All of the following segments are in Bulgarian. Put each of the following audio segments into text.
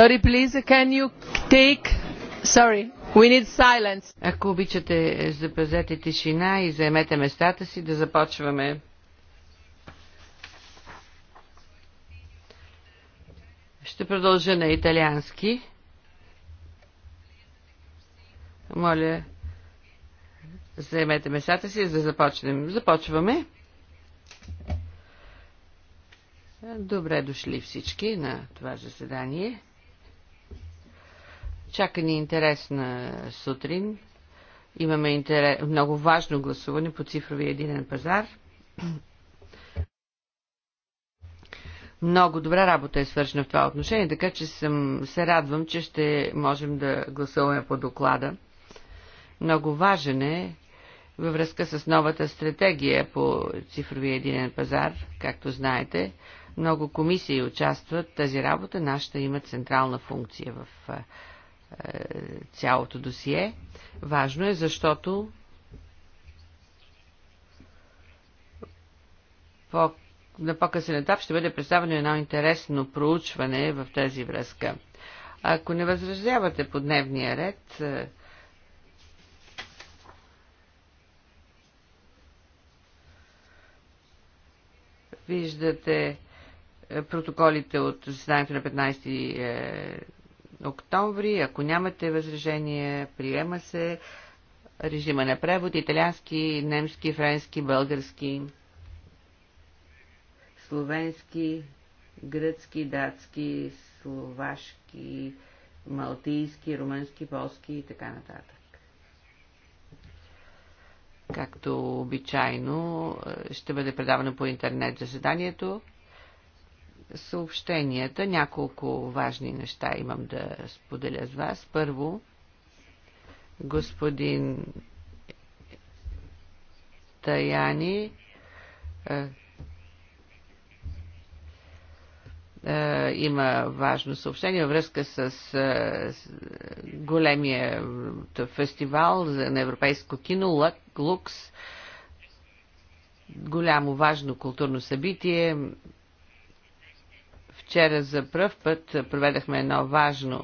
Sorry, please, can you take... Sorry, we need silence. Ако обичате, запазете тишина и заемете местата си да започваме. Ще продължа на италиански. Моля, заемете местата си, да започнем. Започваме. Добре дошли всички на това заседание. Чака ни интересна сутрин. Имаме интерес, много важно гласуване по цифровия единен пазар. Много добра работа е свършена в това отношение, така че съм, се радвам, че ще можем да гласуваме по доклада. Много важен е във връзка с новата стратегия по цифровия единен пазар, както знаете. Много комисии участват в тази работа, нашата има централна функция в е, цялото досие. Важно е, защото по, на по-късен етап ще бъде представено едно интересно проучване в тази връзка. Ако не възразявате по дневния ред, е, виждате е, протоколите от заседанието на 15 октомври. Ако нямате възражение, приема се режима на превод италиански, немски, френски, български, словенски, гръцки, датски, словашки, малтийски, румънски, полски и така нататък. Както обичайно ще бъде предавано по интернет заседанието съобщенията. Няколко важни неща имам да споделя с вас. Първо, господин Таяни е, е, има важно съобщение във връзка с, е, с големия фестивал на европейско кино Лукс. Голямо важно културно събитие, Вчера за пръв път проведахме едно важно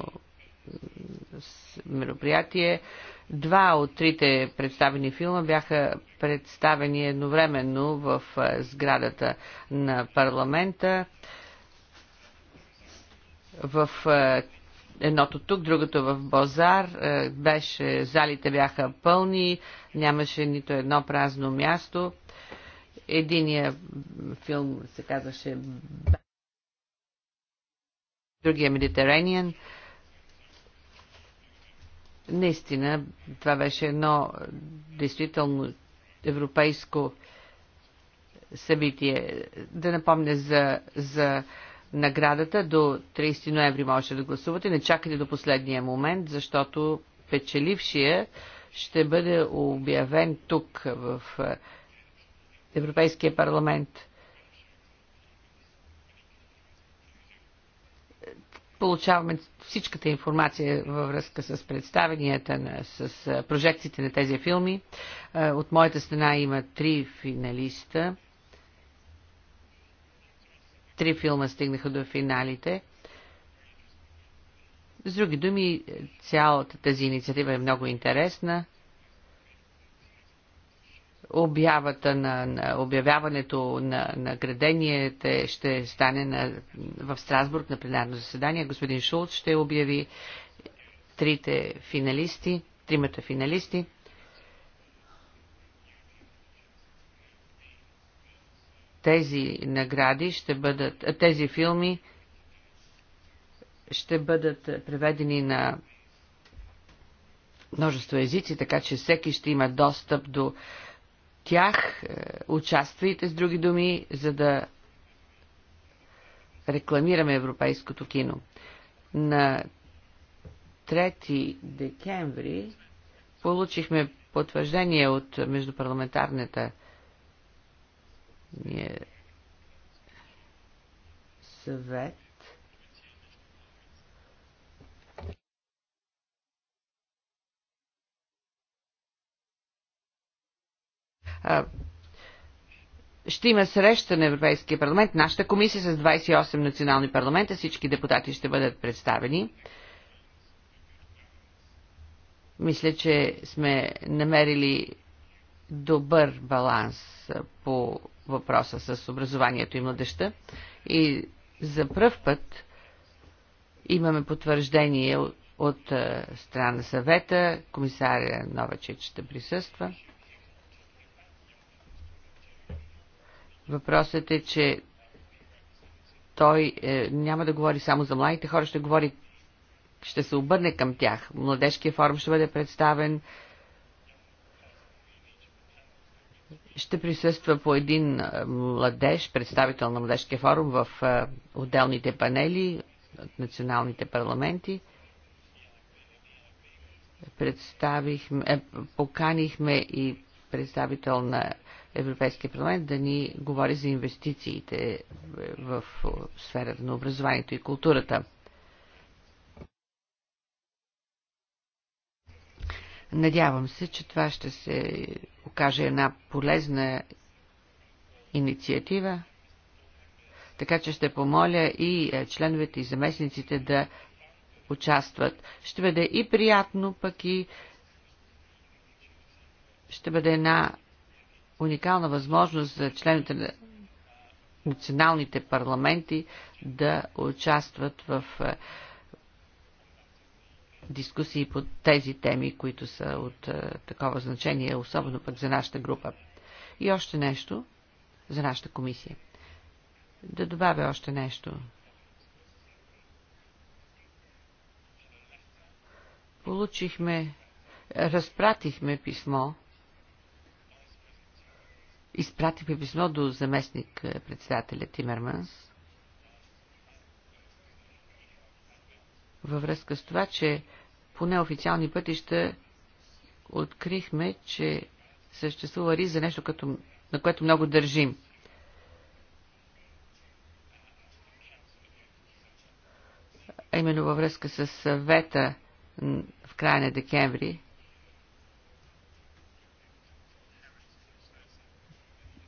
мероприятие. Два от трите представени филма бяха представени едновременно в сградата на парламента. В едното тук, другото в Бозар. Беше, залите бяха пълни, нямаше нито едно празно място. Единия филм се казваше другия Медитерениен. Наистина, това беше едно действително европейско събитие. Да напомня за, за наградата. До 30 ноември можете да гласувате. Не чакайте до последния момент, защото печелившия ще бъде обявен тук в е, Европейския парламент. Получаваме всичката информация във връзка с представенията, на, с прожекциите на тези филми. От моята страна има три финалиста. Три филма стигнаха до финалите. С други думи, цялата тази инициатива е много интересна обявата на, на обявяването на, на граденията ще стане на, в Страсбург на пленарно заседание. Господин Шулц ще обяви трите финалисти, тримата финалисти. Тези награди ще бъдат, тези филми ще бъдат преведени на множество езици, така че всеки ще има достъп до тях, е, участвайте с други думи, за да рекламираме европейското кино. На 3 декември получихме потвърждение от Междупарламентарната съвет ще има среща на Европейския парламент, нашата комисия с 28 национални парламента, всички депутати ще бъдат представени. Мисля, че сме намерили добър баланс по въпроса с образованието и младеща. И за пръв път имаме потвърждение от страна на съвета, комисаря Новачич ще присъства. Въпросът е, че той е, няма да говори само за младите хора, ще говори, ще се обърне към тях. Младежкият форум ще бъде представен. Ще присъства по един е, младеж, представител на младежкия форум в е, отделните панели от националните парламенти. Представихме, е, поканихме и представител на Европейския парламент да ни говори за инвестициите в сферата на образованието и културата. Надявам се, че това ще се окаже една полезна инициатива, така че ще помоля и е, членовете и заместниците да участват. Ще бъде и приятно, пък и ще бъде една уникална възможност за члените на националните парламенти да участват в е, дискусии по тези теми, които са от е, такова значение, особено пък за нашата група. И още нещо за нашата комисия. Да добавя още нещо. Получихме, разпратихме писмо изпратихме писмо до заместник е, председателя Тимерманс във връзка с това, че по неофициални пътища открихме, че съществува риск за нещо, като, на което много държим. А именно във връзка с съвета в края на декември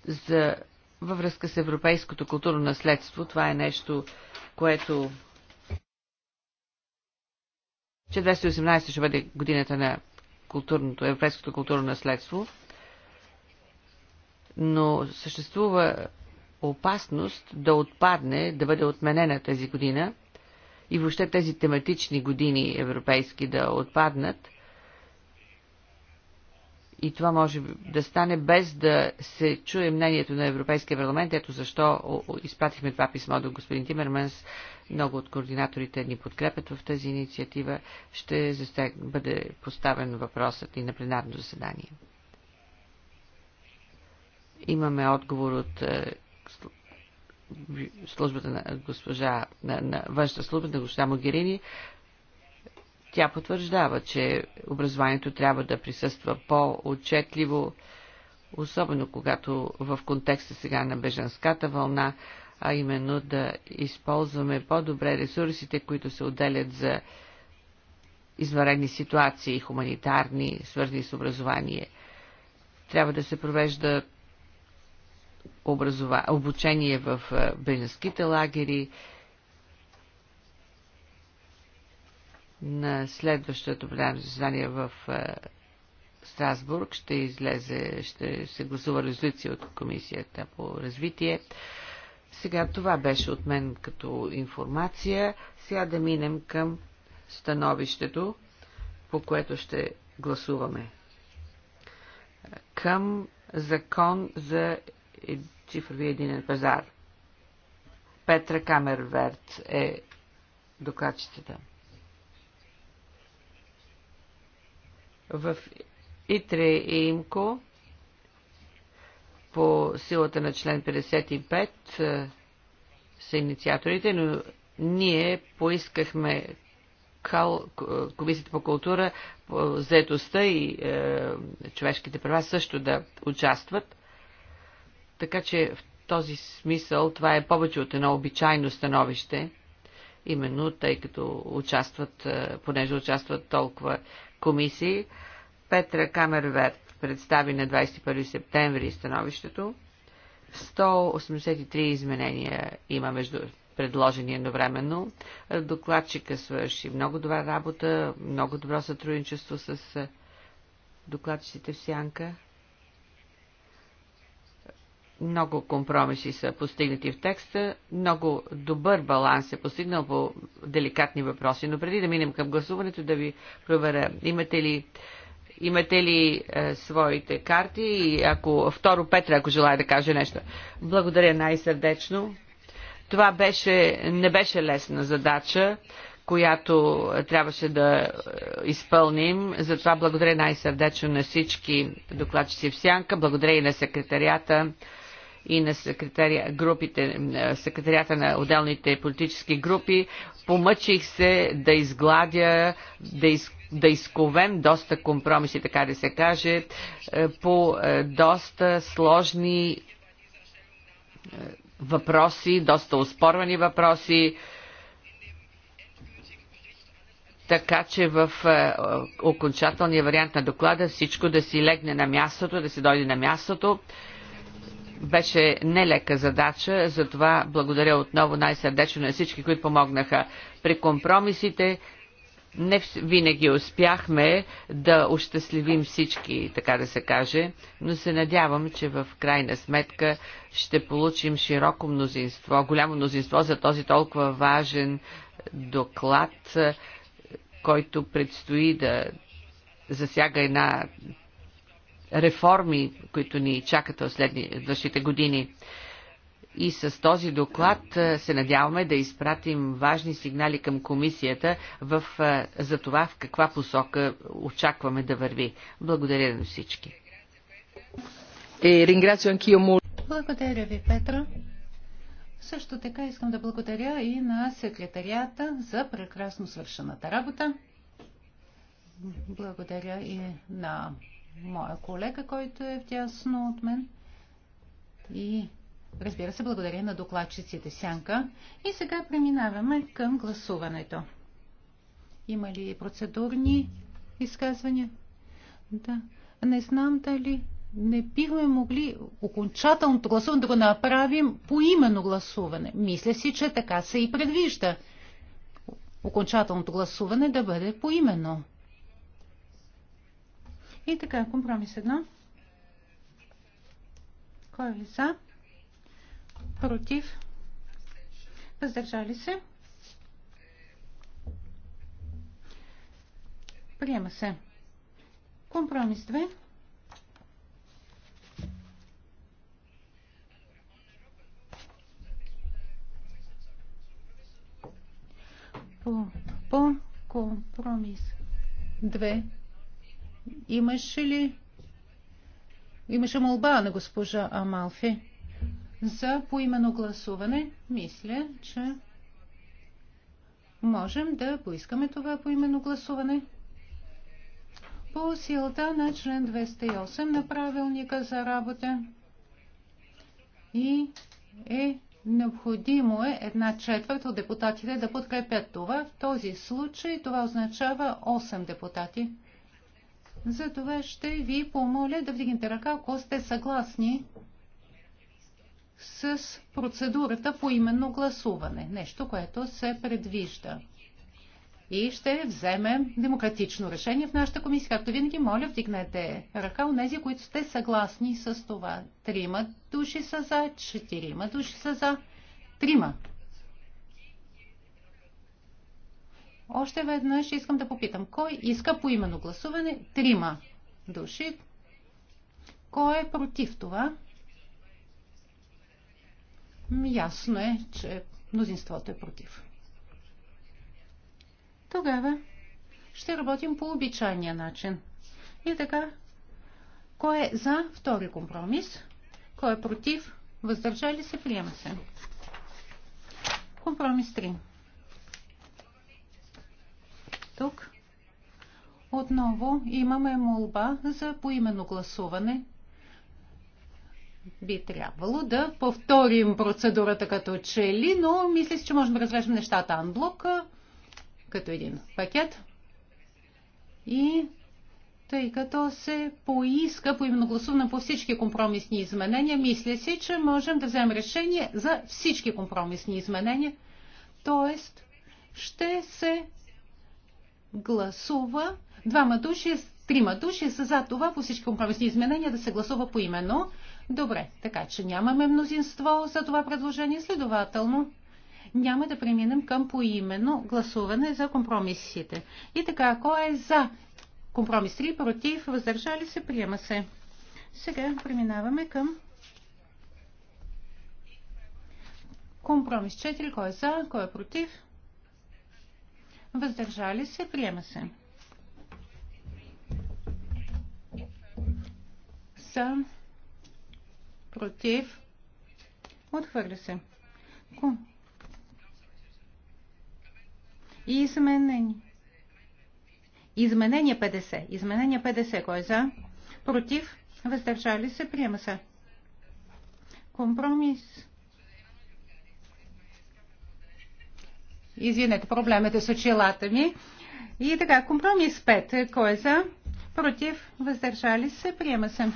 за, във връзка с европейското културно наследство. Това е нещо, което че 218 ще бъде годината на културното, европейското културно наследство, но съществува опасност да отпадне, да бъде отменена тази година и въобще тези тематични години европейски да отпаднат – и това може да стане без да се чуе мнението на Европейския парламент. Ето защо изпратихме това писмо до господин Тимерманс. Много от координаторите ни подкрепят в тази инициатива. Ще застег... бъде поставен въпросът и на пленарно заседание. Имаме отговор от е, службата на госпожа, на, на външната служба на госпожа Могерини тя потвърждава, че образованието трябва да присъства по-отчетливо, особено когато в контекста сега на беженската вълна, а именно да използваме по-добре ресурсите, които се отделят за извънредни ситуации, хуманитарни, свързани с образование. Трябва да се провежда образова... обучение в беженските лагери, На следващото пленарно заседание в е, Страсбург ще излезе, ще се гласува резолюция от Комисията по развитие. Сега това беше от мен като информация. Сега да минем към становището, по което ще гласуваме. Към закон за е, цифрови единен пазар. Петра Камерверт е докладчицата. в Итре и Имко по силата на член 55 е, са инициаторите, но ние поискахме е, Комисията по култура, заетостта и е, човешките права също да участват. Така че в този смисъл това е повече от едно обичайно становище, именно тъй като участват, е, понеже участват толкова комисии. Петра Камерверт представи на 21 септември становището. 183 изменения има между предложени едновременно. Докладчика свърши много добра работа, много добро сътрудничество с е, докладчиците в Сянка. Много компромиси са постигнати в текста, много добър баланс е постигнал по деликатни въпроси, но преди да минем към гласуването да ви проверя, имате ли Имате ли е, своите карти и ако второ Петра, ако желая да каже нещо. Благодаря най-сърдечно. Това беше, не беше лесна задача, която трябваше да е, изпълним. Затова благодаря най-сърдечно на всички докладчици в Сянка, благодаря и на секретарията и на групите, секретарията на отделните политически групи. Помъчих се да изгладя, да из, да изковем доста компромиси, така да се каже, е, по е, доста сложни е, въпроси, доста успорвани въпроси, така че в окончателния вариант на доклада всичко да си легне на мястото, да се дойде на мястото. Беше нелека задача, затова благодаря отново най-сърдечно на всички, които помогнаха. При компромисите не винаги успяхме да ощастливим всички, така да се каже, но се надявам, че в крайна сметка ще получим широко мнозинство, голямо мнозинство за този толкова важен доклад, който предстои да засяга една реформи, които ни чакат в следващите години. И с този доклад е, се надяваме да изпратим важни сигнали към комисията в, е, за това в каква посока очакваме да върви. Благодаря на всички. Е, благодаря ви, Петра. Също така искам да благодаря и на секретарията за прекрасно свършената работа. Благодаря и на моя колега, който е в тясно от мен. И разбира се, благодаря на докладчиците Сянка. И сега преминаваме към гласуването. Има ли процедурни изказвания? Да. Не знам дали не бихме могли окончателното гласуване да го направим по именно гласуване. Мисля си, че така се и предвижда. Окончателното гласуване да бъде по именно. И така, компромис едно. Кой ли е за? Против? Въздържали се? Приема се. Компромис 2. По, по компромис 2 Имаше ли? Имаше молба на госпожа Амалфи за поименно гласуване. Мисля, че можем да поискаме това поименно гласуване. По силата на член 208 на правилника за работа и е необходимо е една четвърт от депутатите да подкрепят това. В този случай това означава 8 депутати. За това ще ви помоля да вдигнете ръка, ако сте съгласни с процедурата по именно гласуване. Нещо, което се предвижда. И ще вземем демократично решение в нашата комисия. Както винаги, моля, вдигнете ръка у нези, които сте съгласни с това. Трима души са за, четирима души са за, трима Още веднъж искам да попитам. Кой иска по именно гласуване? Трима души. Кой е против това? Ами, ясно е, че мнозинството е против. Тогава ще работим по обичайния начин. И така, кой е за втори компромис? Кой е против? Въздържали се? Приема се. Компромис 3 тук. Отново имаме молба за поименно гласуване. Би трябвало да повторим процедурата като чели, но мисля си, че можем да разглеждаме нещата анблок като един пакет. И тъй като се поиска по именно гласуване по всички компромисни изменения, мисля си, че можем да вземем решение за всички компромисни изменения. Тоест, ще се гласува. Двама души, трима души са за това по всички компромисни изменения да се гласува поименно. Добре, така че нямаме мнозинство за това предложение, следователно няма да преминем към поименно гласуване за компромисите. И така, кой е за компромис 3, против, въздържали се, приема се. Сега преминаваме към компромис 4, кой е за, кой е против, въздържали се, приема се. За, против, отхвърля се. Ко? И изменение. Изменение 50. Изменение 50. Кой е за? Против? Въздържали се? Приема се. Компромис Извинете, проблемите с очилата ми. И така, компромис 5. Кой е за? Против? Въздържали се? Приема се.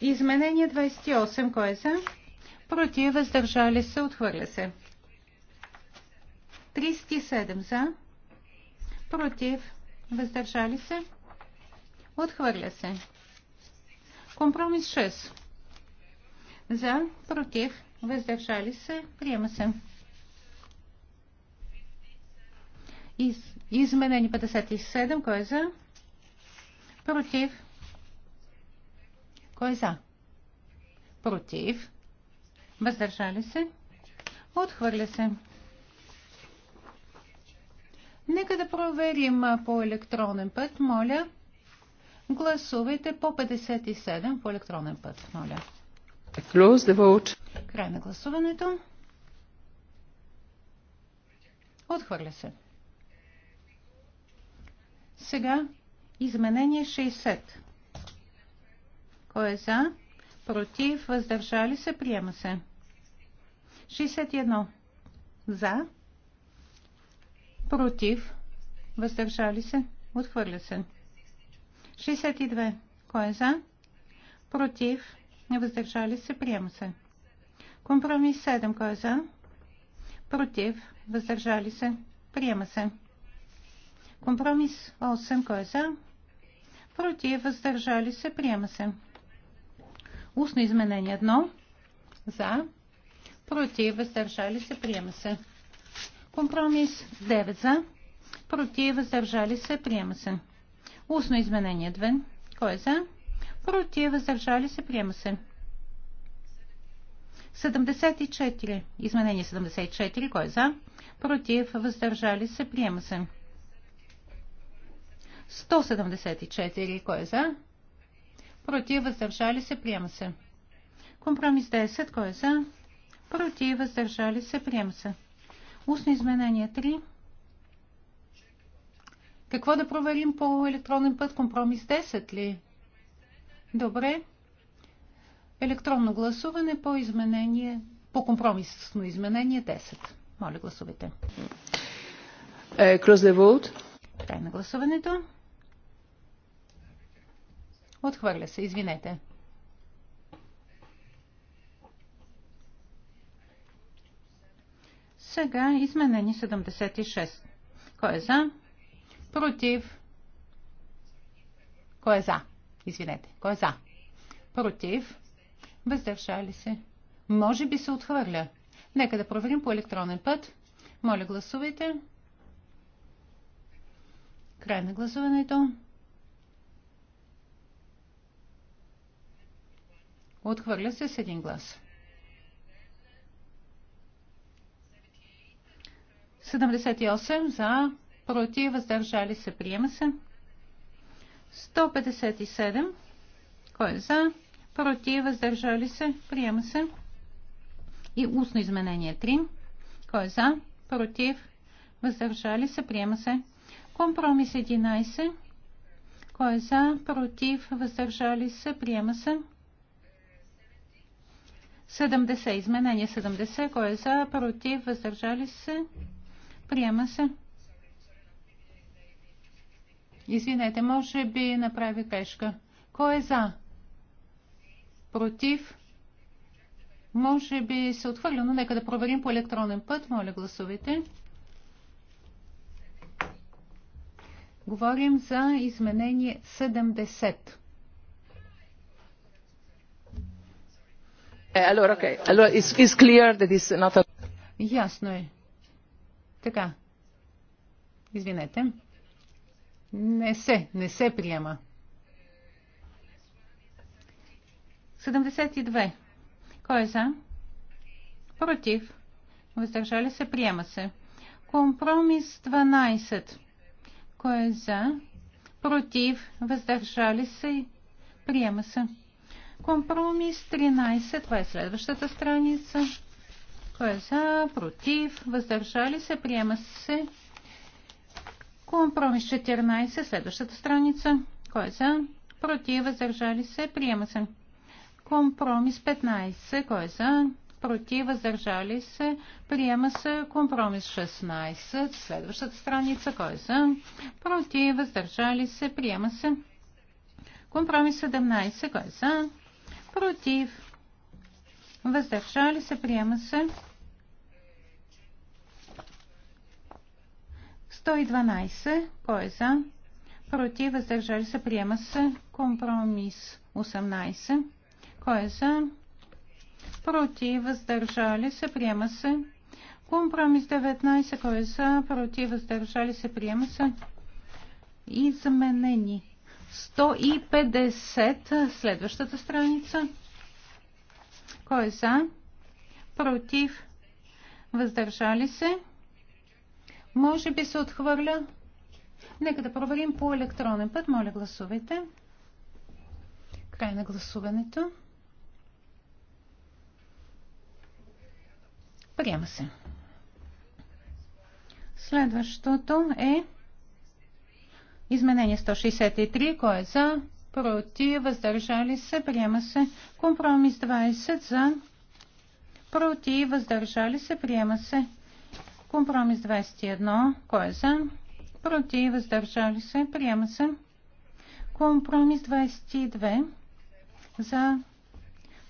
Изменение 28. Кой е за? Против? Въздържали се? Отхвърля се. 37 за. Против? Въздържали се? Отхвърля се. Компромис 6. За, против, въздържали се, приема се. Изменени 57. Кой е за? Против. Кой е за? Против. Въздържали се. Отхвърля се. Нека да проверим по електронен път, моля. Гласувайте по 57 по електронен път, моля. Close the vote. Край на гласуването. Отхвърля се. Сега изменение 60. Кой е за? Против? Въздържали се? Приема се. 61. За? Против? Въздържали се? Отхвърля се. 62. Кой е за? Против? Въздържали се? Приема се. Компромис 7. Кой е за? Против? Въздържали се? Приема се. Компромис 8. Кой е за? Против. Въздържали се. Приема се. Устно изменение 1. За. Против. Въздържали се. Приема се. Компромис 9. За. Против. Въздържали се. Приема се. Устно изменение 2. Кой е за? Против. Въздържали се. Приема се. 74. Изменение 74. Кой е за? Против. Въздържали се. Приема се. 174. Кой е за? Против, въздържали се, приема се. Компромис 10. Кой е за? Против, въздържали се, приема се. Устно изменение 3. Какво да проверим по електронен път? Компромис 10 ли? Добре. Електронно гласуване по изменение, по компромисно изменение 10. Моля, гласувайте. Кръс е, Край на гласуването. Отхвърля се, извинете. Сега изменени 76. Кой е за? Против. Кой е за? Извинете. Кой е за? Против. Въздържали се. Може би се отхвърля. Нека да проверим по електронен път. Моля, гласувайте. Край на гласуването. Отхвърля се с един глас. 78 за, против, въздържали се, приема се. 157. Кой е за? Против, въздържали се, приема се. И устно изменение 3. Кой е за? Против, въздържали се, приема се. Компромис 11. Кой е за? Против, въздържали се, приема се. 70. Изменение 70. Кой е за? Против? Въздържали се? Приема се. Извинете, може би направи грешка. Кой е за? Против? Може би се отхвърля, но нека да проверим по електронен път. Моля, гласувайте. Говорим за изменение 70. Eh, Ясно е. Така. Извинете. Не се, не се приема. 72. Кой е за? Против. Въздържали се, приема се. Компромис 12. Кой е за? Против. Въздържали се, приема се. Компромис 13. Това е следващата страница. Кой е за, против, въздържали се, приема се. Компромис 14. Следващата страница. Кой е за, против, въздържали се, приема се. Компромис 15. Кой е за, против, въздържали се, приема се. Компромис 16. Следващата страница. Кой е за, против, въздържали се, приема се. Компромис 17. Кой е за, против, въздържали се, приема се. 112, кой е за, против, въздържали се, приема се. Компромис 18, кой е за, против, въздържали се, приема се. Компромис 19, кой е за, против, въздържали се, приема се. Изменени 150, следващата страница. Кой е за? Против? Въздържали се? Може би се отхвърля. Нека да проверим по електронен път. Моля, гласувайте. Край на гласуването. Приема се. Следващото е Изменение 163. Кой е за? Против. Въздържали се. Приема се. Компромис 20. За. Против. Въздържали се. Приема се. Компромис 21. Кой е за? Против. Въздържали се. Приема се. Компромис 22. За.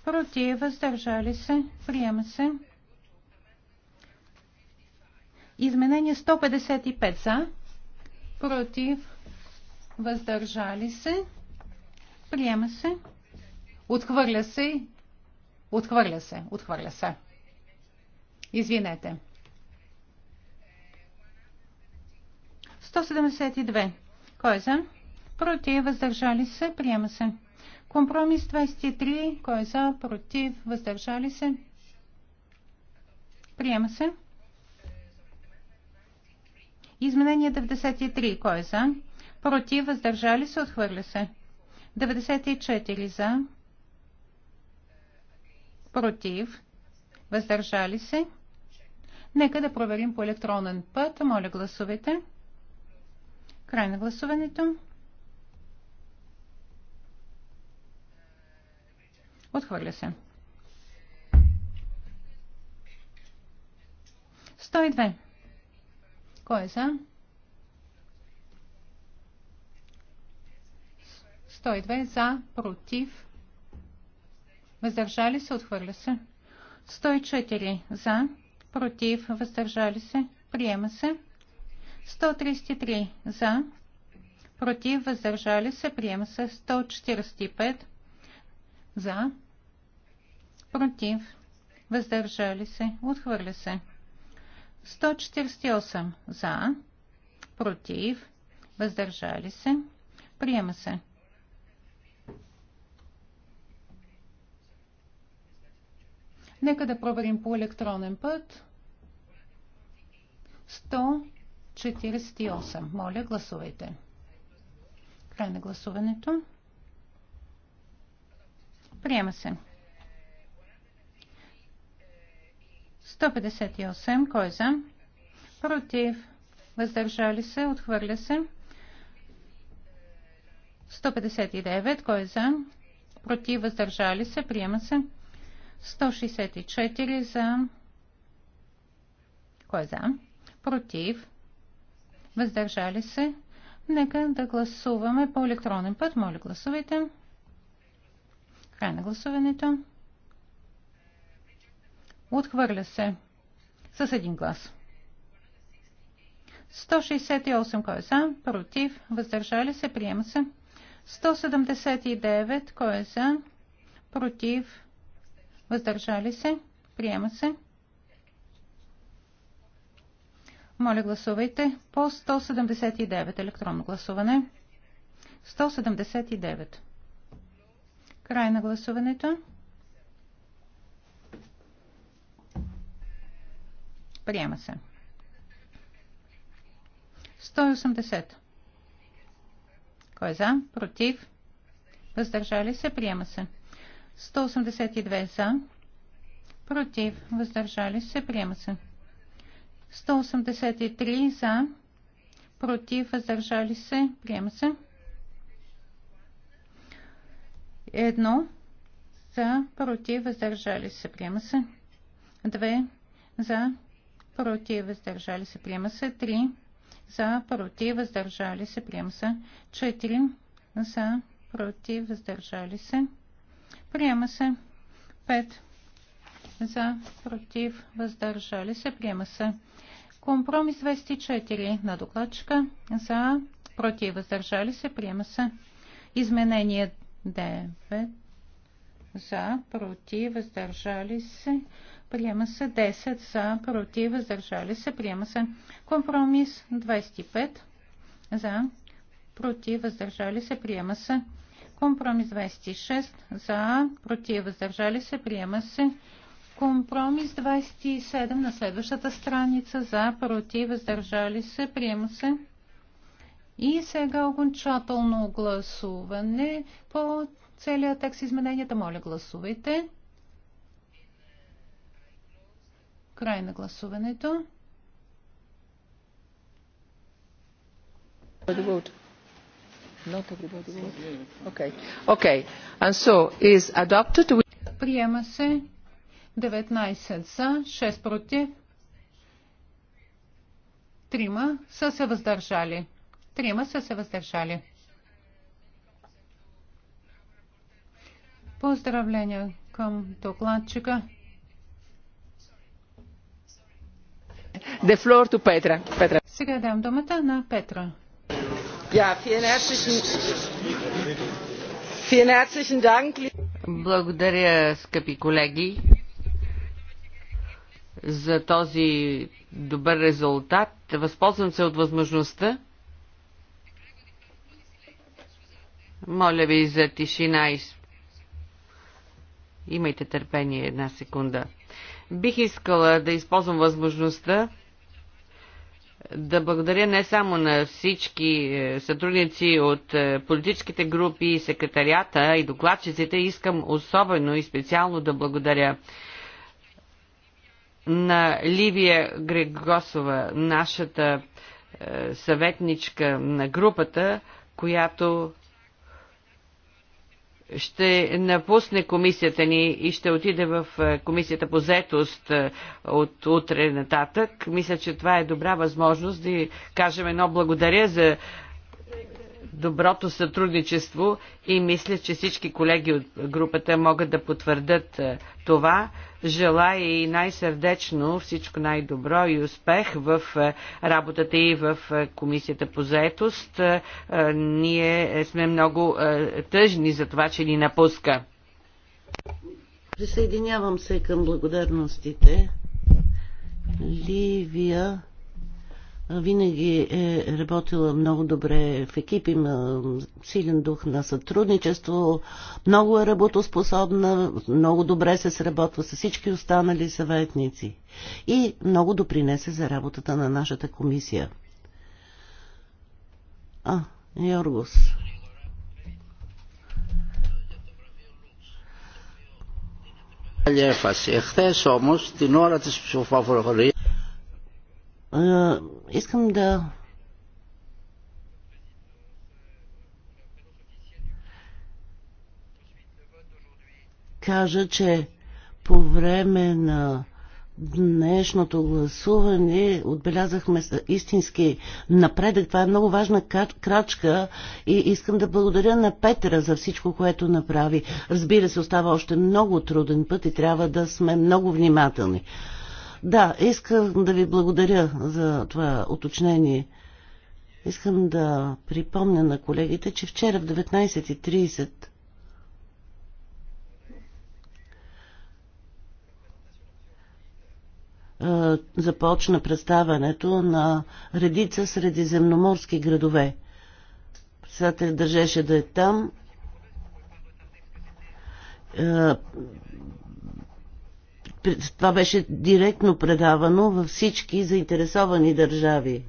Против. Въздържали се. Приема се. Изменение 155 за. Против въздържали се, приема се, отхвърля се, отхвърля се, отхвърля се. Извинете. 172. Кой е за? Против, въздържали се, приема се. Компромис 23. Кой е за? Против, въздържали се. Приема се. Изменение 93. Кой е за? против, въздържали се, отхвърля се. 94 за, против, въздържали се. Нека да проверим по електронен път. Моля, гласувайте. Край на гласуването. Отхвърля се. 102. Кой е за? 102 за, против, въздържали се, отхвърля се. 104 за, против, въздържали се, приема се. 133 за, против, въздържали се, приема се. 145 за, против, въздържали се, отхвърля се. 148 за, против, въздържали се, приема се. Нека да проверим по електронен път. 148. Моля, гласувайте. Край на гласуването. Приема се. 158. Кой е за? Против. Въздържали се. Отхвърля се. 159. Кой е за? Против. Въздържали се. Приема се. 164 за. Кой е за? Против. Въздържали се. Нека да гласуваме по електронен път. Моля, гласувайте. Край на гласуването. Отхвърля се. С един глас. 168 кой е за, против, въздържали се, приема се. 179 кой е за, против, Въздържали се? Приема се. Моля гласувайте по 179 електронно гласуване. 179. Край на гласуването. Приема се. 180. Кой е за? Против? Въздържали се? Приема се. 181. 182 за, против, въздържали се, приема се. 183 за, против, въздържали се, приема се. Едно за, против, въздържали се, приема се. Две за, против, въздържали се, приема се. Три за, против, въздържали се, приема се. Четири за, против, въздържали се, Приема се. 5 за, против, въздържали се. Приема се. Компромис 24 на докладчика. За, против, въздържали се. Приема се. Изменение 9 за, против, въздържали се. Приема се 10 за, против, въздържали се. Приема се. Компромис 25 за, против, въздържали се. Приема се. Компромис 26 за, против, въздържали се, приема се. Компромис 27 на следващата страница за, против, въздържали се, приема се. И сега окончателно гласуване по целия текст измененията. Моля, гласувайте. Край на гласуването. Not everybody voted. Okay. Okay. And so is adopted. Приема се 19 за, 6 против, 3 са се въздържали. 3 са се въздържали. Поздравления към докладчика. The floor to Petra. Petra. Сега дам думата на Петра. Благодаря, скъпи колеги, за този добър резултат. Възползвам се от възможността. Моля ви за тишина и имайте търпение една секунда. Бих искала да използвам възможността да благодаря не само на всички е, сътрудници от е, политическите групи, секретарията и докладчиците, искам особено и специално да благодаря на Ливия Грегосова, нашата е, съветничка на групата, която ще напусне комисията ни и ще отиде в е, комисията по заетост е, от утре нататък. Мисля, че това е добра възможност да кажем едно благодаря за доброто сътрудничество и мисля, че всички колеги от групата могат да потвърдят е, това. Желая и най-сърдечно всичко най-добро и успех в е, работата и в е, Комисията по заетост. Ние сме много тъжни за това, че ни напуска. Присъединявам се към благодарностите. Ливия винаги е работила много добре в екип, има силен дух на сътрудничество, много е работоспособна, много добре се сработва с всички останали съветници и много допринесе за работата на нашата комисия. А, Йоргос. Ехθες όμως την ώρα της ψηφοφορίας искам да кажа, че по време на днешното гласуване отбелязахме истински напредък. Това е много важна крачка и искам да благодаря на Петра за всичко, което направи. Разбира се, остава още много труден път и трябва да сме много внимателни. Да, искам да ви благодаря за това уточнение. Искам да припомня на колегите, че вчера в 19.30 започна представането на редица средиземноморски градове. Председателят държеше да е там. Това беше директно предавано във всички заинтересовани държави.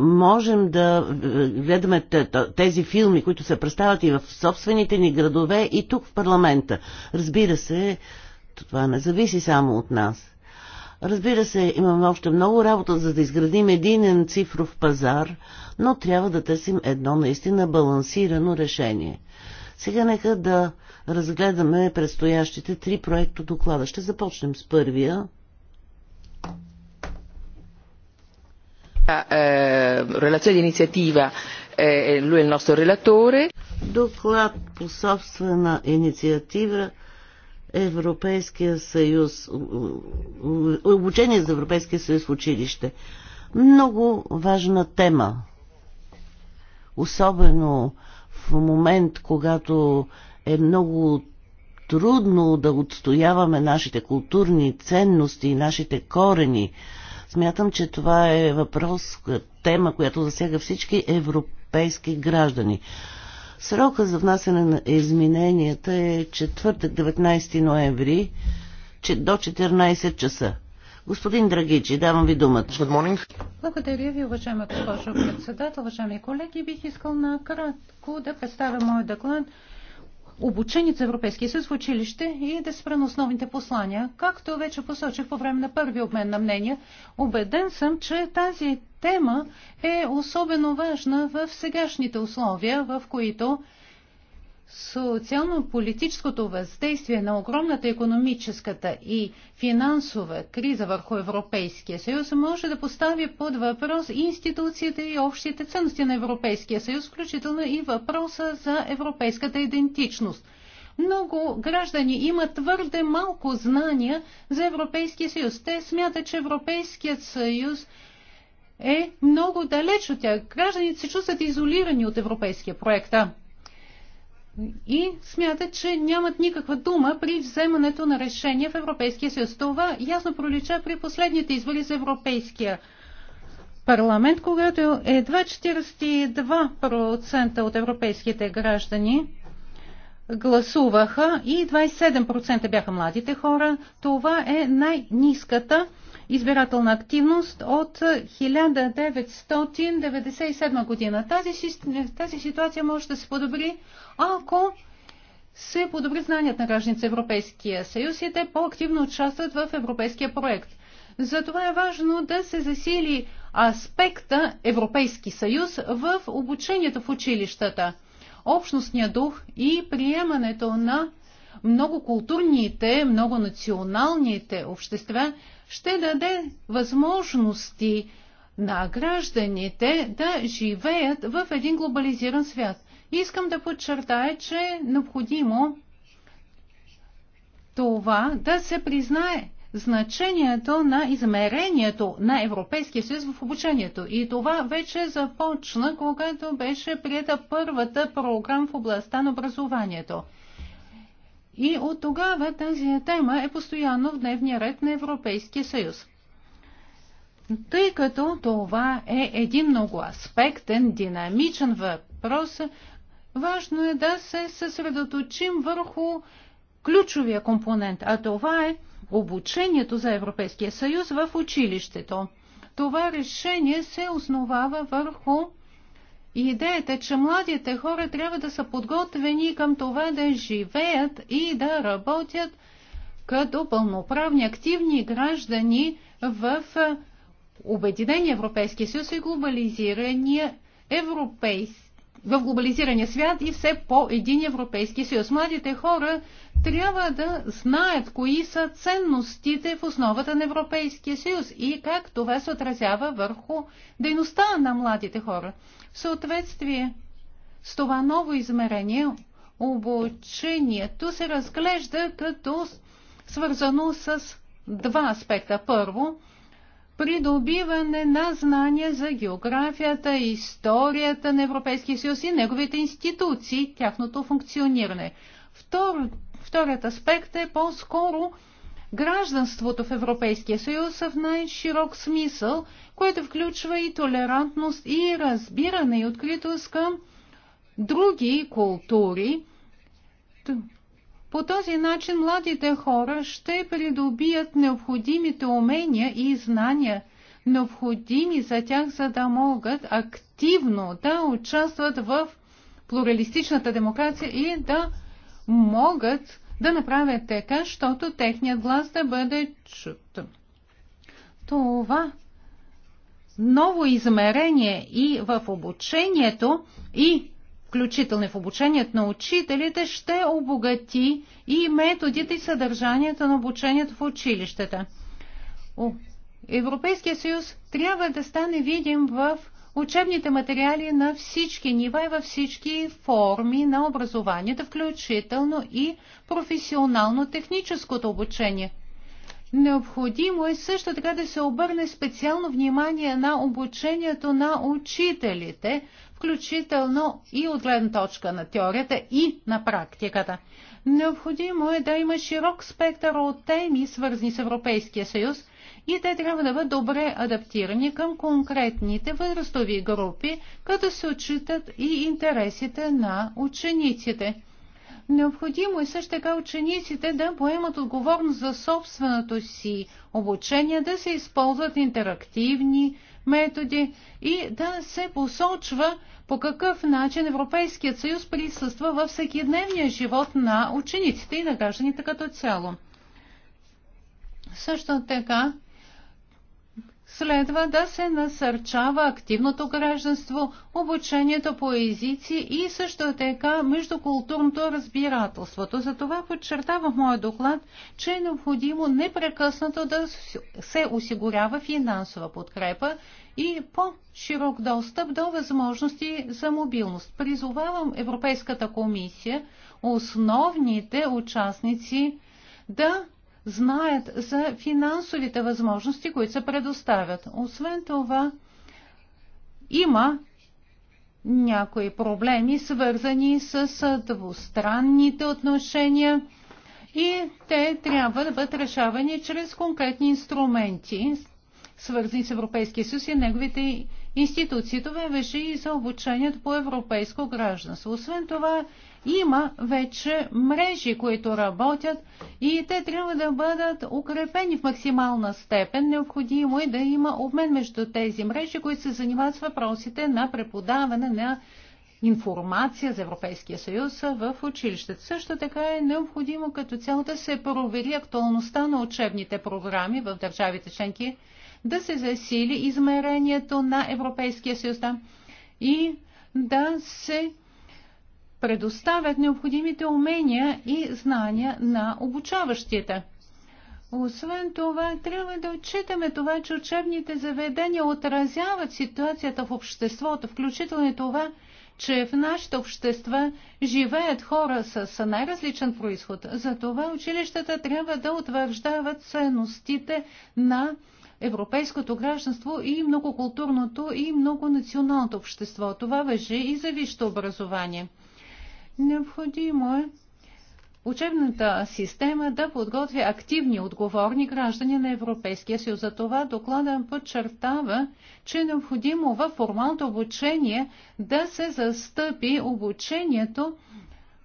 можем да е, гледаме тези филми, които се представят и в собствените ни градове и тук в парламента. Разбира се, това не зависи само от нас. Разбира се, имаме още много работа, за да изградим единен цифров пазар, но трябва да търсим едно наистина балансирано решение. Сега нека да разгледаме предстоящите три проекта доклада. Ще започнем с първия. Релация di инициатива lui è il Доклад по собствена инициатива Европейския съюз, обучение за Европейския съюз в училище. Много важна тема. Особено в момент, когато е много трудно да отстояваме нашите културни ценности и нашите корени. Смятам, че това е въпрос, тема, която засяга всички европейски граждани. Срока за внасяне на измененията е четвъртък, 19 ноември, до 14 часа. Господин Драгичи, давам ви думата. Благодаря ви, уважаема госпожо председател, уважаеми колеги. Бих искал накратко да представя моят доклад обучени в Европейския съюз в училище и да спра на основните послания. Както вече посочих по време на първи обмен на мнения, убеден съм, че тази тема е особено важна в сегашните условия, в които социално-политическото въздействие на огромната економическата и финансова криза върху Европейския съюз може да постави под въпрос институциите и общите ценности на Европейския съюз, включително и въпроса за европейската идентичност. Много граждани имат твърде малко знания за Европейския съюз. Те смятат, че Европейският съюз е много далеч от тях. Гражданите се чувстват изолирани от европейския проект и смятат, че нямат никаква дума при вземането на решения в Европейския съюз. Това ясно пролича при последните избори за Европейския парламент, когато едва 42% от европейските граждани гласуваха и 27% бяха младите хора. Това е най-низката избирателна активност от 1997 година. Тази, тази ситуация може да се подобри, ако се подобри знанията на гражданите Европейския съюз и те по-активно участват в европейския проект. Затова е важно да се засили аспекта Европейски съюз в обучението в училищата, общностния дух и приемането на многокултурните, многонационалните общества ще даде възможности на гражданите да живеят в един глобализиран свят. Искам да подчертая, че е необходимо това да се признае значението на измерението на Европейския съюз в обучението. И това вече започна, когато беше прията първата програма в областта на образованието. И от тогава тази тема е постоянно в дневния ред на Европейския съюз. Тъй като това е един много аспектен, динамичен въпрос, важно е да се съсредоточим върху ключовия компонент, а това е обучението за Европейския съюз в училището. Това решение се основава върху и идеята е, че младите хора трябва да са подготвени към това да живеят и да работят като пълноправни активни граждани в Обединения Европейски съюз и глобализирания европейски в глобализирания свят и все по един Европейски съюз. Младите хора трябва да знаят кои са ценностите в основата на Европейския съюз и как това се отразява върху дейността на младите хора. В съответствие с това ново измерение, обучението се разглежда като свързано с два аспекта. Първо, придобиване на знания за географията, историята на Европейския съюз и неговите институции, тяхното функциониране. Втор, вторият аспект е по-скоро гражданството в Европейския съюз в най-широк смисъл, което включва и толерантност, и разбиране и откритост към други култури, по този начин младите хора ще придобият необходимите умения и знания, необходими за тях, за да могат активно да участват в плуралистичната демокрация и да могат да направят така, защото техният глас да бъде чут. Това ново измерение и в обучението, и включително в обучението на учителите, ще обогати и методите и съдържанието на обучението в училищата. Европейския съюз трябва да стане видим в учебните материали на всички нива и във всички форми на образованието, включително и професионално-техническото обучение. Необходимо е също така да се обърне специално внимание на обучението на учителите, включително и от гледна точка на теорията и на практиката. Необходимо е да има широк спектър от теми, свързани с Европейския съюз, и те трябва да бъдат добре адаптирани към конкретните възрастови групи, като се отчитат и интересите на учениците. Необходимо е също така учениците да поемат отговорност за собственото си обучение, да се използват интерактивни методи и да се посочва по какъв начин Европейският съюз присъства във всекидневния живот на учениците и на гражданите като цяло. Също така Следва да се насърчава активното гражданство, обучението по езици и също така междукултурното разбирателството. Затова подчертавам в моя доклад, че е необходимо непрекъснато да се осигурява финансова подкрепа и по-широк достъп до възможности за мобилност. Призовавам Европейската комисия основните участници да знаят за финансовите възможности, които се предоставят. Освен това, има някои проблеми, свързани с двустранните отношения и те трябва да бъдат решавани чрез конкретни инструменти, свързани с Европейския съюз и неговите институции. Това беше и за обучението по европейско гражданство. Освен това, има вече мрежи, които работят и те трябва да бъдат укрепени в максимална степен. Необходимо е да има обмен между тези мрежи, които се занимават с въпросите на преподаване на информация за Европейския съюз в училището. Също така е необходимо като цяло да се провери актуалността на учебните програми в държавите членки да се засили измерението на Европейския съюз да, и да се предоставят необходимите умения и знания на обучаващите. Освен това, трябва да отчитаме това, че учебните заведения отразяват ситуацията в обществото, включително и това, че в нашите общества живеят хора с най-различен происход. Затова училищата трябва да утвърждават ценностите на европейското гражданство и многокултурното и многонационалното общество. Това въжи и за висшето образование. Необходимо е учебната система да подготви активни отговорни граждани на Европейския съюз. За това доклада подчертава, че е необходимо във формалното обучение да се застъпи обучението,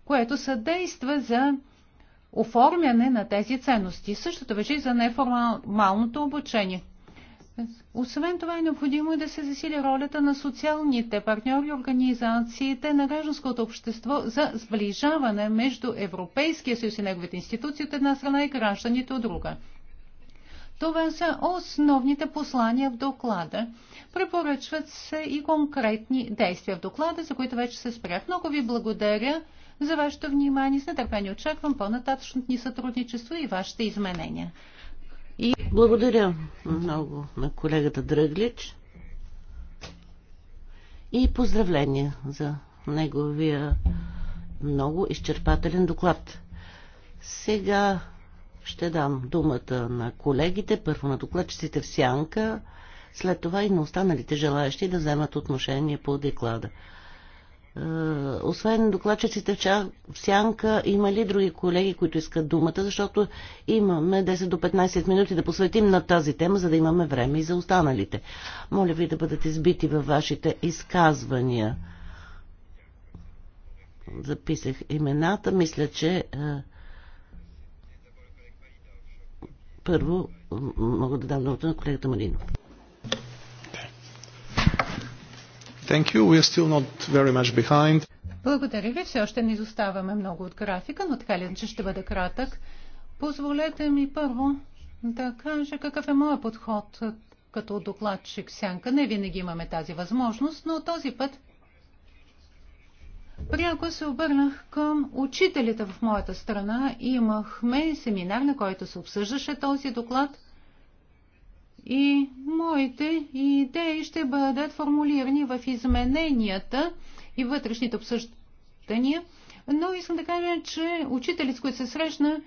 което съдейства за оформяне на тези ценности. Същото вече и за неформалното обучение. Освен това е необходимо и да се засили ролята на социалните партньори и организациите на гражданското общество за сближаване между Европейския съюз и неговите институции от една страна и гражданите от друга. Това са основните послания в доклада. Препоръчват се и конкретни действия в доклада, за които вече се спрях. Много ви благодаря за вашето внимание. С нетърпение очаквам по-нататъчното ни сътрудничество и вашите изменения. И... Благодаря много на колегата Дръглич и поздравления за неговия много изчерпателен доклад. Сега ще дам думата на колегите, първо на докладчиците в сянка, след това и на останалите желаящи да вземат отношение по доклада. Е, освен докладчиците в сянка, има ли други колеги, които искат думата, защото имаме 10 до 15 минути да посветим на тази тема, за да имаме време и за останалите. Моля ви да бъдете сбити във вашите изказвания. Записах имената. Мисля, че е, първо мога да дам думата на колегата Малинов. Thank you. We are still not very much behind. Благодаря ви. Все още не изоставаме много от графика, но така ли, че ще бъде кратък. Позволете ми първо да кажа какъв е моят подход като докладчик сянка. Не винаги имаме тази възможност, но този път пряко се обърнах към учителите в моята страна имахме семинар, на който се обсъждаше този доклад – и моите идеи ще бъдат формулирани в измененията и вътрешните обсъждания. Но искам да кажа, че учители, с които се срещна,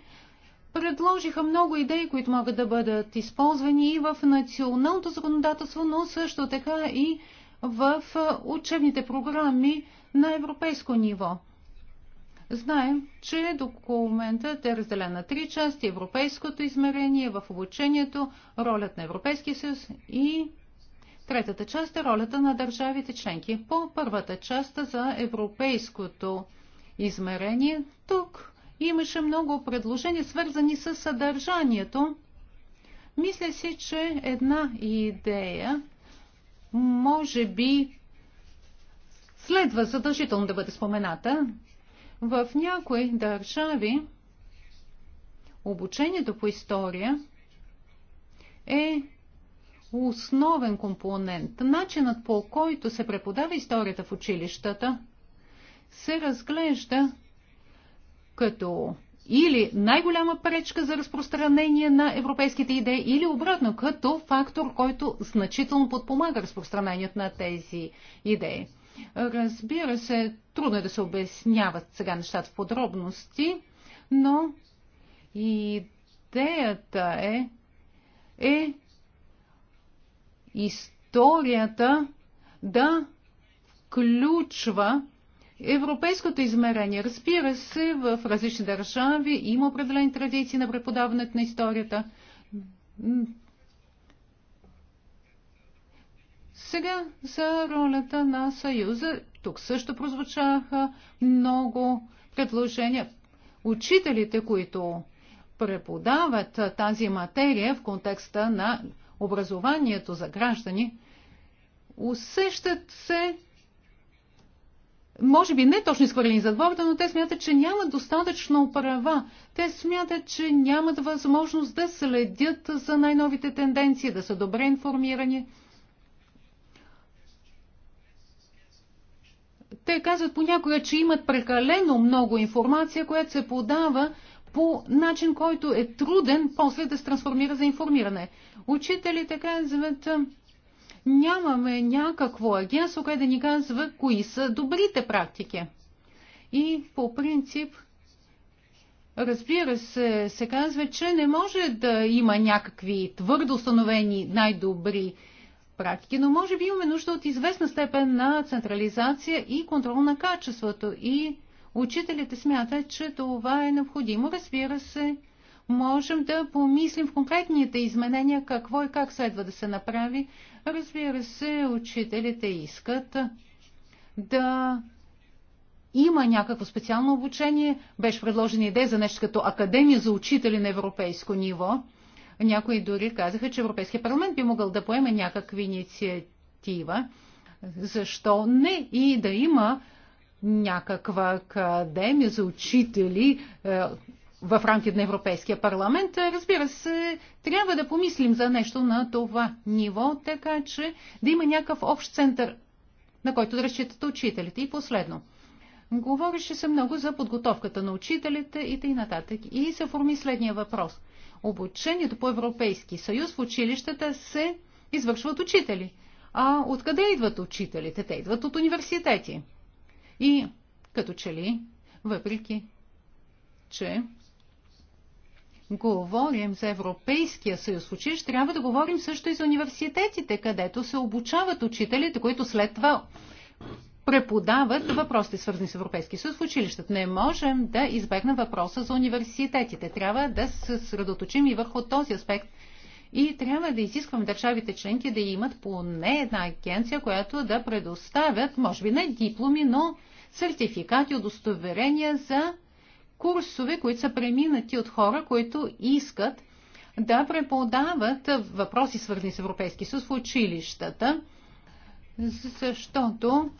предложиха много идеи, които могат да бъдат използвани и в националното законодателство, но също така и в учебните програми на европейско ниво. Знаем, че документът е разделен на три части. Европейското измерение в обучението, ролят на Европейския съюз и третата част е ролята на държавите членки. По първата част за европейското измерение, тук имаше много предложения, свързани с съдържанието. Мисля си, че една идея може би следва задължително да бъде спомената, в някои държави обучението по история е основен компонент. Начинът по който се преподава историята в училищата се разглежда като или най-голяма пречка за разпространение на европейските идеи, или обратно, като фактор, който значително подпомага разпространението на тези идеи. Разбира се, трудно е да се обясняват сега нещата в подробности, но идеята е, е историята да включва европейското измерение. Разбира се, в различни държави има определени традиции на преподаването на историята, Сега за ролята на Съюза. Тук също прозвучаха много предложения. Учителите, които преподават тази материя в контекста на образованието за граждани, усещат се, може би не точно изхвърлени за двората, но те смятат, че нямат достатъчно права. Те смятат, че нямат възможност да следят за най-новите тенденции, да са добре информирани. Те казват понякога, че имат прекалено много информация, която се подава по начин, който е труден после да се трансформира за информиране. Учителите казват, нямаме някакво агентство, което да ни казва кои са добрите практики. И по принцип, разбира се, се казва, че не може да има някакви твърдо установени най-добри практики, но може би имаме нужда от известна степен на централизация и контрол на качеството. И учителите смятат, че това е необходимо. Разбира се, можем да помислим в конкретните изменения какво и как следва да се направи. Разбира се, учителите искат да има някакво специално обучение. Беше предложена идея за нещо като Академия за учители на европейско ниво. Някои дори казаха, че Европейския парламент би могъл да поеме някаква инициатива. Защо не? И да има някаква академия за учители е, в рамките на Европейския парламент. Разбира се, трябва да помислим за нещо на това ниво, така че да има някакъв общ център, на който да разчитат учителите. И последно. Говореше се много за подготовката на учителите и т.н. И се форми следния въпрос – обучението по Европейски съюз в училищата се извършва от учители. А откъде идват учителите? Те идват от университети. И като че ли, въпреки че говорим за Европейския съюз в училище, трябва да говорим също и за университетите, където се обучават учителите, които след това преподават въпросите, свързани с Европейския съюз в училищата. Не можем да избегнем въпроса за университетите. Трябва да се съсредоточим и върху този аспект. И трябва да изискваме държавите членки да имат поне една агенция, която да предоставят, може би не дипломи, но сертификати, удостоверения за курсове, които са преминати от хора, които искат да преподават въпроси, свързани с Европейски съюз в училищата, защото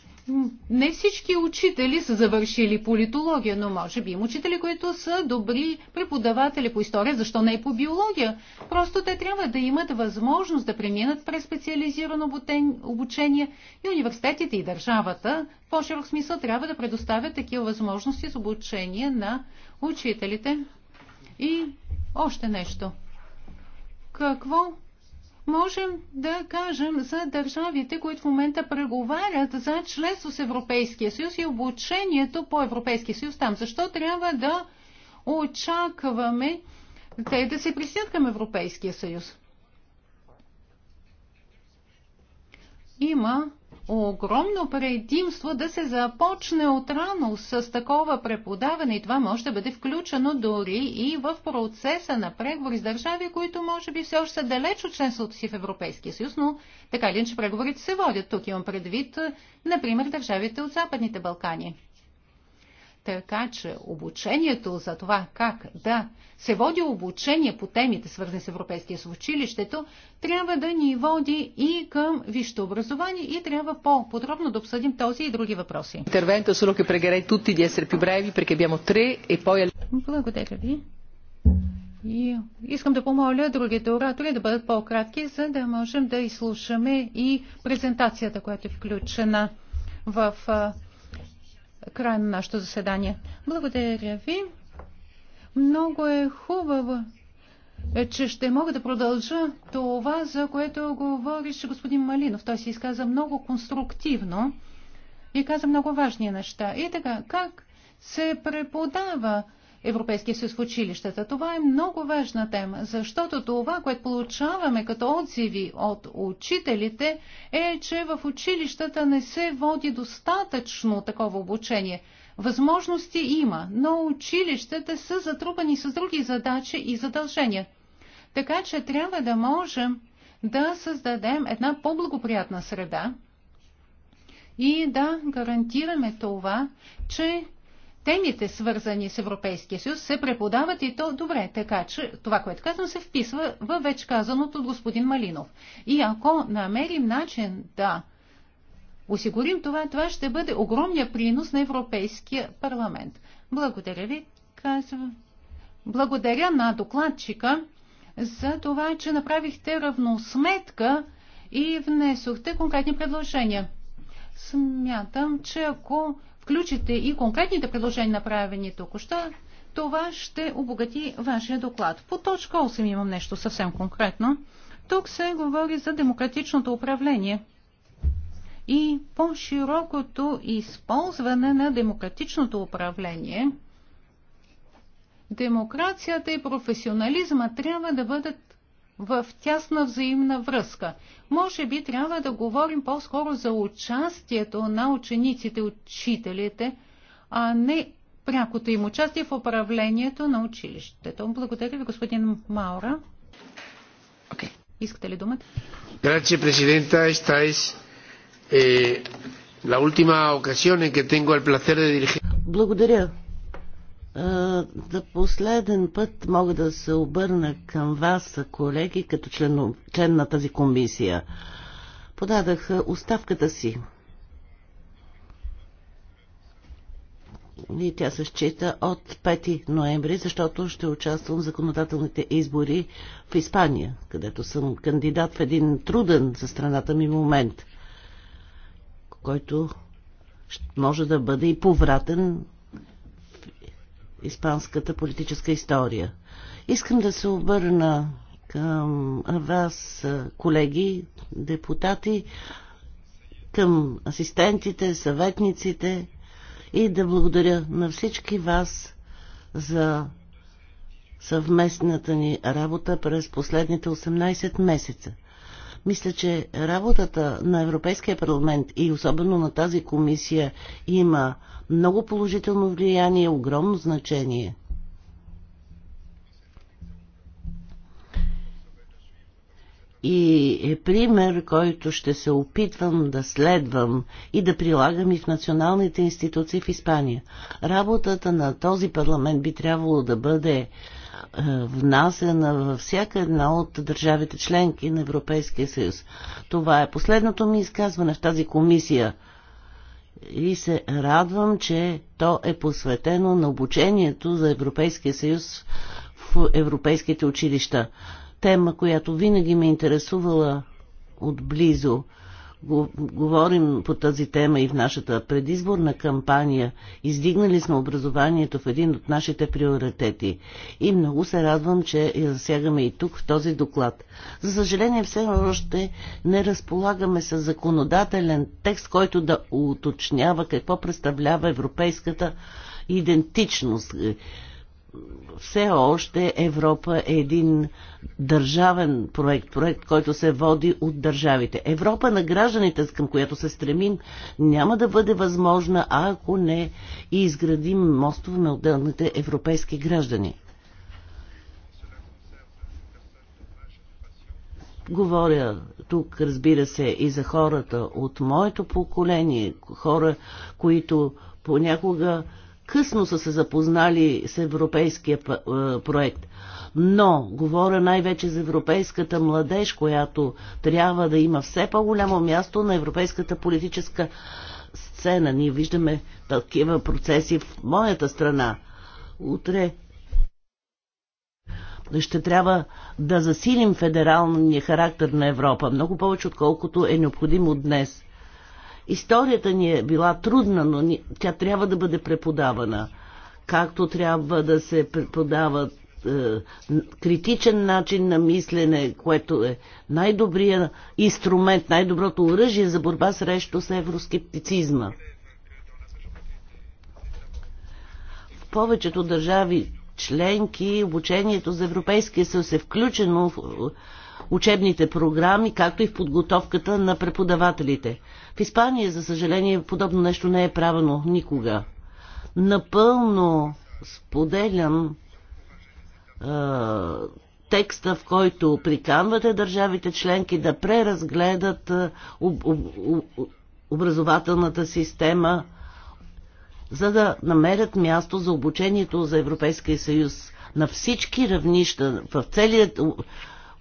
не всички учители са завършили политология, но може би има учители, които са добри преподаватели по история, защо не и по биология. Просто те трябва да имат възможност да преминат през специализирано обучение и университетите и държавата в по-широк смисъл трябва да предоставят такива възможности за обучение на учителите. И още нещо. Какво можем да кажем за държавите, които в момента преговарят за членство с Европейския съюз и обучението по Европейския съюз там? Защо трябва да очакваме те да се присъединят към Европейския съюз? Има огромно предимство да се започне отрано с такова преподаване и това може да бъде включено дори и в процеса на преговори с държави, които може би все още са далеч от членството си в Европейския съюз, но така или иначе преговорите се водят. Тук имам предвид, например, държавите от Западните Балкани. Така че обучението за това как да се води обучение по темите, свързани с Европейския с училището, трябва да ни води и към висшето образование и трябва по-подробно да обсъдим този и други въпроси. E Благодаря ви. И искам да помоля другите оратори да бъдат по-кратки, за да можем да изслушаме и презентацията, която е включена в край на нашето заседание. Благодаря ви. Много е хубаво, е, че ще мога да продължа това, за което говорише господин Малинов. Той се изказа много конструктивно и каза много важни неща. И така, как се преподава Европейския съюз в училищата. Това е много важна тема, защото това, което получаваме като отзиви от учителите, е, че в училищата не се води достатъчно такова обучение. Възможности има, но училищата са затрупани с други задачи и задължения. Така че трябва да можем да създадем една по-благоприятна среда и да гарантираме това, че темите, свързани с Европейския съюз, се преподават и то добре. Така че това, което казвам, се вписва в вече казаното от господин Малинов. И ако намерим начин да осигурим това, това ще бъде огромния принос на Европейския парламент. Благодаря ви, казвам. Благодаря на докладчика за това, че направихте равносметка и внесохте конкретни предложения. Смятам, че ако включите и конкретните предложения, направени току-що, това ще обогати вашия доклад. По точка 8 имам нещо съвсем конкретно. Тук се говори за демократичното управление и по-широкото използване на демократичното управление. Демокрацията и професионализма трябва да бъдат в тясна взаимна връзка. Може би трябва да говорим по-скоро за участието на учениците учителите, а не прякото им участие в управлението на училището. Благодаря ви, господин Маура. Okay. Искате ли думата? Grazie, Presidenta. Esta es eh, la última ocasión en que tengo el placer de dirigir. Благодаря, е, да последен път мога да се обърна към вас, колеги, като член, член на тази комисия. Подадах е, оставката си. И тя се счита от 5 ноември, защото ще участвам в законодателните избори в Испания, където съм кандидат в един труден за страната ми момент, който може да бъде и повратен испанската политическа история. Искам да се обърна към вас, колеги, депутати, към асистентите, съветниците и да благодаря на всички вас за съвместната ни работа през последните 18 месеца. Мисля, че работата на Европейския парламент и особено на тази комисия има много положително влияние, огромно значение. и е пример, който ще се опитвам да следвам и да прилагам и в националните институции в Испания. Работата на този парламент би трябвало да бъде внасена във всяка една от държавите членки на Европейския съюз. Това е последното ми изказване в тази комисия и се радвам, че то е посветено на обучението за Европейския съюз в европейските училища. Тема, която винаги ме интересувала отблизо говорим по тази тема и в нашата предизборна кампания. Издигнали сме образованието в един от нашите приоритети. И много се радвам, че я засягаме и тук в този доклад. За съжаление, все още не разполагаме с законодателен текст, който да уточнява какво представлява европейската идентичност все още Европа е един държавен проект, проект, който се води от държавите. Европа на гражданите, към която се стремим, няма да бъде възможна, ако не и изградим мостове на отделните европейски граждани. Говоря тук, разбира се, и за хората от моето поколение, хора, които понякога късно са се запознали с европейския е, проект. Но говоря най-вече за европейската младеж, която трябва да има все по-голямо място на европейската политическа сцена. Ние виждаме такива процеси в моята страна. Утре ще трябва да засилим федералния характер на Европа, много повече отколкото е необходимо днес. Историята ни е била трудна, но тя трябва да бъде преподавана. Както трябва да се преподават е, критичен начин на мислене, което е най-добрият инструмент, най-доброто оръжие за борба срещу с евроскептицизма. В повечето държави членки обучението за Европейския съюз е включено в е, учебните програми, както и в подготовката на преподавателите. В Испания, за съжаление, подобно нещо не е правено никога. Напълно споделям е, текста, в който приканвате държавите членки да преразгледат об, об, об, образователната система, за да намерят място за обучението за Европейския съюз на всички равнища, в целият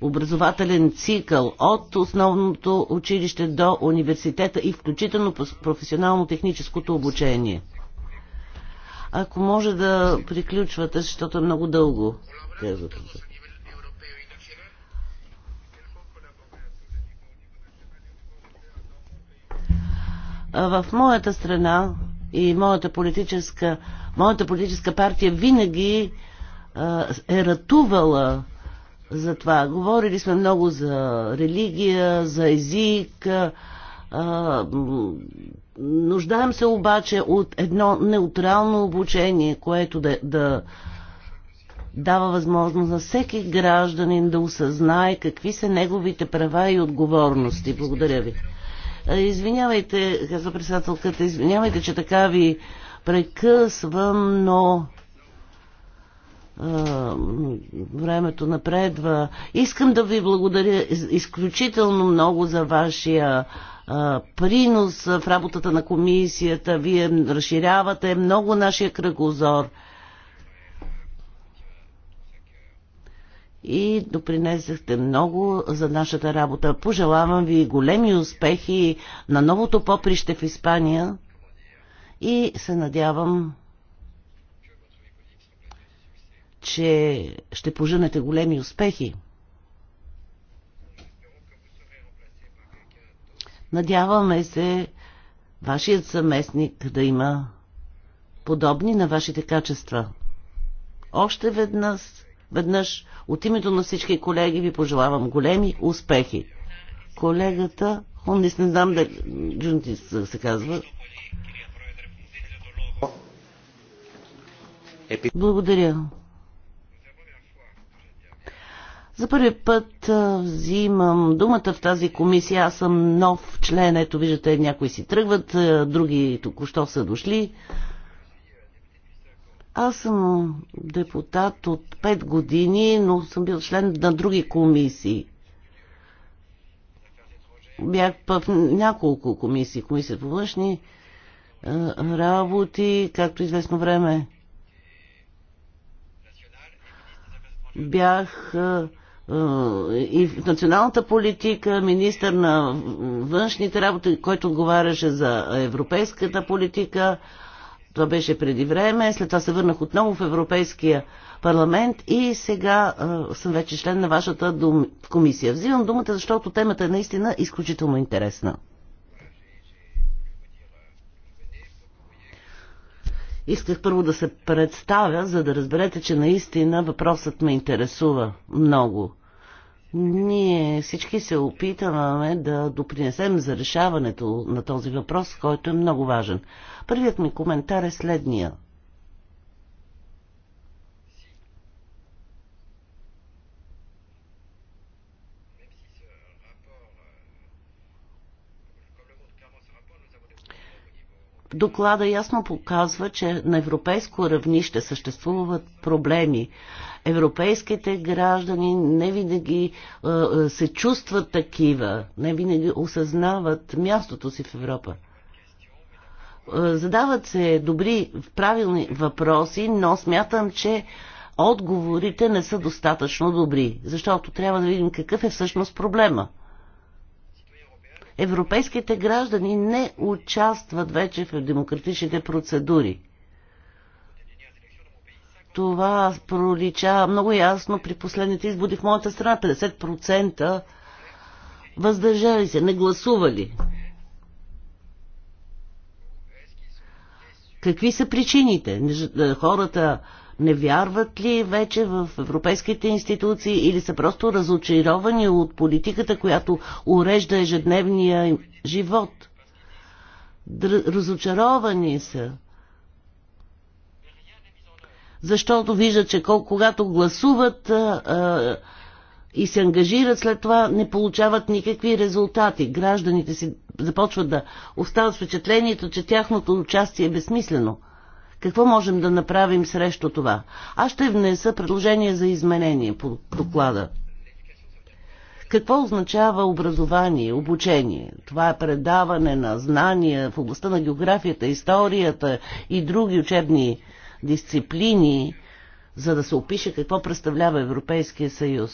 образователен цикъл от основното училище до университета и включително професионално-техническото обучение. Ако може да приключвате, защото е много дълго. Казвате. В моята страна и моята политическа, моята политическа партия винаги е ратувала за това. Говорили сме много за религия, за език. А, нуждаем се обаче от едно неутрално обучение, което да, да дава възможност на всеки гражданин да осъзнае какви са неговите права и отговорности. Благодаря ви. Извинявайте, каза председателката, извинявайте, че така ви прекъсвам, но времето напредва. Искам да ви благодаря изключително много за вашия принос в работата на комисията. Вие разширявате много нашия кръгозор. и допринесехте много за нашата работа. Пожелавам ви големи успехи на новото поприще в Испания и се надявам че ще поженете големи успехи. Надяваме се вашият съместник да има подобни на вашите качества. Още веднъж, веднъж от името на всички колеги ви пожелавам големи успехи. Колегата, он не знам дали Джунтис се казва. Благодаря. За първи път взимам думата в тази комисия. Аз съм нов член. Ето виждате, някои си тръгват, други току-що са дошли. Аз съм депутат от 5 години, но съм бил член на други комисии. Бях в няколко комисии. Комисия по външни работи, както известно време. Бях и в националната политика, министър на външните работи, който отговаряше за европейската политика. Това беше преди време. След това се върнах отново в Европейския парламент и сега а, съм вече член на вашата дум... комисия. Взимам думата, защото темата е наистина изключително интересна. Исках първо да се представя, за да разберете, че наистина въпросът ме интересува много. Ние всички се опитаме да допринесем за решаването на този въпрос, който е много важен. Първият ми коментар е следния – Доклада ясно показва, че на европейско равнище съществуват проблеми. Европейските граждани не винаги е, е, се чувстват такива, не винаги осъзнават мястото си в Европа. Е, задават се добри, правилни въпроси, но смятам, че отговорите не са достатъчно добри, защото трябва да видим какъв е всъщност проблема европейските граждани не участват вече в демократичните процедури. Това пролича много ясно при последните избори в моята страна. 50% въздържали се, не гласували. Какви са причините? Хората не вярват ли вече в европейските институции или са просто разочаровани от политиката, която урежда ежедневния живот? Др- разочаровани са. Защото виждат, че кол- когато гласуват а, а, и се ангажират, след това не получават никакви резултати. Гражданите си започват да остават впечатлението, че тяхното участие е безсмислено. Какво можем да направим срещу това? Аз ще внеса предложение за изменение по доклада. Какво означава образование, обучение? Това е предаване на знания в областта на географията, историята и други учебни дисциплини, за да се опише какво представлява Европейския съюз.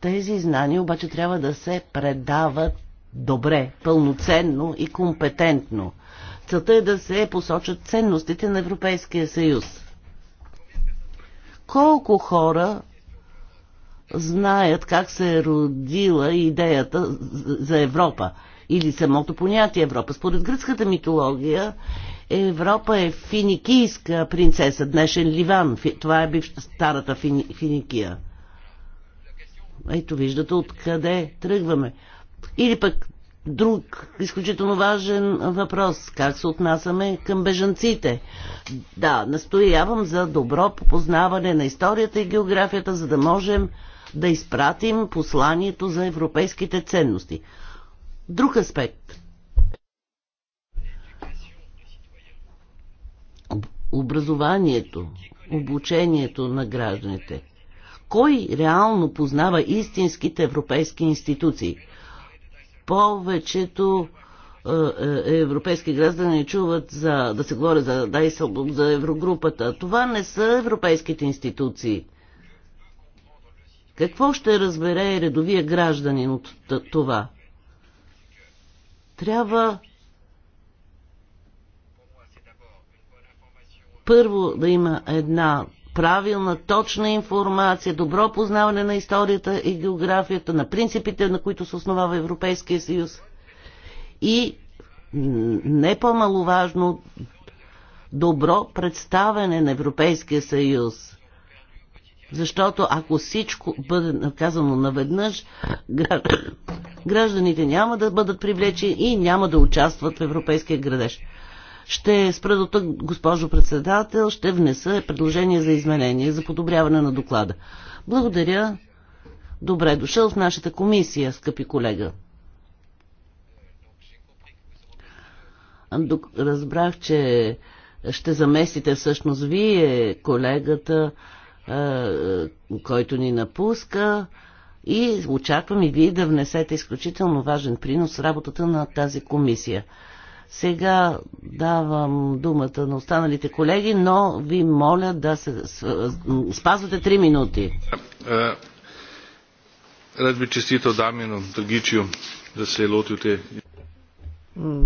Тези знания обаче трябва да се предават добре, пълноценно и компетентно. Целта е да се посочат ценностите на Европейския съюз. Колко хора знаят как се е родила идеята за Европа или самото понятие Европа? Според гръцката митология Европа е финикийска принцеса, днешен Ливан. Това е бив старата фини, Финикия. Ето виждате откъде тръгваме. Или пък Друг изключително важен въпрос как се отнасяме към бежанците. Да, настоявам за добро познаване на историята и географията, за да можем да изпратим посланието за европейските ценности. Друг аспект. Образованието, обучението на гражданите. Кой реално познава истинските европейски институции? повечето е, е, европейски граждани чуват за, да се говори за Дайселбум, за Еврогрупата. Това не са европейските институции. Какво ще разбере редовия гражданин от това? Трябва първо да има една правилна, точна информация, добро познаване на историята и географията, на принципите, на които се основава Европейския съюз. И не по-маловажно, добро представяне на Европейския съюз. Защото ако всичко бъде казано наведнъж, гражданите няма да бъдат привлечени и няма да участват в европейския градеж. Ще спра до тук, госпожо председател, ще внеса предложение за изменение, за подобряване на доклада. Благодаря. Добре дошъл в нашата комисия, скъпи колега. Разбрах, че ще заместите всъщност вие колегата, който ни напуска и очаквам и вие да внесете изключително важен принос в работата на тази комисия. Сега давам думата на останалите колеги, но ви моля да се спазвате три минути. Е, е, Рад ви честито Дамино Драгичио да се лотите.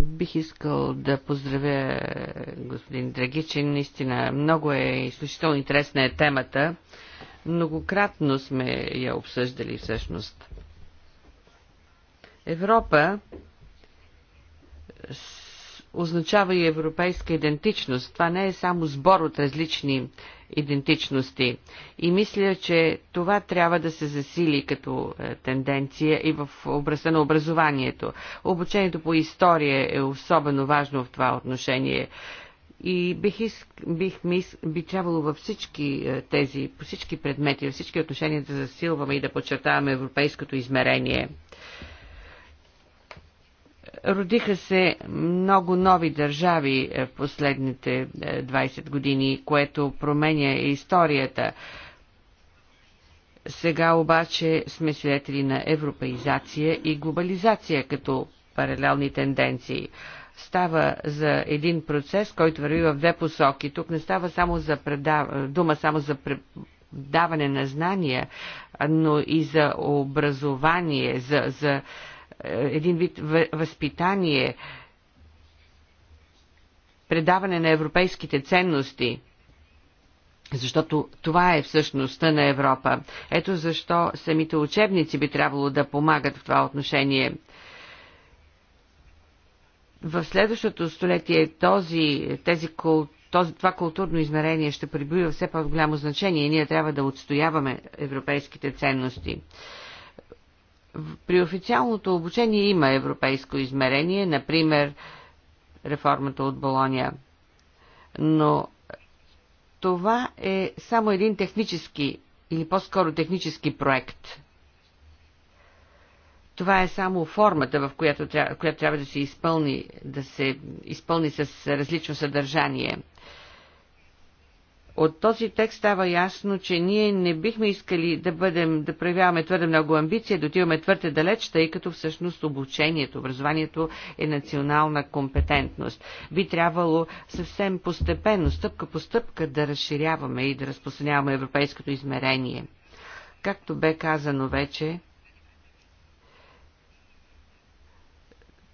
Бих искал да поздравя е, господин Драгичин. Наистина много е изключително интересна е темата. Многократно сме я обсъждали всъщност. Европа означава и европейска идентичност. Това не е само сбор от различни идентичности. И мисля, че това трябва да се засили като е, тенденция и в образа на образованието. Обучението по история е особено важно в това отношение. И бих, иск, бих мис, би трябвало във всички е, тези, по всички предмети, във всички отношения да засилваме и да подчертаваме европейското измерение – Родиха се много нови държави е, в последните 20 е, години, което променя историята. Сега обаче сме свидетели на европеизация и глобализация като паралелни тенденции. Става за един процес, който върви в две посоки. Тук не става само за предав... дума само за предаване на знания, но и за образование, за, за един вид възпитание, предаване на европейските ценности, защото това е всъщността на Европа. Ето защо самите учебници би трябвало да помагат в това отношение. В следващото столетие този, тези този, това културно измерение ще прибива все по-голямо значение и ние трябва да отстояваме европейските ценности. При официалното обучение има европейско измерение, например реформата от Болония. Но това е само един технически или по-скоро технически проект. Това е само формата, в която, трябва, която трябва да се изпълни, да се изпълни с различно съдържание – от този текст става ясно, че ние не бихме искали да бъдем, да проявяваме твърде много амбиция, да отиваме твърде далеч, тъй като всъщност обучението, образованието е национална компетентност. Би трябвало съвсем постепенно, стъпка по стъпка да разширяваме и да разпространяваме европейското измерение. Както бе казано вече,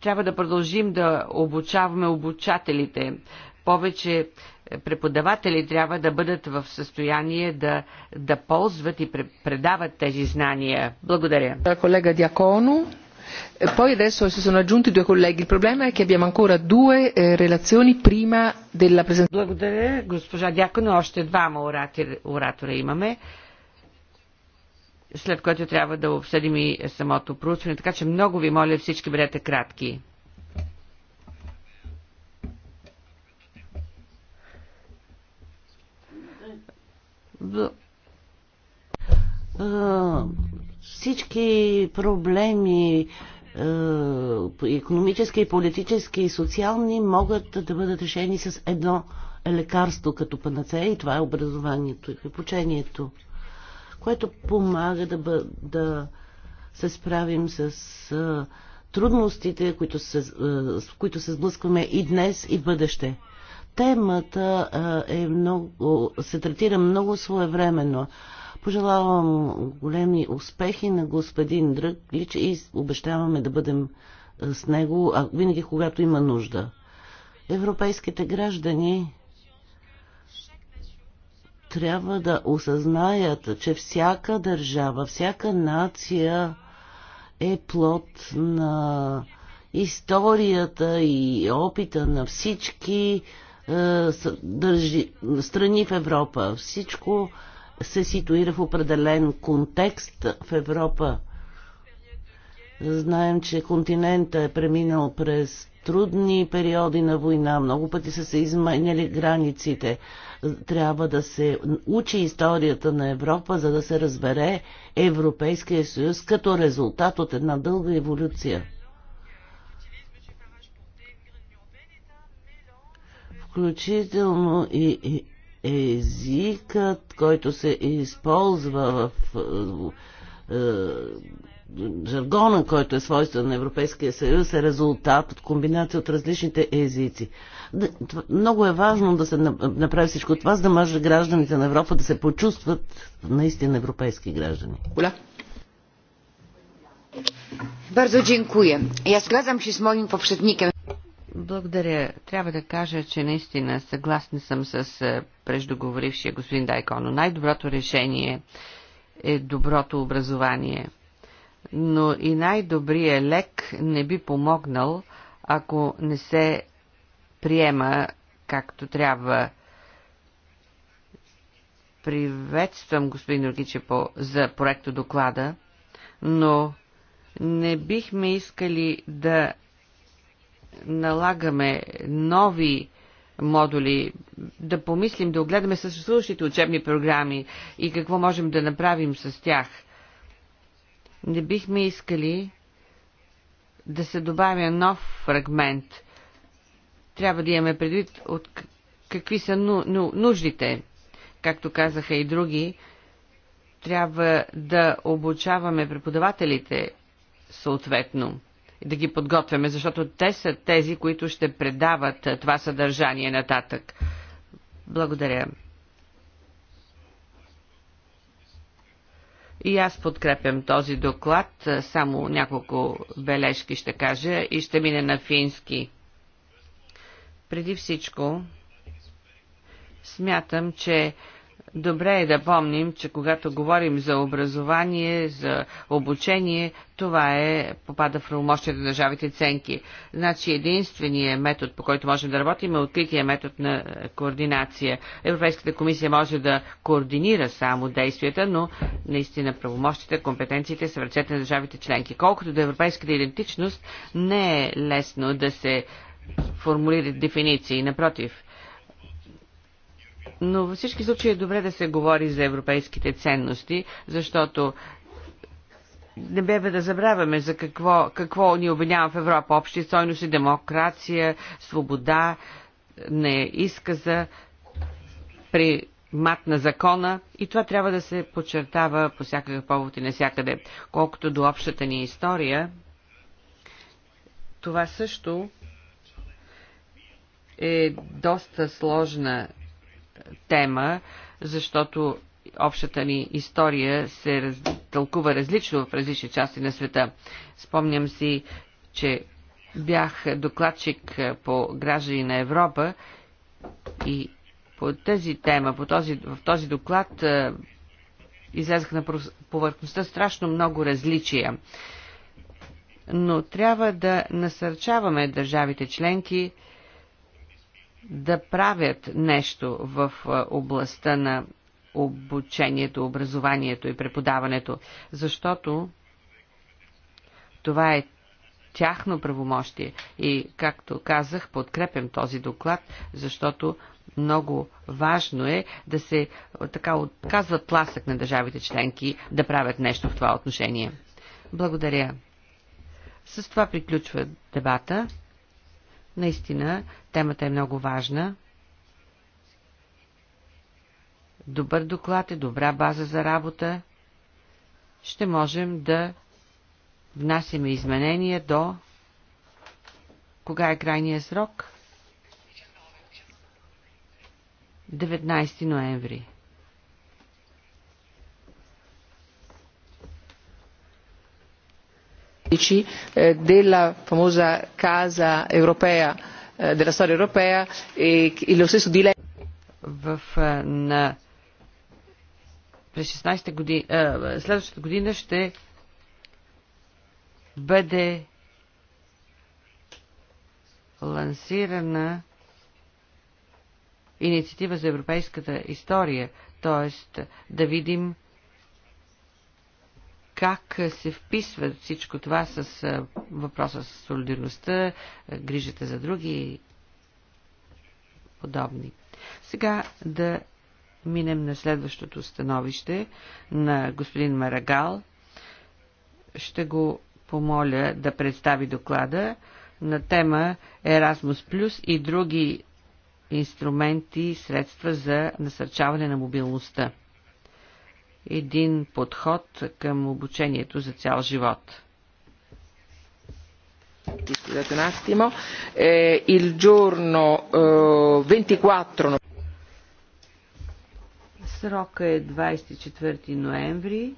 трябва да продължим да обучаваме обучателите, повече преподаватели трябва да бъдат в състояние да, да ползват и предават тези знания. Благодаря. Колега Дякону. Poi adesso si sono aggiunti due colleghi. Il problema è che abbiamo ancora due eh, relazioni prima della presentazione. след което трябва да обсъдим и самото проучване. Така че много ви моля всички бъдете кратки. всички проблеми економически, политически и социални могат да бъдат решени с едно лекарство като панацея и това е образованието и обучението, което помага да, бъ... да се справим с трудностите, които се, с които се сблъскваме и днес, и бъдеще. Темата е много, се третира много своевременно. Пожелавам големи успехи на господин Дръглич и обещаваме да бъдем с него а винаги, когато има нужда. Европейските граждани трябва да осъзнаят, че всяка държава, всяка нация е плод на историята и опита на всички е, държи, страни в Европа. Всичко се ситуира в определен контекст в Европа. Знаем, че континента е преминал през трудни периоди на война, много пъти са се изменяли границите. Трябва да се учи историята на Европа, за да се разбере Европейския съюз като резултат от една дълга еволюция. включително и, езикът, който се използва в е, е, жаргона, който е свойствен на Европейския съюз, е резултат от комбинация от различните езици. Много е важно да се направи всичко това, за да може гражданите на Европа да се почувстват наистина европейски граждани. Оля? Bardzo dziękuję. Ja zgadzam się z moim poprzednikiem. Благодаря. Трябва да кажа, че наистина съгласна съм с е, преждоговорившия господин Дайконо. Най-доброто решение е доброто образование. Но и най-добрият лек не би помогнал, ако не се приема както трябва. Приветствам господин Рогиче за проекто доклада, но не бихме искали да налагаме нови модули, да помислим, да огледаме съществуващите учебни програми и какво можем да направим с тях. Не бихме искали да се добавя нов фрагмент. Трябва да имаме предвид от какви са ну, ну, нуждите. Както казаха и други, трябва да обучаваме преподавателите съответно да ги подготвяме, защото те са тези, които ще предават това съдържание нататък. Благодаря. И аз подкрепям този доклад. Само няколко бележки ще кажа и ще мине на фински. Преди всичко, смятам, че Добре е да помним, че когато говорим за образование, за обучение, това е, попада в правомощите на държавите ценки. Значи единственият метод, по който можем да работим, е открития метод на координация. Европейската комисия може да координира само действията, но наистина правомощите, компетенциите са в ръцете на държавите членки. Колкото до европейската идентичност, не е лесно да се формулират дефиниции. Напротив, но във всички случаи е добре да се говори за европейските ценности, защото не бебе да забравяме за какво, какво ни обвинява в Европа. Общи стойности, демокрация, свобода, не изказа, при мат на закона и това трябва да се подчертава по всякакъв повод и насякъде. Колкото до общата ни история, това също е доста сложна тема, защото общата ни история се раз... тълкува различно в различни части на света. Спомням си, че бях докладчик по граждани на Европа и по тази тема, по този, в този доклад излезах на повърхността страшно много различия. Но трябва да насърчаваме държавите членки да правят нещо в областта на обучението, образованието и преподаването, защото това е тяхно правомощие. И, както казах, подкрепям този доклад, защото много важно е да се така отказва тласък на държавите членки да правят нещо в това отношение. Благодаря. С това приключва дебата. Наистина, темата е много важна. Добър доклад е добра база за работа. Ще можем да внасяме изменения до... Кога е крайния срок? 19 ноември. duemilasedici eh, della famosa casa europea eh, della storia europea e lo stesso dilemma в, 16 eh, е, следващата година ще бъде лансирана инициатива за европейската история, т.е. да видим как се вписва всичко това с въпроса с солидарността, грижата за други и подобни. Сега да минем на следващото становище на господин Марагал. Ще го помоля да представи доклада на тема Erasmus Plus и други инструменти, средства за насърчаване на мобилността един подход към обучението за цял живот. Scusate un attimo, eh, il giorno е, eh, 24 Срока е 24 ноември,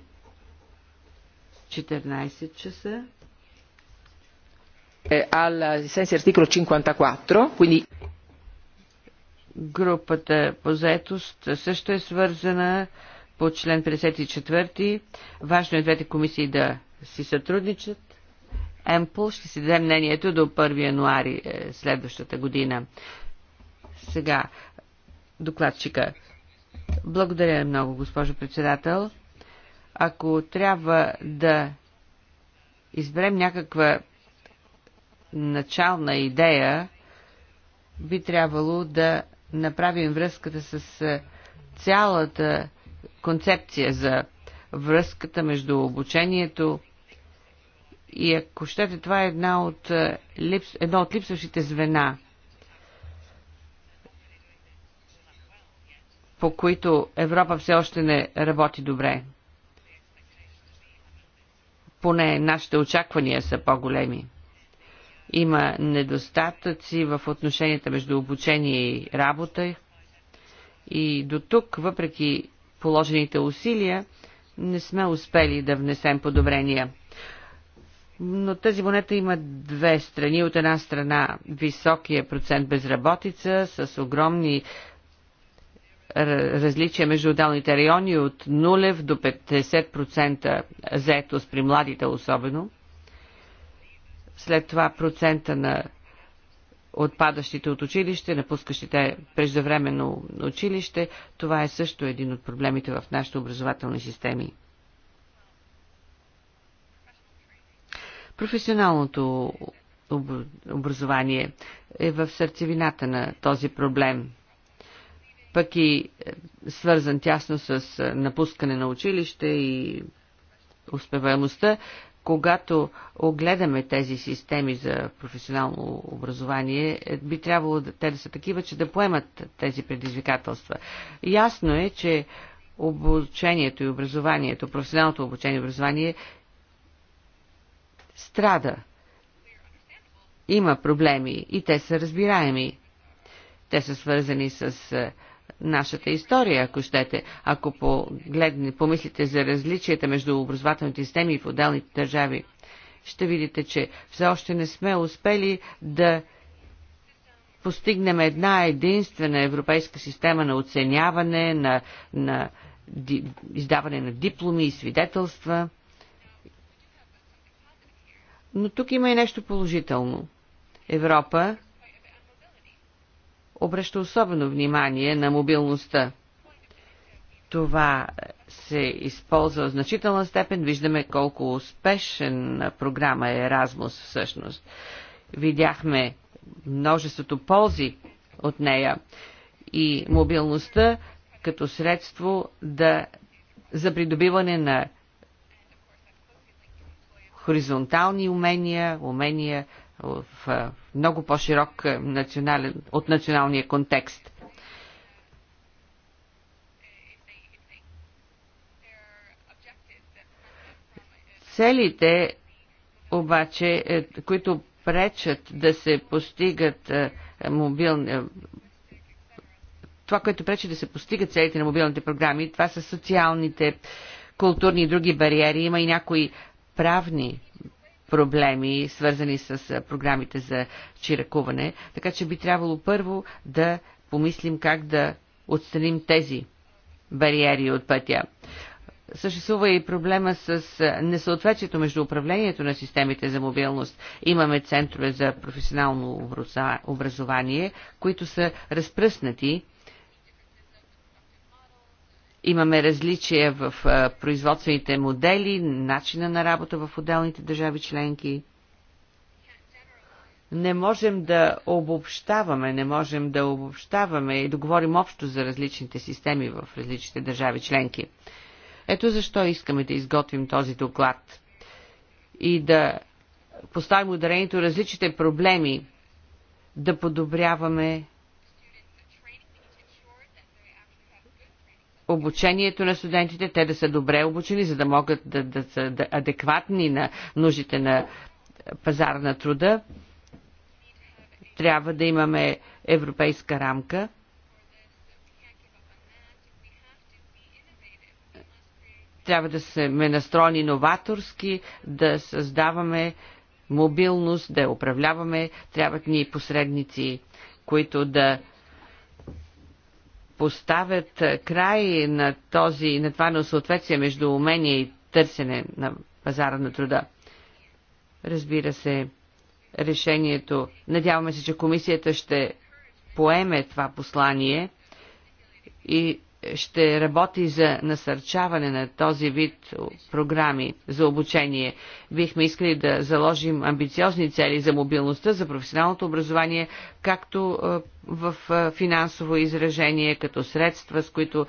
14 часа. Eh, al sensi articolo 54, quindi групата по заетост също е свързана eh, по член 54. Важно е двете комисии да си сътрудничат. ЕМПл, ще си даде мнението до 1 януари е, следващата година. Сега, докладчика. Благодаря много, госпожо председател. Ако трябва да изберем някаква начална идея, би трябвало да направим връзката с е, цялата концепция за връзката между обучението и ако щете, това е една от, е, липс, едно от липсващите звена, по които Европа все още не работи добре. Поне нашите очаквания са по-големи. Има недостатъци в отношенията между обучение и работа. И до тук, въпреки положените усилия, не сме успели да внесем подобрения. Но тази монета има две страни. От една страна високия процент безработица с огромни различия между отделните райони от 0 до 50% заетост при младите особено. След това процента на отпадащите от училище, напускащите преждевременно училище. Това е също един от проблемите в нашите образователни системи. Професионалното образование е в сърцевината на този проблем, пък и е, свързан тясно с е, напускане на училище и успеваемостта когато огледаме тези системи за професионално образование, е, би трябвало да, те да са такива, че да поемат тези предизвикателства. Ясно е, че обучението и образованието, професионалното обучение и образование страда. Има проблеми и те са разбираеми. Те са свързани с е, нашата история, ако щете. Ако погледне, помислите за различията между образователните системи и в отделните държави, ще видите, че все още не сме успели да постигнем една единствена европейска система на оценяване, на, на ди, издаване на дипломи и свидетелства. Но тук има и нещо положително. Европа обръща особено внимание на мобилността. Това се използва в значителна степен. Виждаме колко успешен програма е Еразмус всъщност. Видяхме множеството ползи от нея и мобилността като средство да, за придобиване на хоризонтални умения, умения в много по-широк национален, от националния контекст. Целите обаче, е, които пречат да се постигат мобилни това, което пречи да се постигат целите на мобилните програми, това са социалните, културни и други бариери. Има и някои правни проблеми, свързани с програмите за чиракуване, така че би трябвало първо да помислим как да отстраним тези бариери от пътя. Съществува и проблема с несъответствието между управлението на системите за мобилност. Имаме центрове за професионално образование, които са разпръснати Имаме различия в производствените модели, начина на работа в отделните държави членки. Не можем да обобщаваме, не можем да обобщаваме и да говорим общо за различните системи в различните държави членки. Ето защо искаме да изготвим този доклад и да поставим ударението различните проблеми, да подобряваме обучението на студентите, те да са добре обучени, за да могат да, да са адекватни на нуждите на пазар на труда. Трябва да имаме европейска рамка. Трябва да сме настроени новаторски, да създаваме мобилност, да я управляваме. Трябват ни посредници, които да поставят край на, този, на това несъответствие между умение и търсене на пазара на труда. Разбира се, решението. Надяваме се, че комисията ще поеме това послание и ще работи за насърчаване на този вид програми за обучение. Бихме искали да заложим амбициозни цели за мобилността, за професионалното образование, както в финансово изражение, като средства, с които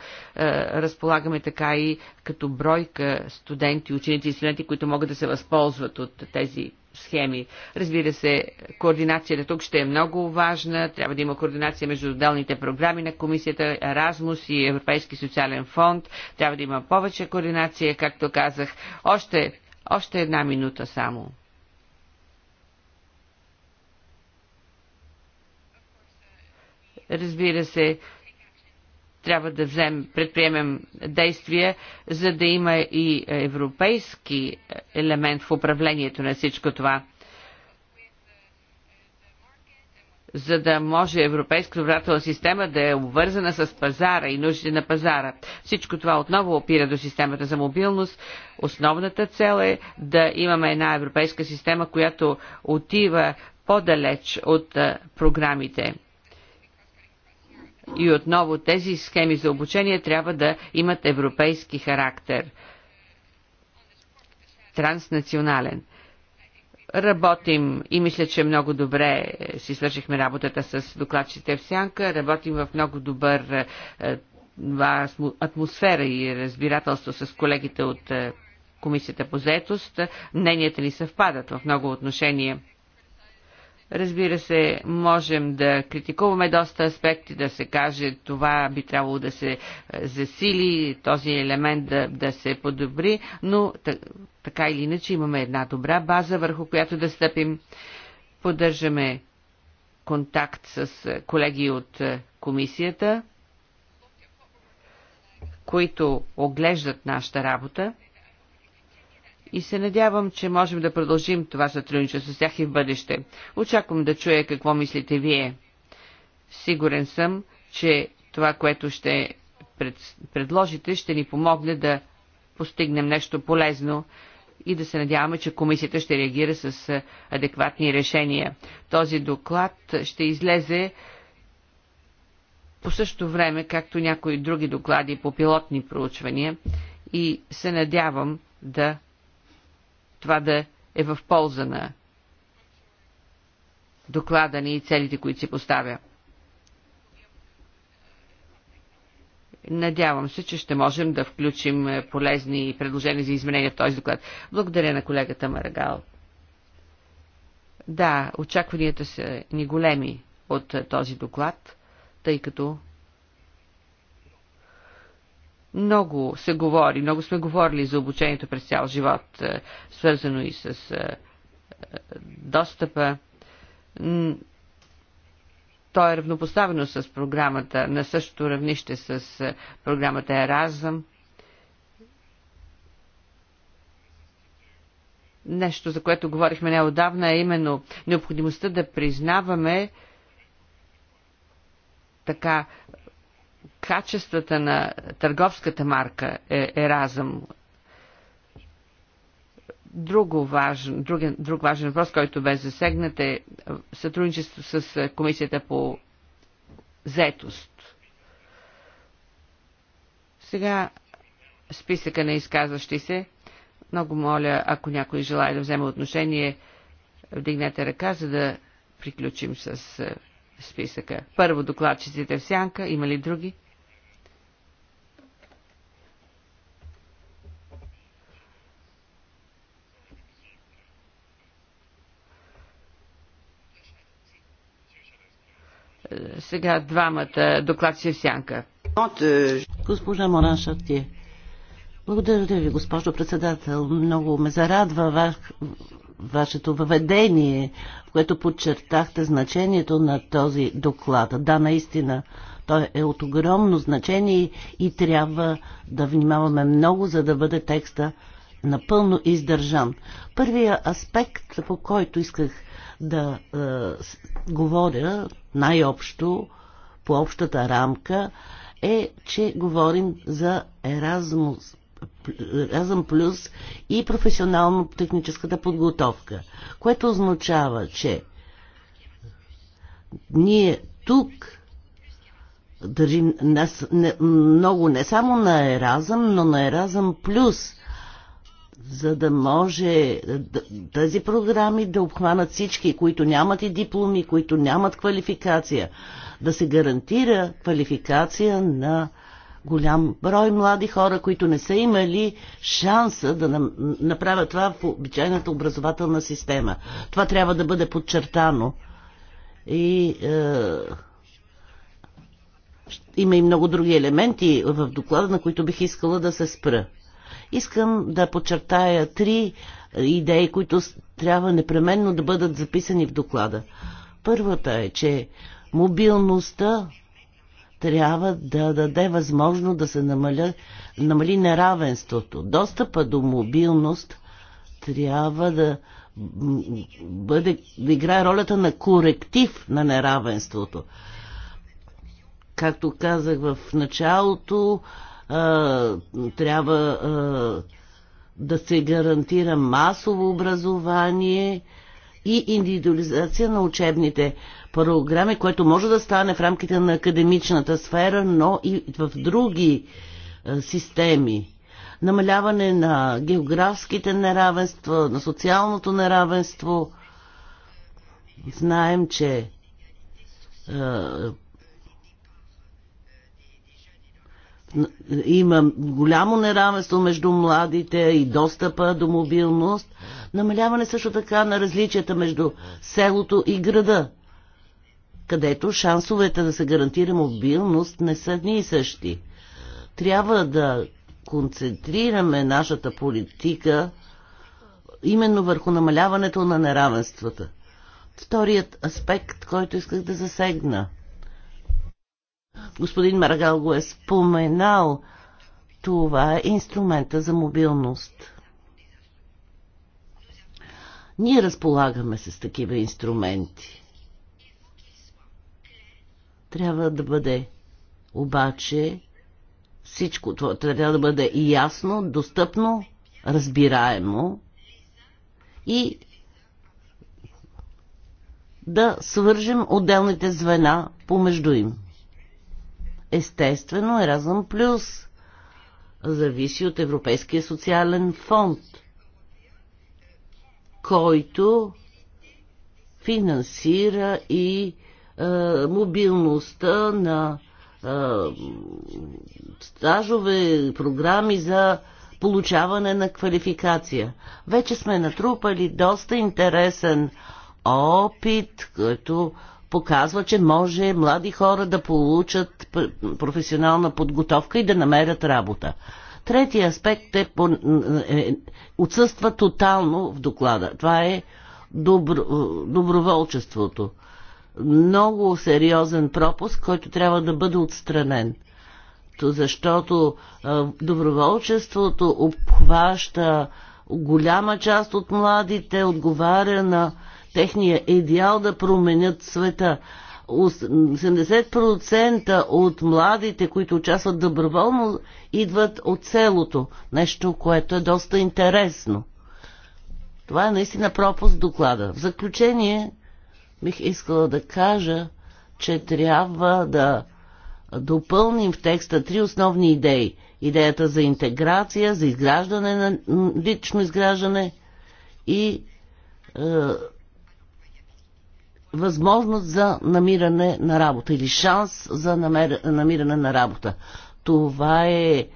разполагаме, така и като бройка студенти, ученици и студенти, които могат да се възползват от тези схеми. Разбира се, координацията тук ще е много важна. Трябва да има координация между отделните програми на комисията, Erasmus и Европейски социален фонд. Трябва да има повече координация, както казах. Още, още една минута само. Разбира се, трябва да взем, предприемем действия, за да има и европейски елемент в управлението на всичко това. за да може европейската добрателна система да е обвързана с пазара и нуждите на пазара. Всичко това отново опира до системата за мобилност. Основната цел е да имаме една европейска система, която отива по-далеч от програмите и отново тези схеми за обучение трябва да имат европейски характер. Транснационален работим и мисля, че много добре си свършихме работата с докладчите в Сянка. Работим в много добър е, атмосфера и разбирателство с колегите от е, Комисията по заетост. Мненията ни съвпадат в много отношения. Разбира се, можем да критикуваме доста аспекти, да се каже това би трябвало да се е, засили, този елемент да, да се подобри, но така или иначе имаме една добра база, върху която да стъпим. Поддържаме контакт с колеги от е, комисията, които оглеждат нашата работа и се надявам, че можем да продължим това сътрудничество с тях и в бъдеще. Очаквам да чуя какво мислите вие. Сигурен съм, че това, което ще пред, предложите, ще ни помогне да постигнем нещо полезно и да се надяваме, че комисията ще реагира с адекватни решения. Този доклад ще излезе по същото време, както някои други доклади по пилотни проучвания и се надявам да това да е в полза на доклада ни и целите, които си поставя. Надявам се, че ще можем да включим е, полезни предложения за изменения в този доклад. Благодаря на колегата Марагал. Да, очакванията са ни големи от е, този доклад, тъй като много се говори, много сме говорили за обучението през цял живот, е, свързано и с е, е, достъпа. То е равнопоставено с програмата, на същото равнище с програмата Еразъм. Нещо, за което говорихме неодавна, е именно необходимостта да признаваме така качествата на търговската марка е Еразъм. Друго важен, друг, друг важен въпрос, който бе засегнат е сътрудничество с е, Комисията по заетост. Сега списъка на изказващи се. Много моля, ако някой желая да вземе отношение, вдигнете ръка, за да приключим с е, списъка. Първо докладчиците в сянка. Има ли други? Сега двамата докладчи в сянка. Госпожа Моран Шартие. Благодаря ви, госпожо председател. Много ме зарадва ваш, вашето въведение, в което подчертахте значението на този доклад. Да, наистина, той е от огромно значение и трябва да внимаваме много, за да бъде текста напълно издържан. Първия аспект, по който исках да е, говоря най-общо по общата рамка е, че говорим за Еразмус Еразъм Плюс и професионално-техническата подготовка, което означава, че ние тук държим не, не, много не само на Еразъм, но на Еразъм Плюс, за да може тези програми да обхванат всички, които нямат и дипломи, които нямат квалификация, да се гарантира квалификация на голям брой млади хора, които не са имали шанса да направят това в обичайната образователна система. Това трябва да бъде подчертано. И е, има и много други елементи в доклада, на които бих искала да се спра. Искам да подчертая три идеи, които трябва непременно да бъдат записани в доклада. Първата е, че мобилността трябва да даде възможно да се намаля, намали неравенството. Достъпа до мобилност трябва да бъде, да играе ролята на коректив на неравенството. Както казах в началото, трябва да се гарантира масово образование и индивидуализация на учебните програми, което може да стане в рамките на академичната сфера, но и в други системи. Намаляване на географските неравенства, на социалното неравенство. Знаем, че има голямо неравенство между младите и достъпа до мобилност, намаляване също така на различията между селото и града, където шансовете да се гарантира мобилност не са дни и същи. Трябва да концентрираме нашата политика именно върху намаляването на неравенствата. Вторият аспект, който исках да засегна – Господин Марагал го е споменал. Това е инструмента за мобилност. Ние разполагаме с такива инструменти. Трябва да бъде обаче всичко това трябва да бъде и ясно, достъпно, разбираемо и да свържем отделните звена помежду им. Естествено, Еразъм Плюс зависи от Европейския социален фонд, който финансира и е, мобилността на е, стажове, програми за получаване на квалификация. Вече сме натрупали доста интересен опит, който показва, че може млади хора да получат професионална подготовка и да намерят работа. Третия аспект е, е отсъства тотално в доклада. Това е добро, доброволчеството. Много сериозен пропуск, който трябва да бъде отстранен. То защото е, доброволчеството обхваща голяма част от младите, отговаря на техния идеал да променят света. 80% от младите, които участват доброволно, идват от селото. Нещо, което е доста интересно. Това е наистина пропуск доклада. В заключение бих искала да кажа, че трябва да допълним в текста три основни идеи. Идеята за интеграция, за изграждане на лично изграждане и е, възможност за намиране на работа или шанс за намер... намиране на работа. Това е, е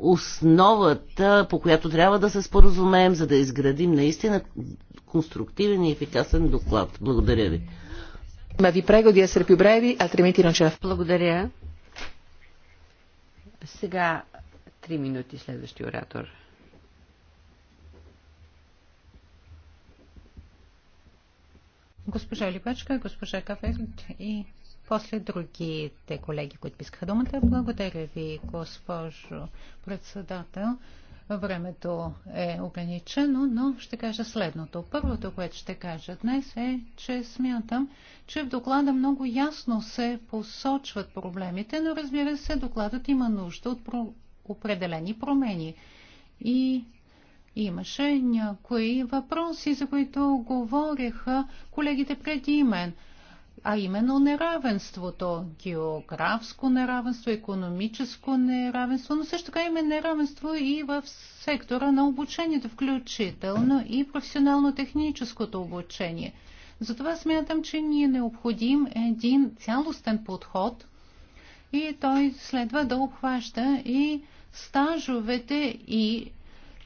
основата, по която трябва да се споразумеем, за да изградим наистина конструктивен и ефикасен доклад. Благодаря ви. Ма ви прего да essere più brevi, altrimenti non Благодаря. Сега три минути следващия оратор. Госпожа Липачка, госпожа Каферт и после другите колеги, които пискаха думата. Благодаря ви, госпожо председател. Времето е ограничено, но ще кажа следното. Първото, което ще кажа днес е, че смятам, че в доклада много ясно се посочват проблемите, но разбира се, докладът има нужда от определени промени. И Имаше някои въпроси, за които говориха колегите преди мен, а именно неравенството, географско неравенство, економическо неравенство, но също така има неравенство и в сектора на обучението, включително и професионално-техническото обучение. Затова смятам, че ни е необходим един цялостен подход и той следва да обхваща и стажовете и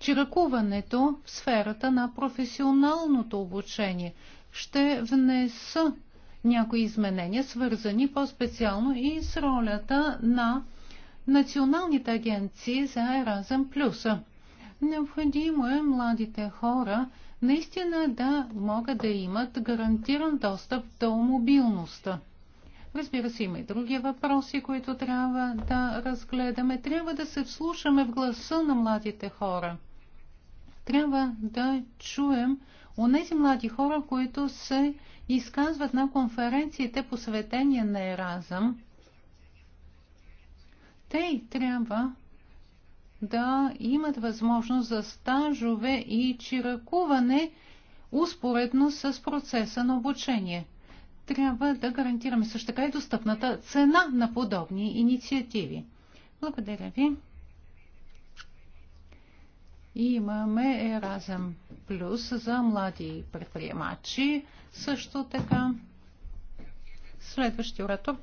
чиракуването в сферата на професионалното обучение ще внеса някои изменения, свързани по-специално и с ролята на националните агенции за Еразъм Плюса. Необходимо е младите хора наистина да могат да имат гарантиран достъп до мобилността. Разбира се, има и други въпроси, които трябва да разгледаме. Трябва да се вслушаме в гласа на младите хора – трябва да чуем тези млади хора, които се изказват на конференциите посветения на Еразъм. Те трябва да имат възможност за стажове и чиракуване успоредно с процеса на обучение. Трябва да гарантираме също така и достъпната цена на подобни инициативи. Благодаря ви. И имаме Еразъм Плюс за млади предприемачи. Също така следващия оратор.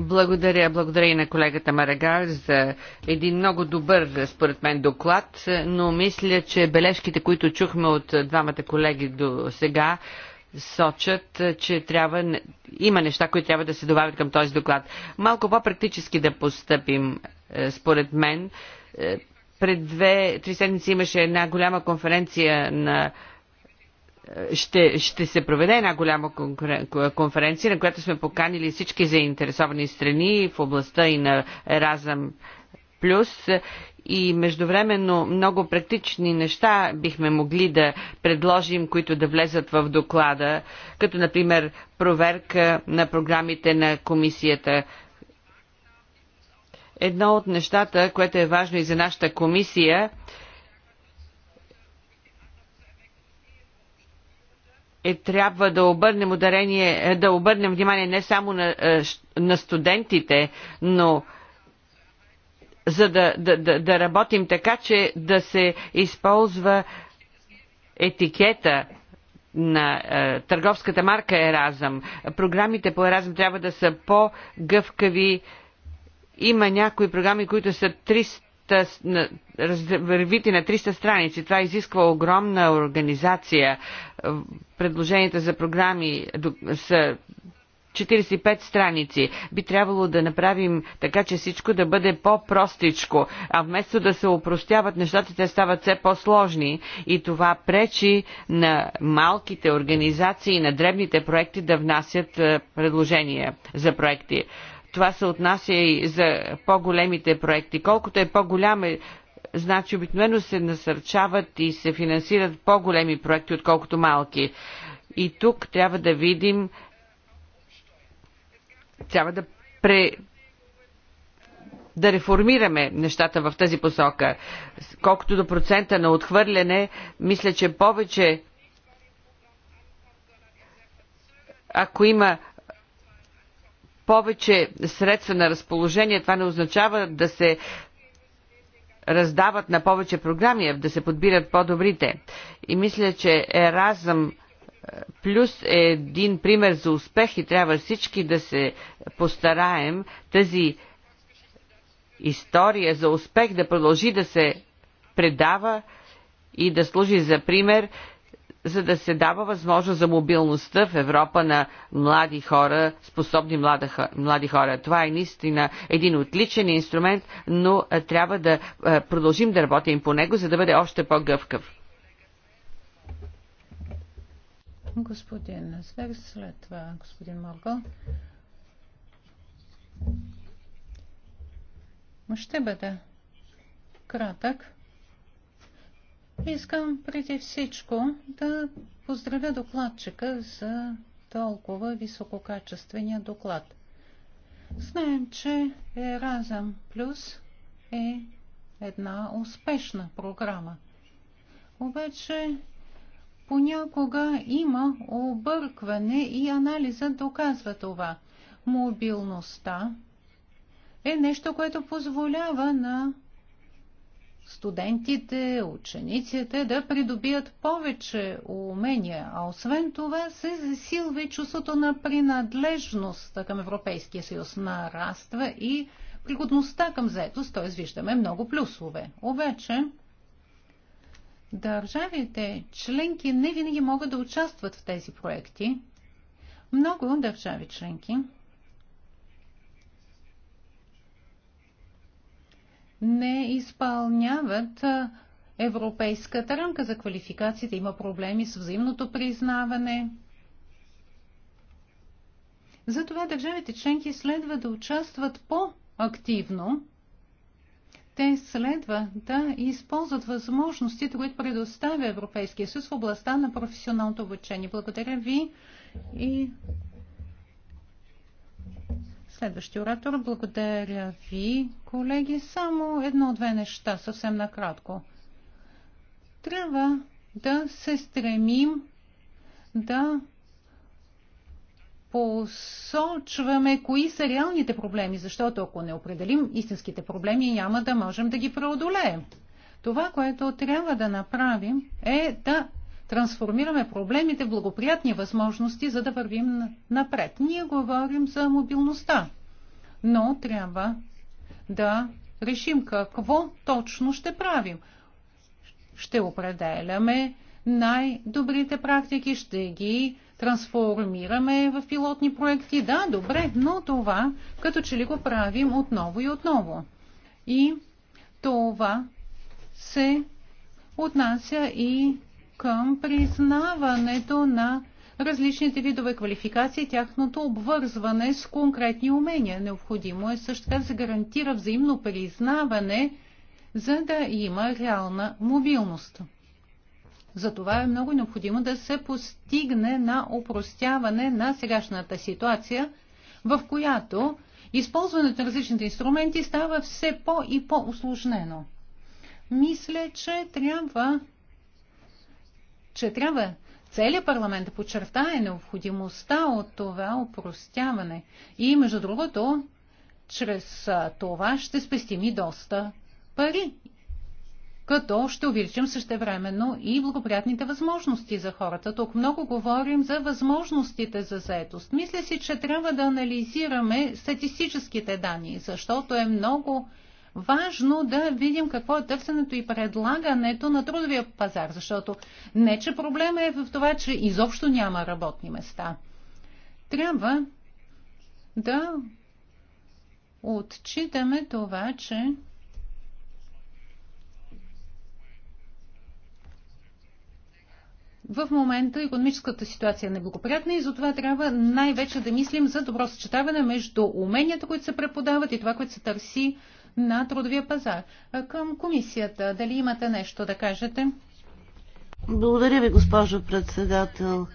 Благодаря, благодаря и на колегата Марагар за един много добър, според мен, доклад, но мисля, че бележките, които чухме от двамата колеги до сега, сочат, че трябва, има неща, които трябва да се добавят към този доклад. Малко по-практически да постъпим, е, според мен. Е, пред две-три седмици имаше една голяма конференция на ще, ще се проведе една голяма конференция, на която сме поканили всички заинтересовани страни в областта и на Еразъм Плюс и междувременно много практични неща бихме могли да предложим, които да влезат в доклада, като например проверка на програмите на комисията Едно от нещата, което е важно и за нашата комисия, е, трябва да обърнем ударение, е, да обърнем внимание не само на, е, на студентите, но за да, да, да, да работим така, че да се използва етикета на е, търговската марка Еразъм. Програмите по Еразъм трябва да са по-гъвкави, има някои програми, които са 300 на 300 страници. Това изисква огромна организация. Предложенията за програми са 45 страници. Би трябвало да направим така, че всичко да бъде по-простичко, а вместо да се опростяват нещата, те стават все по-сложни и това пречи на малките организации и на дребните проекти да внасят е, предложения за проекти. Това се отнася и за по-големите проекти. Колкото е по голям значи обикновено се насърчават и се финансират по-големи проекти, отколкото малки. И тук трябва да видим, трябва да, пре, да реформираме нещата в тази посока. Колкото до процента на отхвърляне, мисля, че повече ако има повече средства на разположение, това не означава да се раздават на повече програми, да се подбират по-добрите. И мисля, че Еразъм е, плюс е един пример за успех и трябва всички да се постараем тази история за успех да продължи да се предава и да служи за пример за да се дава възможност за мобилността в Европа на млади хора, способни млада, млади хора. Това е наистина един отличен инструмент, но трябва да продължим да работим по него, за да бъде още по-гъвкав. Господин Свер, след това господин Моргал. Ще бъда кратък. Искам преди всичко да поздравя докладчика за толкова висококачествения доклад. Знаем, че Еразъм Плюс е една успешна програма. Обаче понякога има объркване и анализа. доказва това. Мобилността е нещо, което позволява на студентите, учениците да придобият повече умения, а освен това се засилва и чувството на принадлежност към Европейския съюз, нараства и пригодността към заетост, т.е. виждаме много плюсове. Обаче, държавите членки не винаги могат да участват в тези проекти. Много държави членки не изпълняват европейската рамка за квалификациите. Има проблеми с взаимното признаване. Затова държавите членки следва да участват по-активно. Те следва да използват възможностите, които предоставя Европейския съюз в областта на професионалното обучение. Благодаря ви и Следващия оратор. Благодаря ви, колеги. Само едно-две неща, съвсем накратко. Трябва да се стремим да посочваме кои са реалните проблеми, защото ако не определим истинските проблеми, няма да можем да ги преодолеем. Това, което трябва да направим е да трансформираме проблемите в благоприятни възможности, за да вървим напред. Ние говорим за мобилността, но трябва да решим какво точно ще правим. Ще определяме най-добрите практики, ще ги трансформираме в пилотни проекти. Да, добре, но това като че ли го правим отново и отново. И това се отнася и към признаването на различните видове квалификации и тяхното обвързване с конкретни умения. Необходимо е също така да се гарантира взаимно признаване, за да има реална мобилност. Затова е много необходимо да се постигне на упростяване на сегашната ситуация, в която използването на различните инструменти става все по- и по-усложнено. Мисля, че трябва че трябва целият парламент да подчертае необходимостта от това упростяване. И, между другото, чрез това ще спестим и доста пари, като ще увеличим същевременно и благоприятните възможности за хората. Тук много говорим за възможностите за заетост. Мисля си, че трябва да анализираме статистическите данни, защото е много важно да видим какво е търсенето и предлагането на трудовия пазар, защото не, че проблема е в това, че изобщо няма работни места. Трябва да отчитаме това, че В момента економическата ситуация е неблагоприятна и затова трябва най-вече да мислим за добро съчетаване между уменията, които се преподават и това, което се търси на трудовия пазар. Към комисията, дали имате нещо да кажете? Благодаря ви, госпожо председател.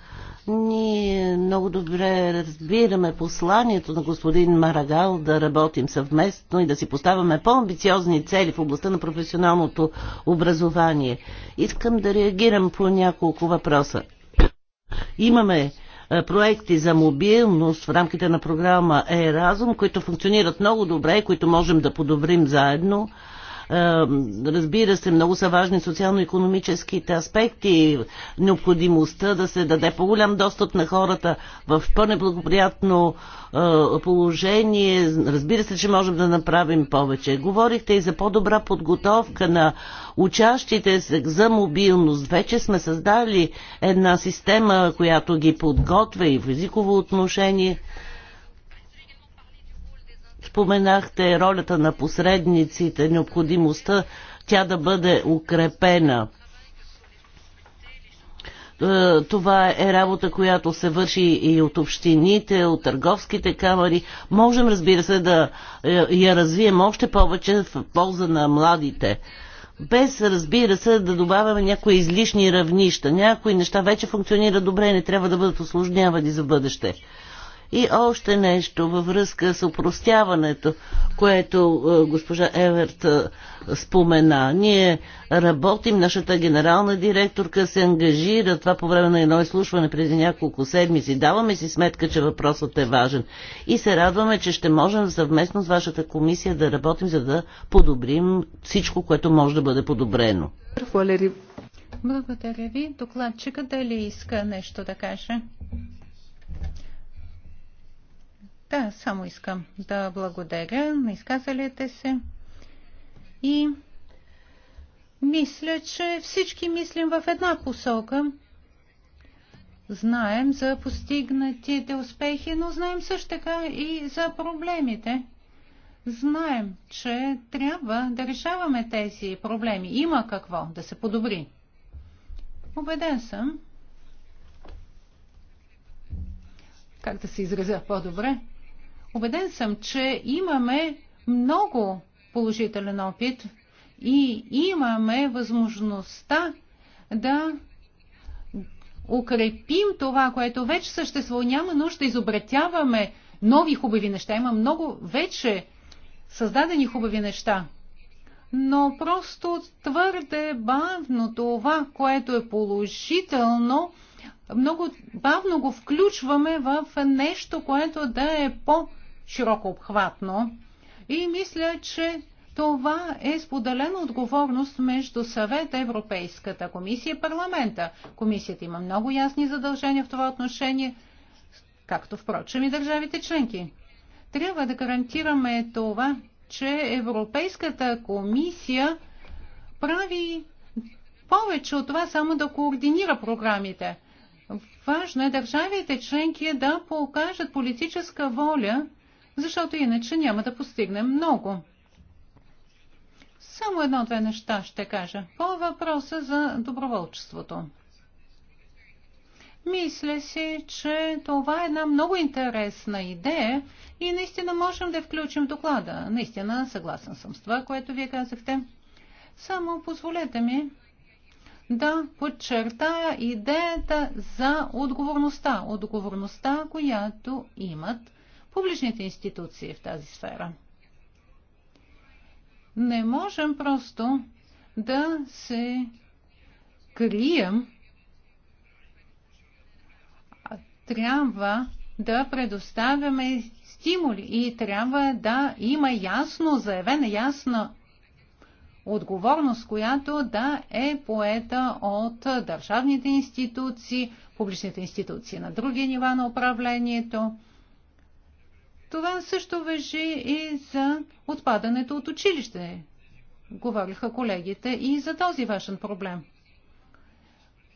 Ние много добре разбираме посланието на господин Марагал да работим съвместно и да си поставяме по-амбициозни цели в областта на професионалното образование. Искам да реагирам по няколко въпроса. Имаме е, проекти за мобилност в рамките на програма ЕРАЗум, които функционират много добре и които можем да подобрим заедно. Е, разбира се, много са важни социално-економическите аспекти, необходимостта да се даде по-голям достъп на хората в по-неблагоприятно е, положение. Разбира се, че можем да направим повече. Говорихте и за по-добра подготовка на учащите за мобилност. Вече сме създали една система, която ги подготвя и в езиково отношение. Споменахте ролята на посредниците, необходимостта тя да бъде укрепена. Е, това е работа, която се върши и от общините, от търговските камери. Можем, разбира се, да е, я развием още повече в полза на младите. Без, разбира се, да добавяме някои излишни равнища. Някои неща вече функционират добре и не трябва да бъдат осложнявани за бъдеще. И още нещо във връзка с опростяването, което е, госпожа Еверт е, спомена. Ние работим, нашата генерална директорка се ангажира това по време на едно изслушване преди няколко седмици. Даваме си сметка, че въпросът е важен. И се радваме, че ще можем съвместно с вашата комисия да работим, за да подобрим всичко, което може да бъде подобрено. Благодаря ви. Докладчика дали иска нещо да каже? Да, само искам да благодаря на изказалите се. И мисля, че всички мислим в една посока. Знаем за постигнатите успехи, но знаем също така и за проблемите. Знаем, че трябва да решаваме тези проблеми. Има какво да се подобри. Убеден съм. Как да се изразя по-добре? Обеден съм, че имаме много положителен опит и имаме възможността да укрепим това, което вече съществува. Няма нужда да изобретяваме нови хубави неща. Има много вече създадени хубави неща. Но просто твърде бавно това, което е положително, много бавно го включваме в нещо, което да е по- широко обхватно. И мисля, че това е споделена отговорност между съвета, Европейската комисия и парламента. Комисията има много ясни задължения в това отношение, както впрочем и държавите членки. Трябва да гарантираме това, че Европейската комисия прави повече от това само да координира програмите. Важно е държавите членки да покажат политическа воля защото иначе няма да постигнем много. Само едно-две неща ще кажа по въпроса за доброволчеството. Мисля си, че това е една много интересна идея и наистина можем да включим доклада. Наистина съгласен съм с това, което вие казахте. Само позволете ми да подчертая идеята за отговорността. Отговорността, която имат публичните институции в тази сфера. Не можем просто да се крием. Трябва да предоставяме стимули и трябва да има ясно заявена, ясна отговорност, която да е поета от държавните институции, публичните институции на други нива на управлението, това също въжи и за отпадането от училище, говориха колегите, и за този важен проблем.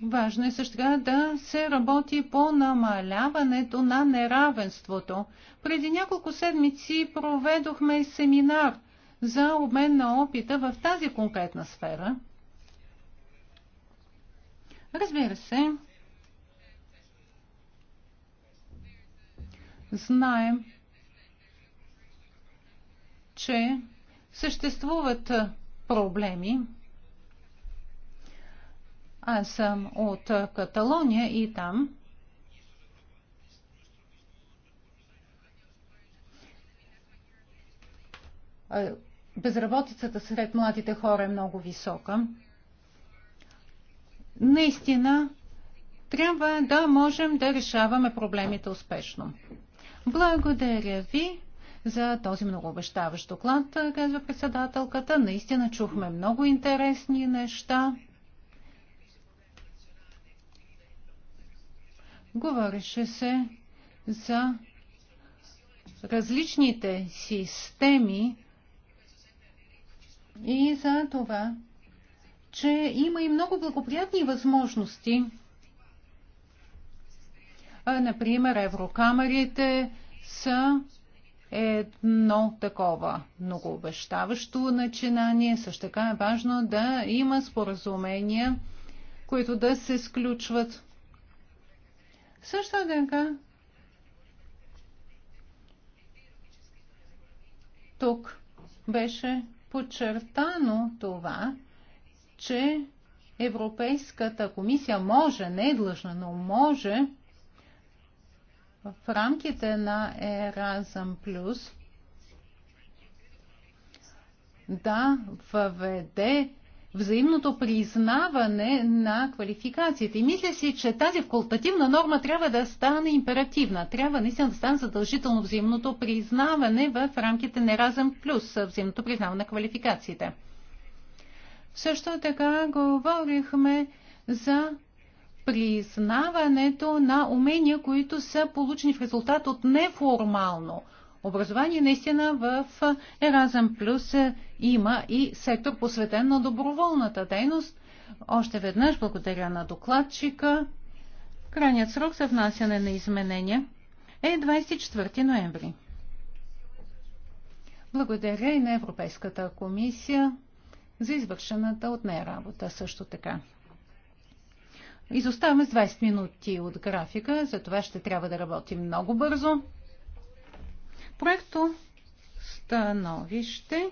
Важно е също така да се работи по намаляването на неравенството. Преди няколко седмици проведохме семинар за обмен на опита в тази конкретна сфера. Разбира се, знаем, че съществуват проблеми. Аз съм от Каталония и там безработицата сред младите хора е много висока. Наистина, трябва да можем да решаваме проблемите успешно. Благодаря ви за този многообещаващ доклад, казва председателката. Наистина чухме много интересни неща. Говореше се за различните системи и за това, че има и много благоприятни възможности. Например, еврокамерите са е едно такова многообещаващо начинание. Също така е важно да има споразумения, които да се сключват. Също така тук беше подчертано това, че Европейската комисия може, не е длъжна, но може в рамките на Еразъм Плюс да въведе взаимното признаване на квалификациите. И мисля си, че тази факултативна норма трябва да стане императивна. Трябва наистина да стане задължително взаимното признаване в рамките на Еразъм Плюс, взаимното признаване на квалификациите. Също така говорихме за признаването на умения, които са получени в резултат от неформално образование. Наистина в Еразъм Плюс има и сектор посветен на доброволната дейност. Още веднъж благодаря на докладчика. Крайният срок за внасяне на изменения е 24 ноември. Благодаря и на Европейската комисия за извършената от нея работа също така. Изоставаме с 20 минути от графика, за това ще трябва да работим много бързо. Проекто становище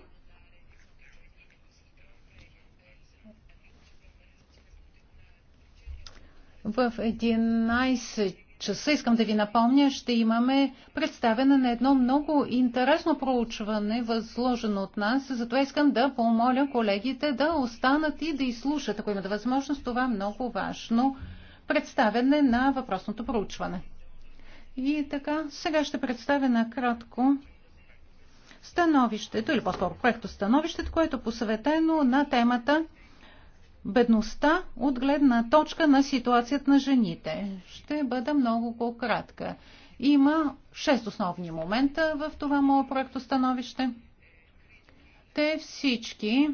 в 11 часа, искам да ви напомня, ще имаме представяне на едно много интересно проучване, възложено от нас. Затова искам да помоля колегите да останат и да изслушат, ако имат възможност, това е много важно представяне на въпросното проучване. И така, сега ще представя накратко становището, или по-скоро проекто становището, което е посъветено на темата – бедността от гледна точка на ситуацията на жените. Ще бъда много кратка. Има шест основни момента в това мое проектостановище. Те всички,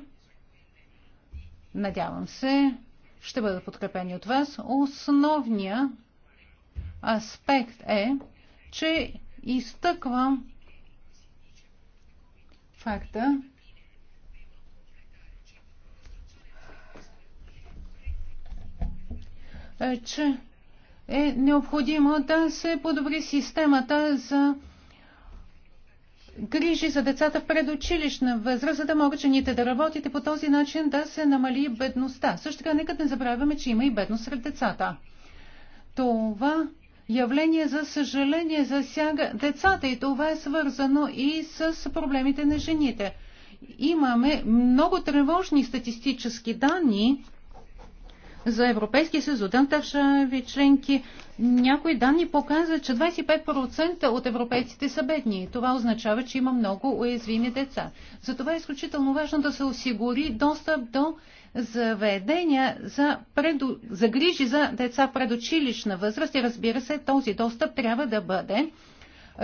надявам се, ще бъдат подкрепени от вас. Основният аспект е, че изтъквам факта, Е, че е необходимо да се подобри системата за грижи за децата в предучилищна възраст, за да могат жените да работят и по този начин да се намали бедността. Също така, нека не забравяме, че има и бедност сред децата. Това явление, за съжаление, засяга децата и това е свързано и с проблемите на жените. Имаме много тревожни статистически данни, за Европейския съюз, от държави членки, някои данни показват, че 25% от европейците са бедни. Това означава, че има много уязвими деца. Затова е изключително важно да се осигури достъп до заведения за, преду... за грижи за деца в предучилищна възраст и разбира се, този достъп трябва да бъде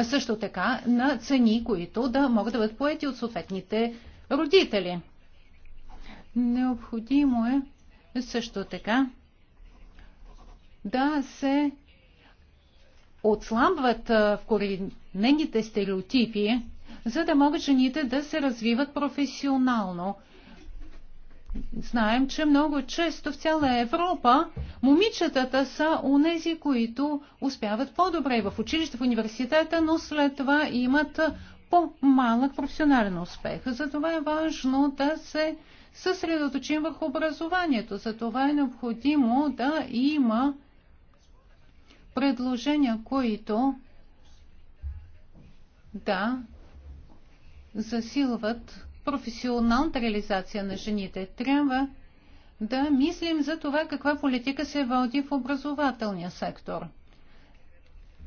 също така на цени, които да могат да бъдат поети от съответните родители. Необходимо е също така да се отслабват вкоренените стереотипи, за да могат жените да се развиват професионално. Знаем, че много често в цяла Европа момичетата са нези, които успяват по-добре в училище, в университета, но след това имат по-малък професионален успех. Затова е важно да се съсредоточим върху образованието. За това е необходимо да има предложения, които да засилват професионалната реализация на жените. Трябва да мислим за това каква политика се води в образователния сектор.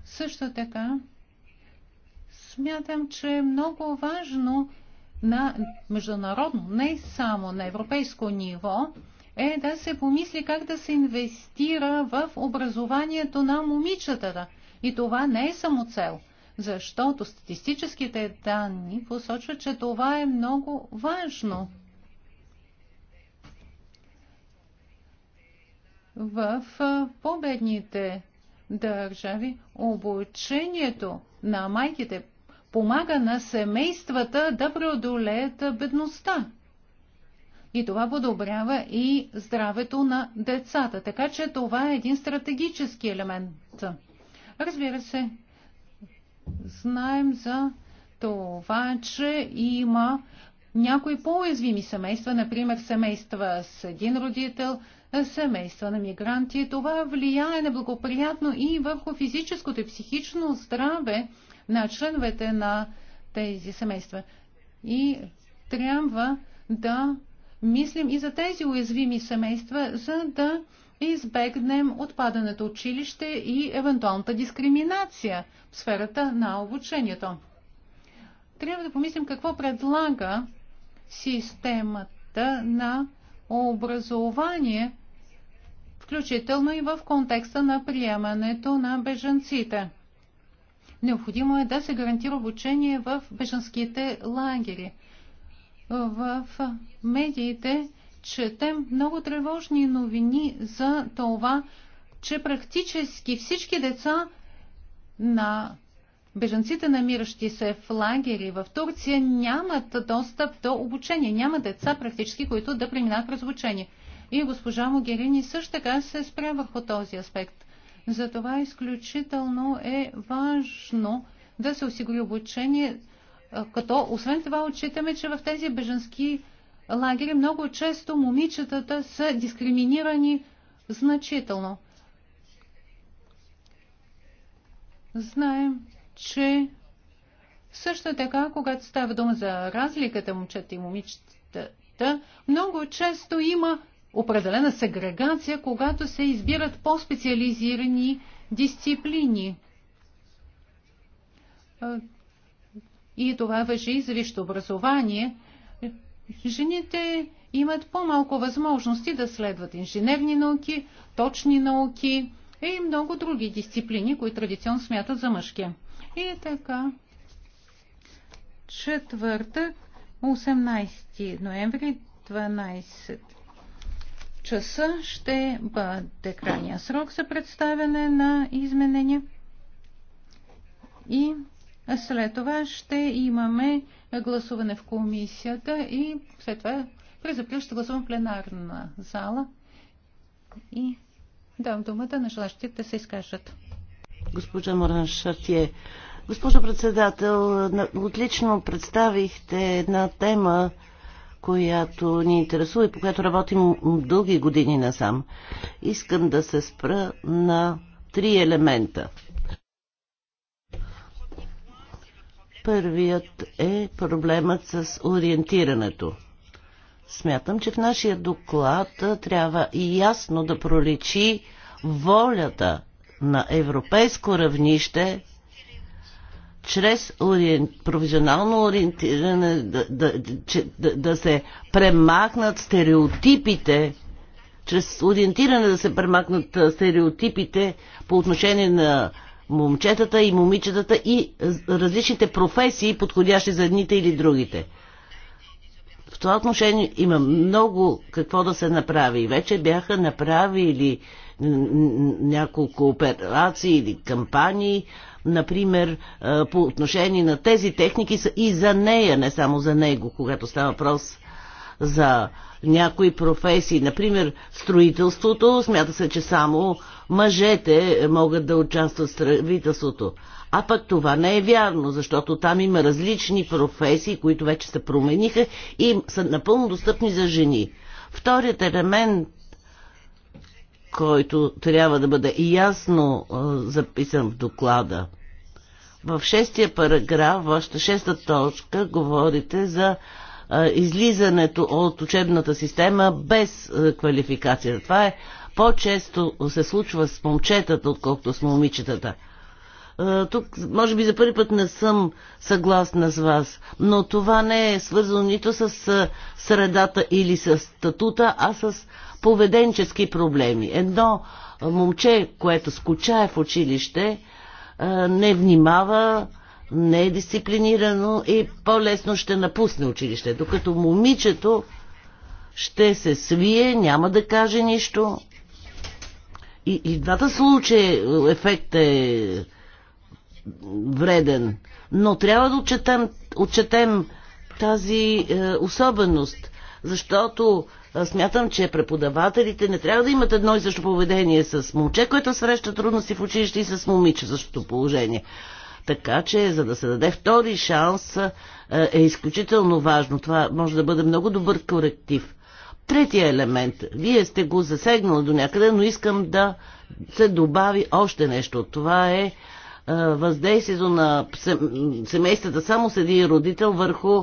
Също така, смятам, че е много важно на международно, не само на европейско ниво, е да се помисли как да се инвестира в образованието на момичетата. И това не е само цел, защото статистическите данни посочват, че това е много важно. В победните държави обучението на майките помага на семействата да преодолеят бедността. И това подобрява и здравето на децата. Така че това е един стратегически елемент. Разбира се, знаем за това, че има някои по-уязвими семейства, например семейства с един родител, семейства на мигранти. Това влияе неблагоприятно и върху физическото и психично здраве на членовете на тези семейства. И трябва да мислим и за тези уязвими семейства, за да избегнем отпадането от училище и евентуалната дискриминация в сферата на обучението. Трябва да помислим какво предлага системата на образование, включително и в контекста на приемането на беженците. Необходимо е да се гарантира обучение в бежанските лагери. В медиите четем много тревожни новини за това, че практически всички деца на бежанците, намиращи се в лагери в Турция, нямат достъп до обучение. Няма деца практически, които да преминат през обучение. И госпожа Могерини също така се спря върху този аспект. Затова изключително е важно да се осигури обучение, като освен това отчитаме, че в тези беженски лагери много често момичетата са дискриминирани значително. Знаем, че също така, когато става дума за разликата момчета и момичетата, много често има определена сегрегация, когато се избират по-специализирани дисциплини. И това въжи за висшето образование. Жените имат по-малко възможности да следват инженерни науки, точни науки и много други дисциплини, които традиционно смятат за мъжки. И така, четвъртък, 18 ноември, 12 часа ще бъде крайния срок за представяне на изменения. И след това ще имаме гласуване в комисията и след това през април ще гласувам пленарна зала. И дам думата на желащите да се изкажат. Госпожа Моран Шартие, госпожа председател, отлично представихте една тема, която ни интересува и по която работим дълги години насам. Искам да се спра на три елемента. Първият е проблемът с ориентирането. Смятам, че в нашия доклад трябва и ясно да проличи волята на европейско равнище чрез ориен... професионално ориентиране да, да, да, да се премахнат стереотипите, чрез ориентиране да се премахнат стереотипите по отношение на момчетата и момичетата и различните професии, подходящи за едните или другите. В това отношение има много какво да се направи. Вече бяха направили няколко операции или кампании, например, е, по отношение на тези техники са и за нея, не само за него, когато става въпрос за някои професии. Например, строителството, смята се, че само мъжете могат да участват в строителството. А пък това не е вярно, защото там има различни професии, които вече се промениха и са напълно достъпни за жени. Вторият елемент който трябва да бъде ясно записан в доклада. В шестия параграф, вашата шеста точка, говорите за излизането от учебната система без квалификация. Това е по-често се случва с момчетата, отколкото с момичетата. Тук, може би, за първи път не съм съгласна с вас, но това не е свързано нито с средата или с статута, а с поведенчески проблеми. Едно момче, което скучае в училище, не внимава, не е дисциплинирано и по-лесно ще напусне училище. Докато момичето ще се свие, няма да каже нищо. И, и двата случая ефектът е вреден. Но трябва да отчетем, отчетем тази е, особеност защото смятам, че преподавателите не трябва да имат едно и също поведение с момче, което среща трудности в училище и с момиче в същото положение. Така че, за да се даде втори шанс, е изключително важно. Това може да бъде много добър коректив. Третия елемент. Вие сте го засегнали до някъде, но искам да се добави още нещо. Това е въздействието на семействата само с един родител върху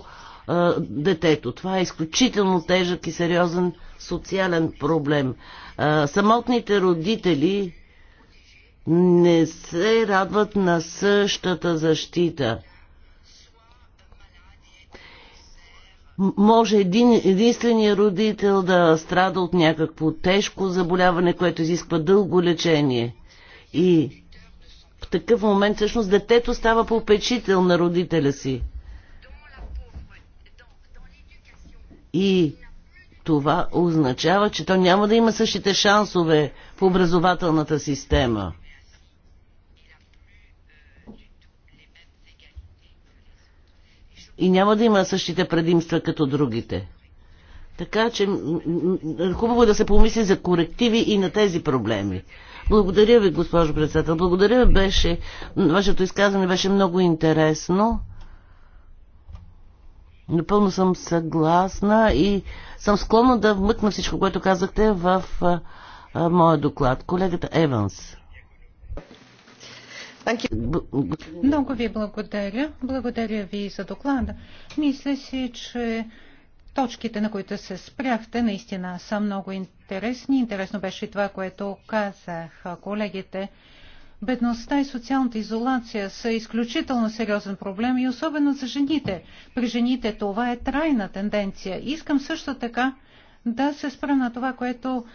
а, детето. Това е изключително тежък и сериозен социален проблем. А, самотните родители не се радват на същата защита. Може един единствения родител да страда от някакво тежко заболяване, което изисква дълго лечение. И в такъв момент всъщност детето става попечител на родителя си. И това означава, че то няма да има същите шансове в образователната система. И няма да има същите предимства като другите. Така че хубаво е да се помисли за корективи и на тези проблеми. Благодаря ви, госпожо председател. Благодаря ви, беше, вашето изказване беше много интересно. Напълно съм съгласна и съм склонна да вмъкна всичко, което казахте в моя доклад. Колегата Еванс. Много ви благодаря. Благодаря ви за доклада. Мисля си, че точките, на които се спряхте, наистина са много интересни. Интересно беше и това, което казах колегите. Бедността и социалната изолация са изключително сериозен проблем и особено за жените. При жените това е трайна тенденция. Искам също така да се спра на това, което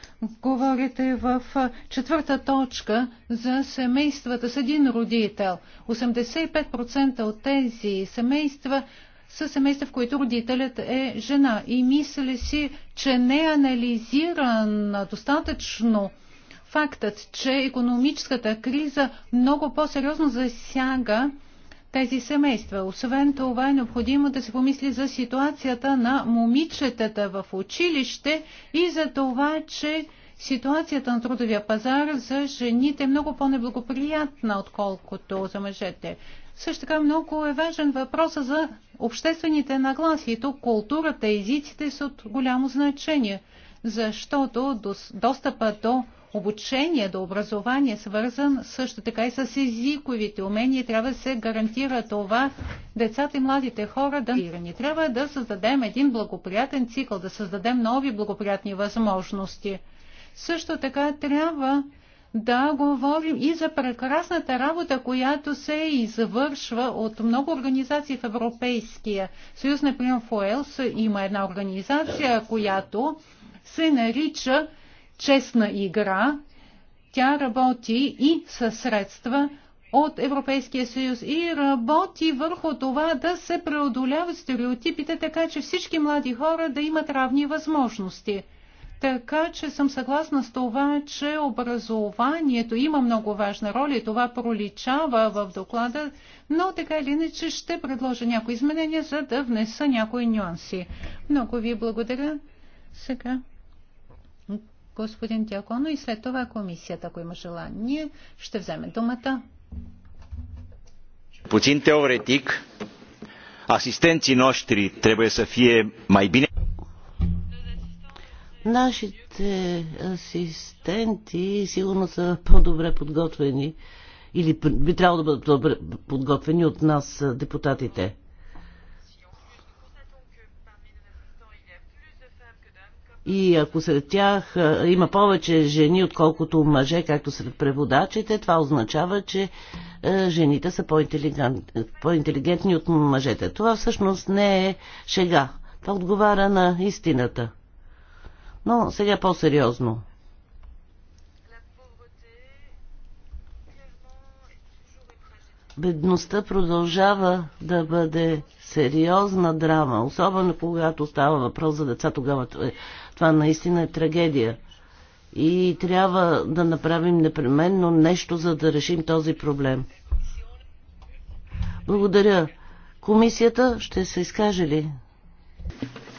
говорите в четвърта точка за семействата с един родител. 85% от тези семейства са семейства, в които родителят е жена. И мисля си, че не е анализиран достатъчно фактът, че економическата криза много по-сериозно засяга тези семейства. Освен това е необходимо да се помисли за ситуацията на момичетата в училище и за това, че ситуацията на трудовия пазар за жените е много по-неблагоприятна, отколкото за мъжете. Също така много е важен въпрос за обществените нагласи. И тук културата, и езиците са от голямо значение защото достъпа до обучение, до образование, свързан също така и с езиковите умения. Трябва да се гарантира това децата и младите хора да ни Трябва да създадем един благоприятен цикъл, да създадем нови благоприятни възможности. Също така трябва да говорим и за прекрасната работа, която се извършва от много организации в Европейския съюз. Например, в Уелс има една организация, която се нарича честна игра. Тя работи и със средства от Европейския съюз и работи върху това да се преодоляват стереотипите, така че всички млади хора да имат равни възможности. Така че съм съгласна с това, че образованието има много важна роля и това проличава в доклада, но така или иначе ще предложа някои изменения, за да внеса някои нюанси. Много ви благодаря. Сега господин Дяконо и след това комисията, ако има желание, ще вземе думата. Puțin teoretic, asistenții noștri trebuie să fie mai bine. Нашите асистенти сигурно са по-добре подготвени или би трябвало да бъдат подготвени от нас, депутатите. и ако сред тях има повече жени, отколкото мъже, както сред преводачите, това означава, че е, жените са по-интелигентни от мъжете. Това всъщност не е шега. Това отговаря на истината. Но сега по-сериозно. Бедността продължава да бъде сериозна драма, особено когато става въпрос за деца, тогава е, това наистина е трагедия. И трябва да направим непременно нещо, за да решим този проблем. Благодаря. Комисията ще се изкаже ли?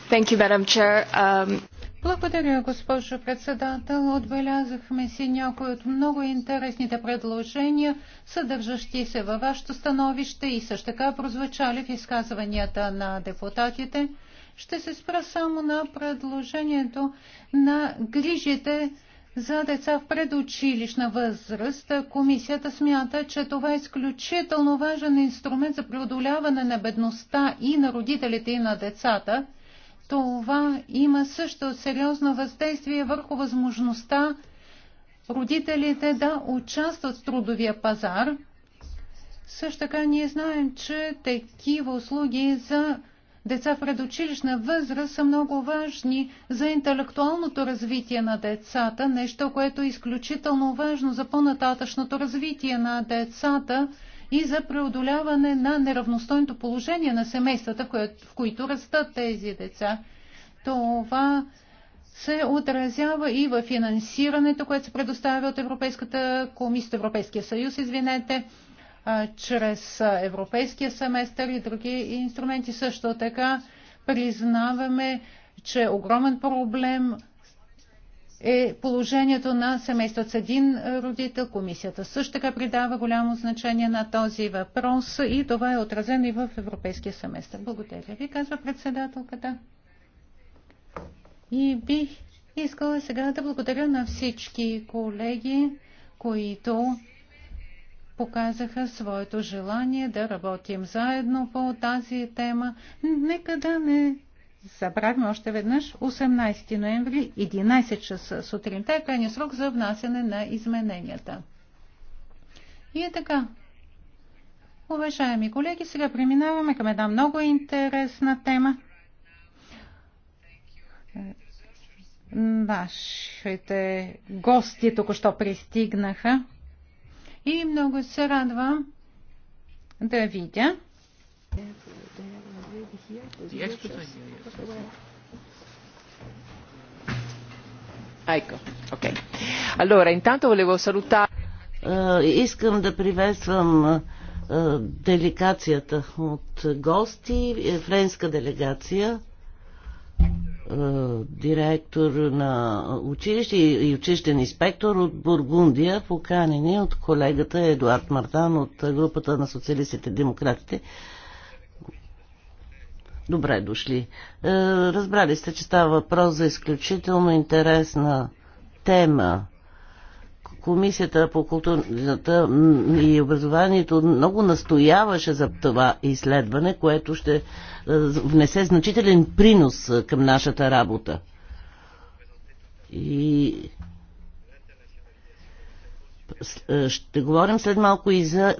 Thank you, Madam Chair. Um... Благодаря, госпожо председател. Отбелязахме си някои от много интересните предложения, съдържащи се във вашето становище и също така прозвучали в изказванията на депутатите. Ще се спра само на предложението на грижите за деца в предучилищна възраст. Комисията смята, че това е изключително важен инструмент за преодоляване на бедността и на родителите и на децата. Това има също сериозно въздействие върху възможността родителите да участват в трудовия пазар. Също така ние знаем, че такива услуги за деца в предучилищна възраст са много важни за интелектуалното развитие на децата, нещо, което е изключително важно за по-нататъчното развитие на децата и за преодоляване на неравностойното положение на семействата, в които растат тези деца. Това се отразява и в финансирането, което се предоставя от Европейската комисия, Европейския съюз, извинете, чрез европейския семестър и други инструменти. Също така признаваме, че огромен проблем е положението на семейството с един родител. Комисията също така придава голямо значение на този въпрос и това е отразено и в Европейския семестър. Благодаря ви, казва председателката. И бих искала сега да благодаря на всички колеги, които показаха своето желание да работим заедно по тази тема. Нека да не забравим още веднъж 18 ноември 11 часа сутринта е крайния срок за внасяне на измененията. И е така. Уважаеми колеги, сега преминаваме към една много интересна тема. Нашите гости току-що пристигнаха и много се радвам да видя. Айко, окей. Алора, интанто volevo salutare. Uh, искам да приветствам uh, делегацията от гости, френска делегация. Е, директор на училище и училищен инспектор от Бургундия, поканени от колегата Едуард Мартан от групата на социалистите демократите. Добре дошли. Е, разбрали сте, че става въпрос за изключително интересна тема Комисията по културата и образованието много настояваше за това изследване, което ще е, внесе значителен принос е, към нашата работа. И е, ще говорим след малко и за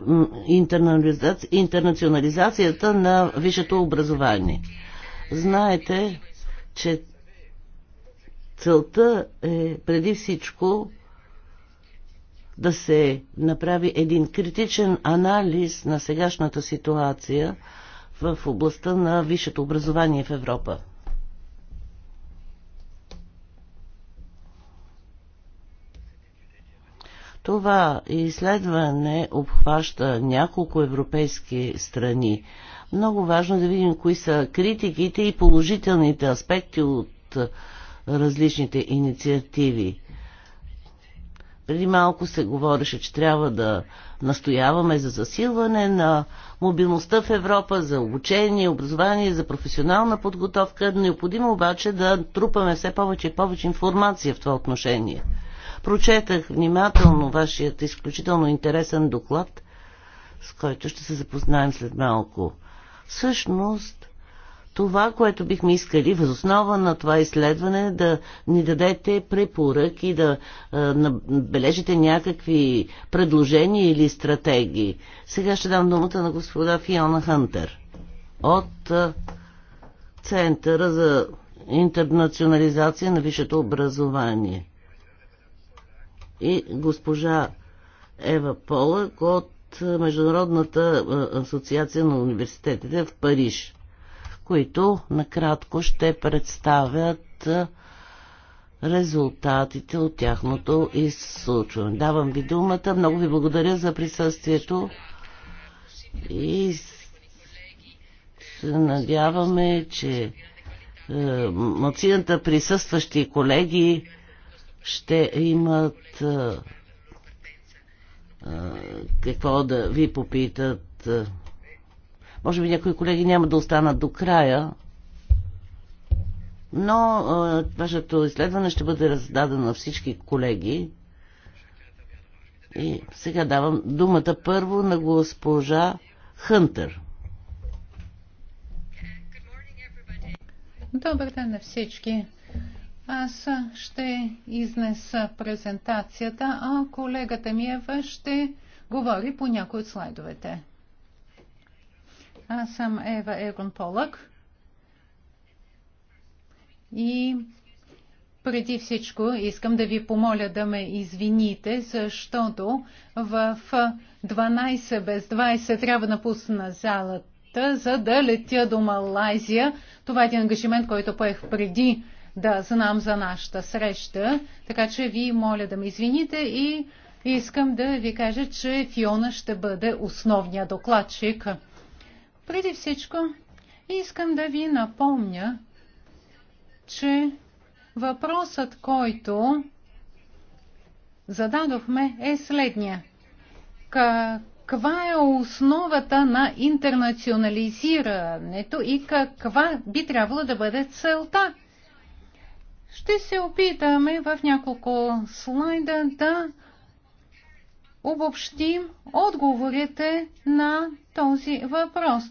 интернационализацията на висшето образование. Знаете, че целта е преди всичко да се направи един критичен анализ на сегашната ситуация в областта на висшето образование в Европа. Това изследване обхваща няколко европейски страни. Много важно е да видим кои са критиките и положителните аспекти от различните инициативи. Преди малко се говореше, че трябва да настояваме за засилване на мобилността в Европа, за обучение, образование, за професионална подготовка. Необходимо обаче да трупаме все повече и повече информация в това отношение. Прочетах внимателно вашият изключително интересен доклад, с който ще се запознаем след малко. Всъщност, това, което бихме искали възоснова на това изследване да ни дадете препоръки, и да а, набележите някакви предложения или стратегии. Сега ще дам думата на господа Фиона Хантер от а, Центъра за интернационализация на висшето образование и госпожа Ева Полък от Международната асоциация на университетите в Париж които накратко ще представят резултатите от тяхното изслучване. Давам ви думата. Много ви благодаря за присъствието и се надяваме, че е, мълцината присъстващи колеги ще имат е, е, какво да ви попитат може би някои колеги няма да останат до края, но а, вашето изследване ще бъде раздадено на всички колеги. И сега давам думата първо на госпожа Хънтер. Добър ден на всички. Аз ще изнеса презентацията, а колегата ми Миева ще говори по някои от слайдовете. Аз съм Ева Егон Полък и преди всичко искам да ви помоля да ме извините, защото в 12 без 20 трябва да напусна залата, за да летя до Малайзия. Това е един ангажимент, който поех преди да знам за нашата среща, така че ви моля да ме извините и искам да ви кажа, че Фиона ще бъде основния докладчик. Преди всичко, искам да ви напомня, че въпросът, който зададохме, е следния. Каква е основата на интернационализирането и каква би трябвало да бъде целта? Ще се опитаме в няколко слайда да обобщим отговорите на този въпрос.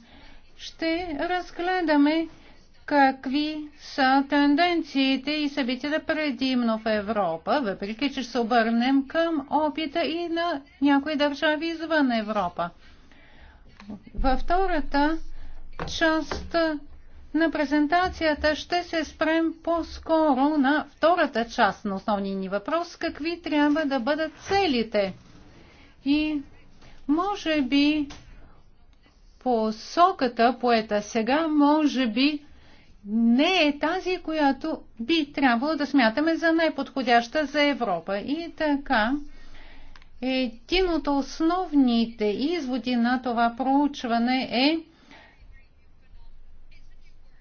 Ще разгледаме какви са тенденциите и събитията предимно в Европа, въпреки че се обърнем към опита и на някои държави извън Европа. Във втората част на презентацията ще се спрем по-скоро на втората част на основния ни въпрос, какви трябва да бъдат целите. И може би посоката поета сега може би не е тази, която би трябвало да смятаме за най-подходяща за Европа. И така, един от основните изводи на това проучване е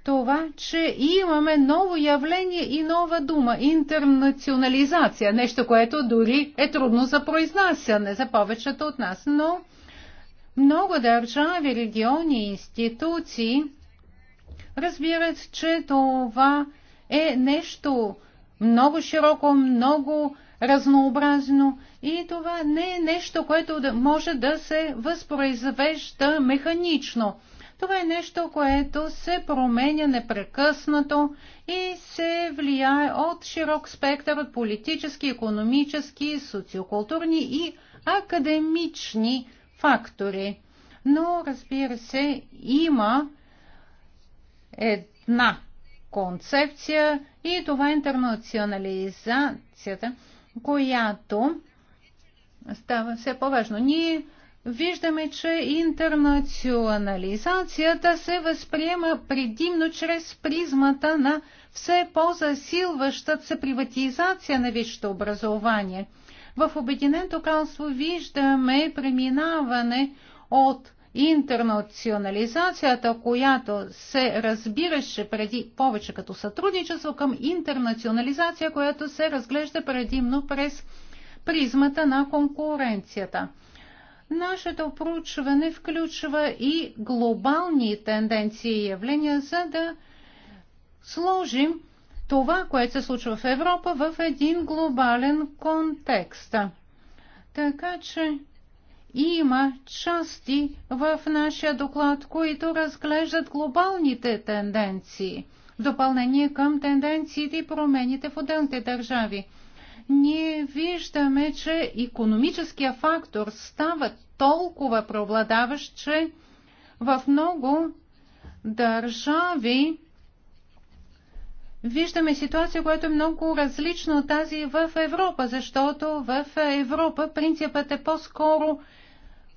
това, че имаме ново явление и нова дума – интернационализация. Нещо, което дори е трудно за произнасяне за повечето от нас, но много държави, региони и институции разбират, че това е нещо много широко, много разнообразно и това не е нещо, което да, може да се възпроизвежда механично. Това е нещо, което се променя непрекъснато и се влияе от широк спектър от политически, економически, социокултурни и академични фактори. Но, разбира се, има една концепция и това е интернационализацията, която става все по-важно. Ние виждаме, че интернационализацията се възприема предимно чрез призмата на все по-засилващата се приватизация на висшето образование. В Обединеното кралство виждаме преминаване от интернационализацията, която се разбираше преди повече като сътрудничество, към интернационализация, която се разглежда предимно през призмата на конкуренцията. Нашето проучване включва и глобални тенденции и явления, за да сложим това, което се случва в Европа, в един глобален контекст. Така че има части в нашия доклад, които разглеждат глобалните тенденции, в допълнение към тенденциите и промените в отделните държави ние виждаме, че економическия фактор става толкова преобладаващ, че в много държави виждаме ситуация, която е много различна от тази в Европа, защото в Европа принципът е по-скоро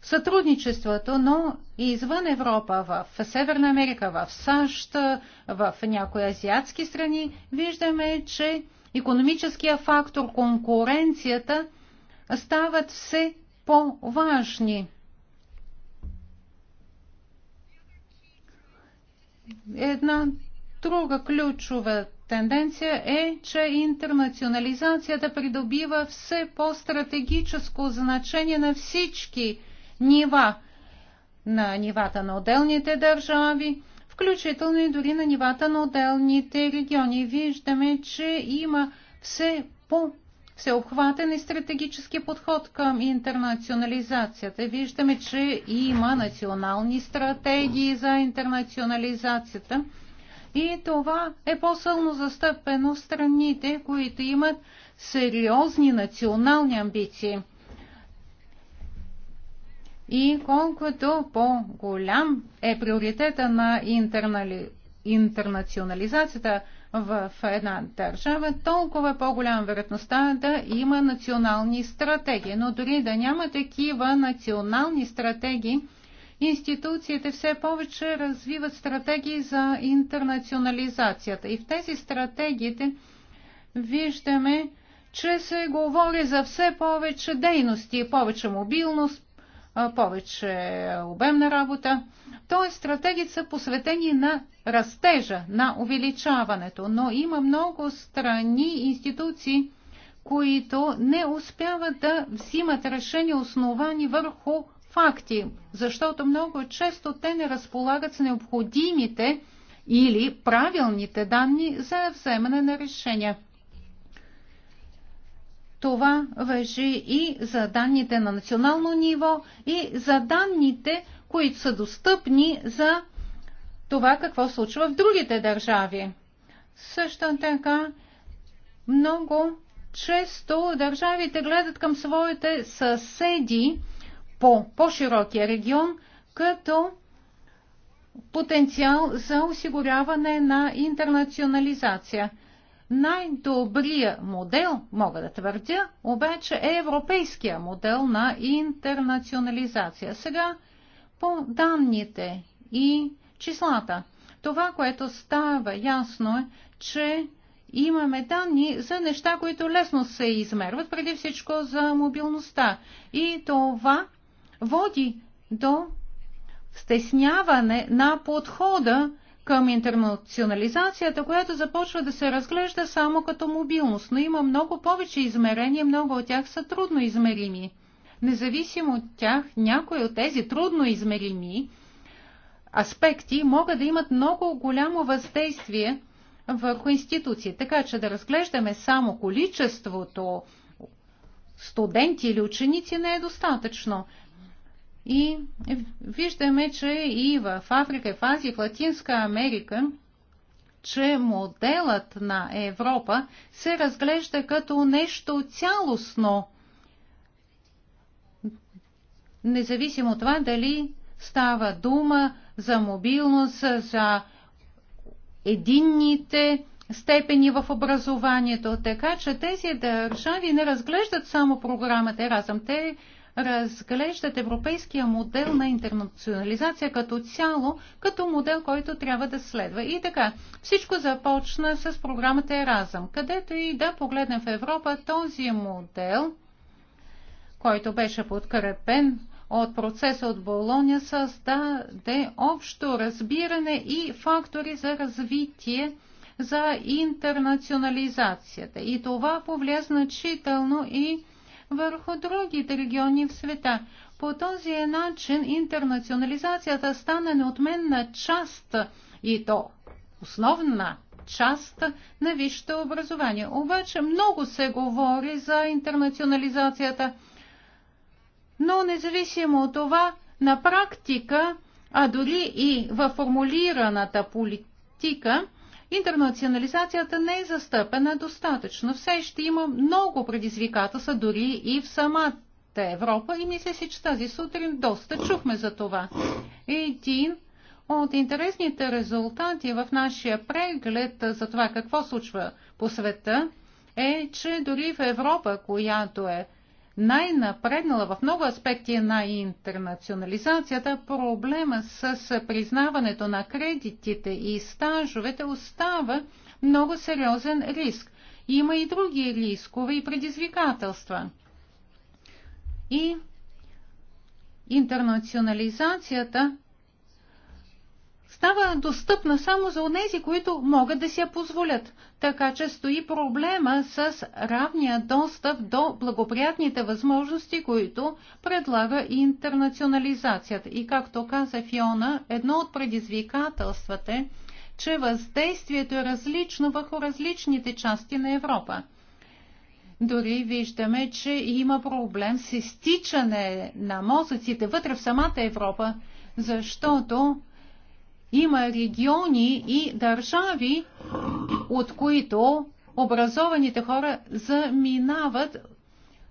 сътрудничеството, но и извън Европа, в Северна Америка, в САЩ, в някои азиатски страни, виждаме, че економическия фактор, конкуренцията стават все по-важни. Една друга ключова тенденция е, че интернационализацията придобива все по-стратегическо значение на всички нива. На нивата на отделните държави, включително и дори на нивата на отделните региони. Виждаме, че има все по всеобхватен и стратегически подход към интернационализацията. Виждаме, че има национални стратегии за интернационализацията. И това е по-силно застъпено в страните, които имат сериозни национални амбиции. И колкото по-голям е приоритета на интернали... интернационализацията в една държава, толкова по-голяма вероятността да има национални стратегии. Но дори да няма такива национални стратегии, институциите все повече развиват стратегии за интернационализацията. И в тези стратегиите виждаме, че се говори за все повече дейности, повече мобилност, повече обемна работа. Той е са посветени на растежа, на увеличаването, но има много страни и институции, които не успяват да взимат решения основани върху факти, защото много често те не разполагат с необходимите или правилните данни за вземане на решения. Това въжи и за данните на национално ниво, и за данните, които са достъпни за това какво случва в другите държави. Също така, много често държавите гледат към своите съседи по по-широкия регион като потенциал за осигуряване на интернационализация. Най-добрият модел, мога да твърдя, обаче е европейския модел на интернационализация. Сега по данните и числата. Това, което става ясно е, че имаме данни за неща, които лесно се измерват, преди всичко за мобилността. И това води до стесняване на подхода към интернационализацията, която започва да се разглежда само като мобилност, но има много повече измерения, много от тях са трудно измерими. Независимо от тях, някои от тези трудно измерими аспекти могат да имат много голямо въздействие върху институции. Така че да разглеждаме само количеството студенти или ученици не е достатъчно. И е, виждаме, че и в Африка, и в Азия, и в Латинска Америка, че моделът на Европа се разглежда като нещо цялостно, независимо от това дали става дума за мобилност, за единните степени в образованието. Така че тези държави не разглеждат само програмата Еразъм. Те разглеждат европейския модел на интернационализация като цяло, като модел, който трябва да следва. И така, всичко започна с програмата Еразъм, където и да погледнем в Европа този модел, който беше подкрепен от процеса от Болония, създаде общо разбиране и фактори за развитие за интернационализацията. И това повлия значително и върху другите региони в света. По този начин интернационализацията стана неотменна част и то основна част на висшето образование. Обаче много се говори за интернационализацията, но независимо от това, на практика, а дори и във формулираната политика, интернационализацията не е застъпена достатъчно. Все ще има много предизвикателства, дори и в самата Европа. И мисля си, че тази сутрин доста чухме за това. Един от интересните резултати в нашия преглед за това какво случва по света е, че дори в Европа, която е най-напреднала в много аспекти е на интернационализацията, проблема с признаването на кредитите и стажовете остава много сериозен риск. Има и други рискове и предизвикателства. И интернационализацията става достъпна само за онези, които могат да си я позволят. Така че стои проблема с равния достъп до благоприятните възможности, които предлага интернационализацията. И както каза Фиона, едно от предизвикателствата е, че въздействието е различно върху различните части на Европа. Дори виждаме, че има проблем с изтичане на мозъците вътре в самата Европа, защото има региони и държави, от които образованите хора заминават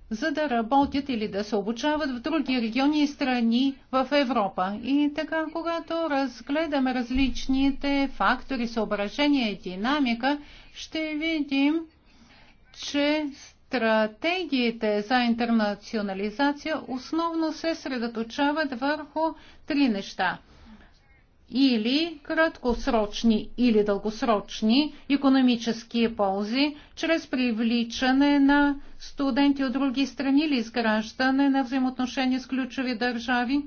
за да работят или да се обучават в други региони и страни в Европа. И така, когато разгледаме различните фактори, съображения и динамика, ще видим, че стратегиите за интернационализация основно се средоточават върху три неща – или краткосрочни или дългосрочни економически ползи чрез привличане на студенти от други страни или изграждане на взаимоотношения с ключови държави.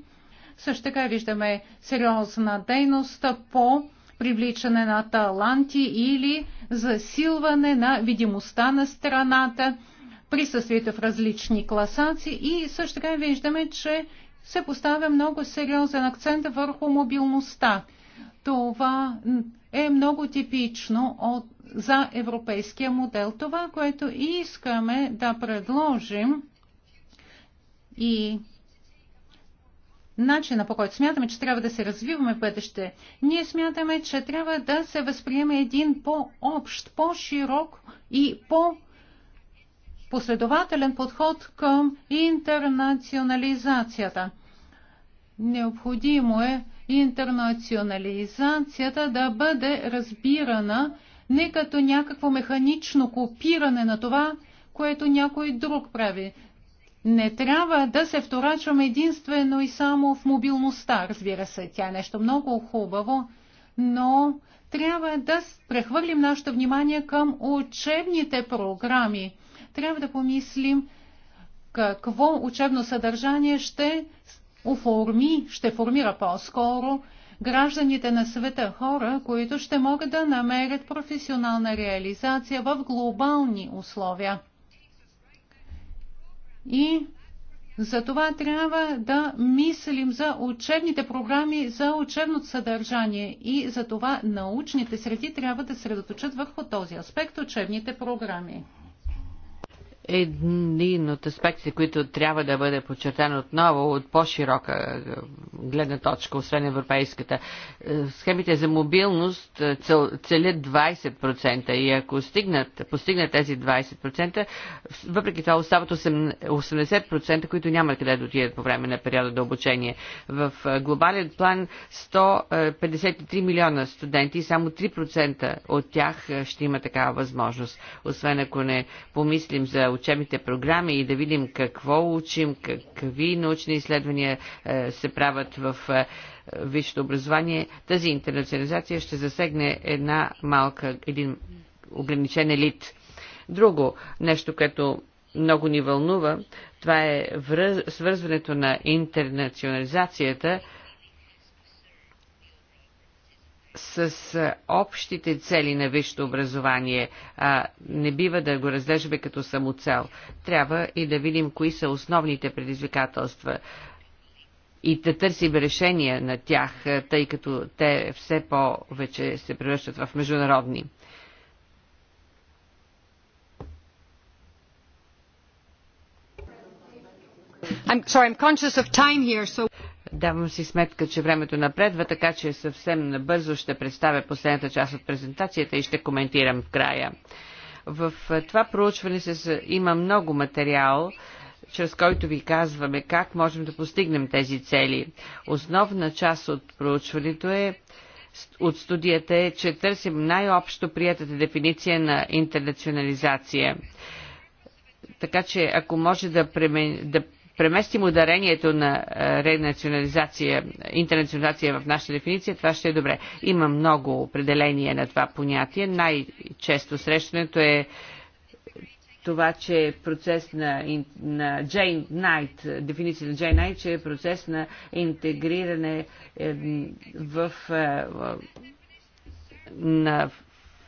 Също така виждаме сериозна дейност по привличане на таланти или засилване на видимостта на страната, присъствието в различни класации и също така виждаме, че се поставя много сериозен акцент върху мобилността. Това е много типично от, за европейския модел. Това, което искаме да предложим и начина по който смятаме, че трябва да се развиваме в бъдеще, ние смятаме, че трябва да се възприеме един по-общ, по-широк и по- последователен подход към интернационализацията. Необходимо е интернационализацията да бъде разбирана не като някакво механично копиране на това, което някой друг прави. Не трябва да се вторачваме единствено и само в мобилността. Разбира се, тя е нещо много хубаво, но трябва да прехвърлим нашето внимание към учебните програми. Трябва да помислим какво учебно съдържание ще оформи, ще формира по-скоро гражданите на света хора, които ще могат да намерят професионална реализация в глобални условия. И за това трябва да мислим за учебните програми, за учебното съдържание и за това научните среди трябва да средоточат върху този аспект учебните програми един от аспекти, които трябва да бъде подчертан отново от по-широка е, гледна точка, освен европейската. Е, схемите за мобилност е, целят 20% и ако стигнат, постигнат тези 20%, въпреки това остават 80%, които няма къде да отидат по време на периода до обучение. В глобален план 153 милиона студенти и само 3% от тях ще има такава възможност, освен ако не помислим за учебните програми и да видим какво учим, какви научни изследвания е, се правят в е, висшето образование, тази интернационализация ще засегне една малка, един ограничен елит. Друго нещо, което много ни вълнува, това е връз, свързването на интернационализацията с общите цели на висшето образование, а не бива да го разглеждаме като самоцел. Трябва и да видим кои са основните предизвикателства и да търсим решения на тях, тъй като те все повече се превръщат в международни. I'm sorry, I'm conscious of time here, so... Давам си сметка, че времето напредва, така че съвсем набързо ще представя последната част от презентацията и ще коментирам в края. В това проучване се, има много материал, чрез който ви казваме как можем да постигнем тези цели. Основна част от проучването е от студията е, че търсим най-общо приятата дефиниция на интернационализация. Така че ако може да, премен... да преместим ударението на е, ренационализация, интернационализация в нашата дефиниция, това ще е добре. Има много определения на това понятие. Най-често срещането е това, че е процес на, на Джейн Найт, дефиниция на Джейн Найт, че е процес на интегриране е, в на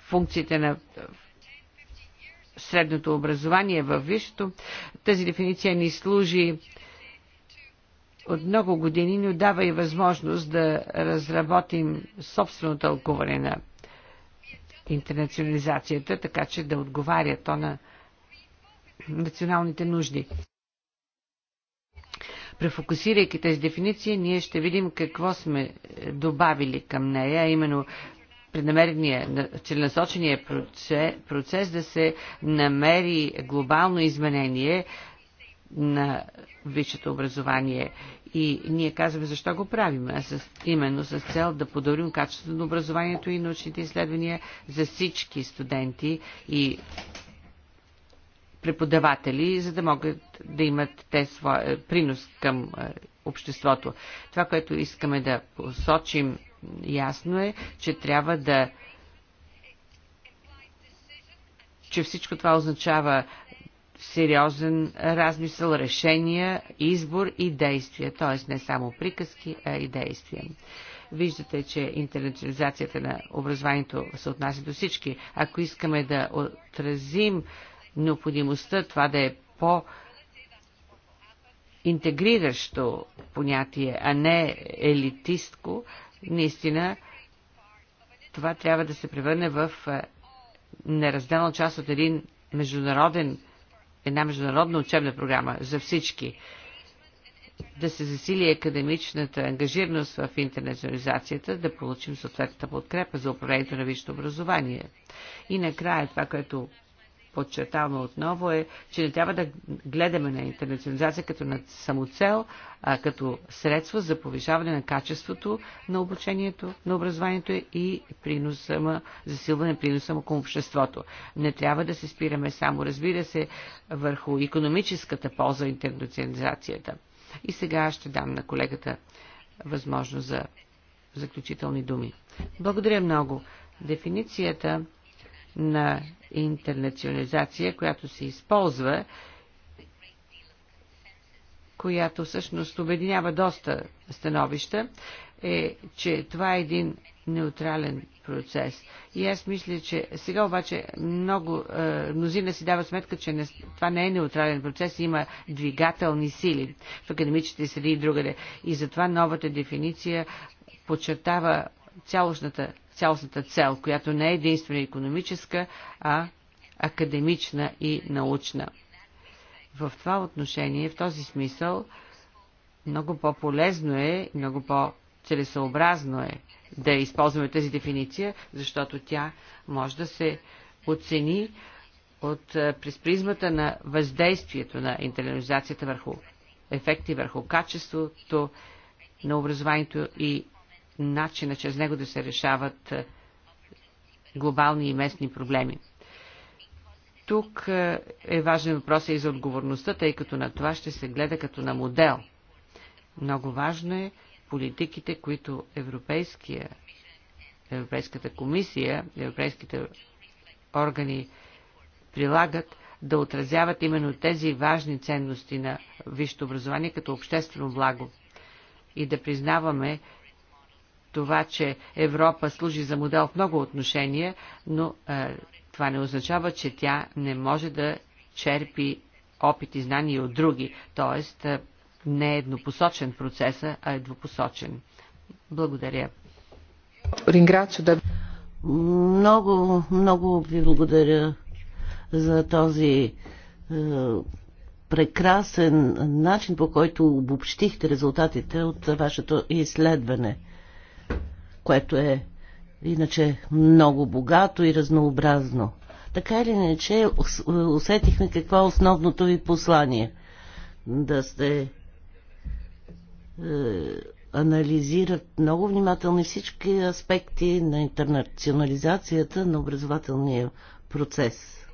функциите на средното образование във висшето. Тази дефиниция ни служи от много години, но дава и възможност да разработим собствено тълкуване на интернационализацията, така че да отговаря то на националните нужди. Префокусирайки тези дефиниции, ние ще видим какво сме добавили към нея, именно преднамерения, целенасочения процес, процес да се намери глобално изменение на висшето образование. И ние казваме защо го правим, а с, именно с цел да подобрим качеството на образованието и научните изследвания за всички студенти и преподаватели, за да могат да имат те своя е, принос към е, обществото. Това, което искаме да посочим Ясно е, че трябва да че всичко това означава сериозен размисъл, решения, избор и действия, т.е. не само приказки, а и действия. Виждате, че интернационализацията на образованието се отнася до всички. Ако искаме да отразим необходимостта това да е по- интегриращо понятие, а не елитистко, Наистина, това трябва да се превърне в е, неразделна част от един международен, една международна учебна програма за всички. Да се засили академичната ангажираност в интернационализацията, да получим съответната подкрепа за управлението на висшето образование. И накрая това, което подчертаваме отново, е, че не трябва да гледаме на интернационализация като на самоцел, а като средство за повишаване на качеството на обучението, на образованието и приноса засилване приноса му към обществото. Не трябва да се спираме само, разбира се, върху економическата полза интернационализацията. И сега ще дам на колегата възможност за заключителни думи. Благодаря много. Дефиницията на интернационализация, която се използва, която всъщност обединява доста становища, е, че това е един неутрален процес. И аз мисля, че сега обаче много, е, мнозина си дава сметка, че не, това не е неутрален процес, има двигателни сили в академичните среди и другаде. И затова новата дефиниция подчертава цялостната цялостната цел, която не е единствено економическа, а академична и научна. В това отношение, в този смисъл, много по-полезно е, много по-целесообразно е да използваме тази дефиниция, защото тя може да се оцени от, през призмата на въздействието на интернализацията върху ефекти, върху качеството на образованието и начина чрез него да се решават е, глобални и местни проблеми. Тук е, е важен въпрос и за отговорността, тъй като на това ще се гледа като на модел. Много важно е политиките, които Европейския, Европейската комисия, европейските органи прилагат, да отразяват именно тези важни ценности на висшето образование като обществено благо и да признаваме това, че Европа служи за модел в много отношения, но е, това не означава, че тя не може да черпи опит и знания от други. Тоест, е, не е еднопосочен процеса, а е двупосочен. Благодаря. Много, много ви благодаря за този е, прекрасен начин, по който обобщихте резултатите от вашето изследване което е иначе много богато и разнообразно. Така или иначе, е, усетихме какво е основното ви послание. Да сте е, анализират много внимателно всички аспекти на интернационализацията на образователния процес.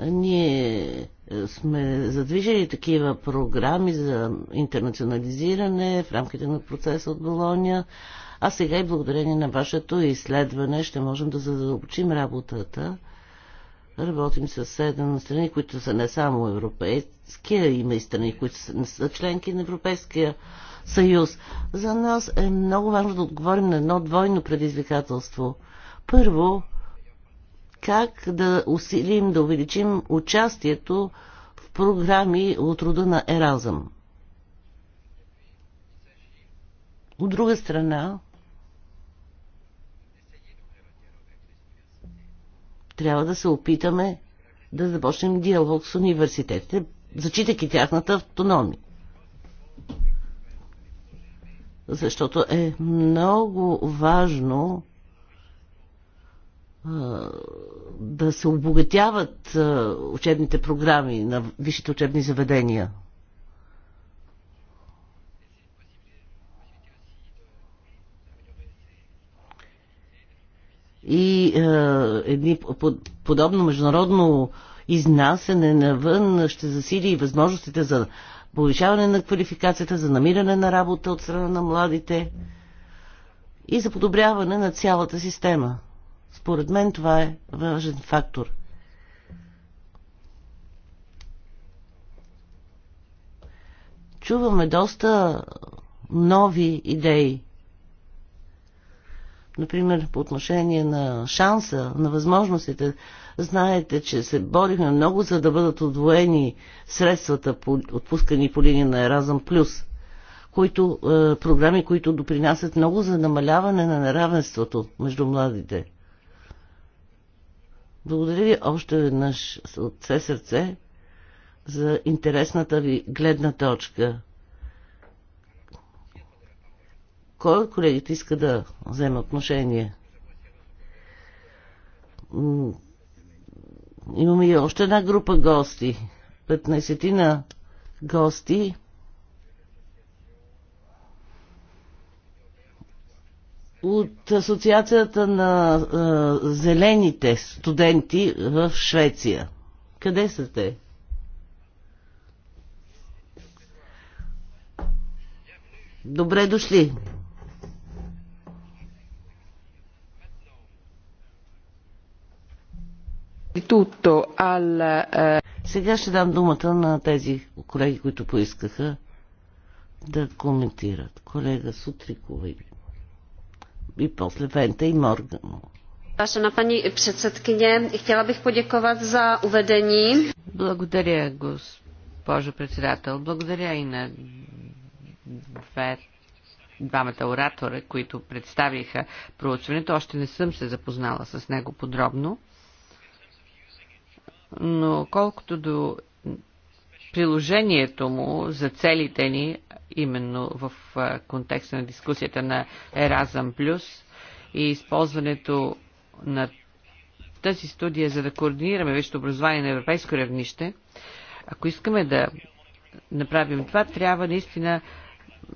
Ние сме задвижили такива програми за интернационализиране в рамките на процеса от Болония, а сега и благодарение на вашето изследване ще можем да задълбочим работата. Работим с седем страни, които са не само а има и страни, които са, не са членки на Европейския съюз. За нас е много важно да отговорим на едно двойно предизвикателство. Първо, как да усилим, да увеличим участието в програми от рода на Еразъм. От друга страна, трябва да се опитаме да започнем диалог с университетите, зачитайки тяхната автономия. Защото е много важно да се обогатяват учебните програми на висшите учебни заведения. И е, едни, подобно международно изнасяне навън ще засили и възможностите за повишаване на квалификацията, за намиране на работа от страна на младите и за подобряване на цялата система. Според мен това е важен фактор. Чуваме доста нови идеи. Например, по отношение на шанса, на възможностите. Знаете, че се борихме много, за да бъдат отвоени средствата, отпускани по линия на Еразъм Плюс – които, е, програми, които допринасят много за намаляване на неравенството между младите. Благодаря ви още веднъж от все сърце за интересната ви гледна точка. Кой от колегите иска да вземе отношение? Имаме и още една група гости. 15 на гости. от Асоциацията на а, зелените студенти в Швеция. Къде са те? Добре дошли! Eh, Сега ще дам думата на тези колеги, които поискаха да коментират. Колега Сутрикова и i posle Вента i Morganu. Vážená paní předsedkyně, chtěla bych poděkovat za uvedení. Благодаря, госпожо председател. Благодаря и на две, двамата оратора, които представиха проучването. Още не съм се запознала с него подробно. Но колкото до приложението му за целите ни, именно в контекста на дискусията на Еразъм Плюс и използването на тази студия, за да координираме висшето образование на европейско равнище, ако искаме да направим това, трябва наистина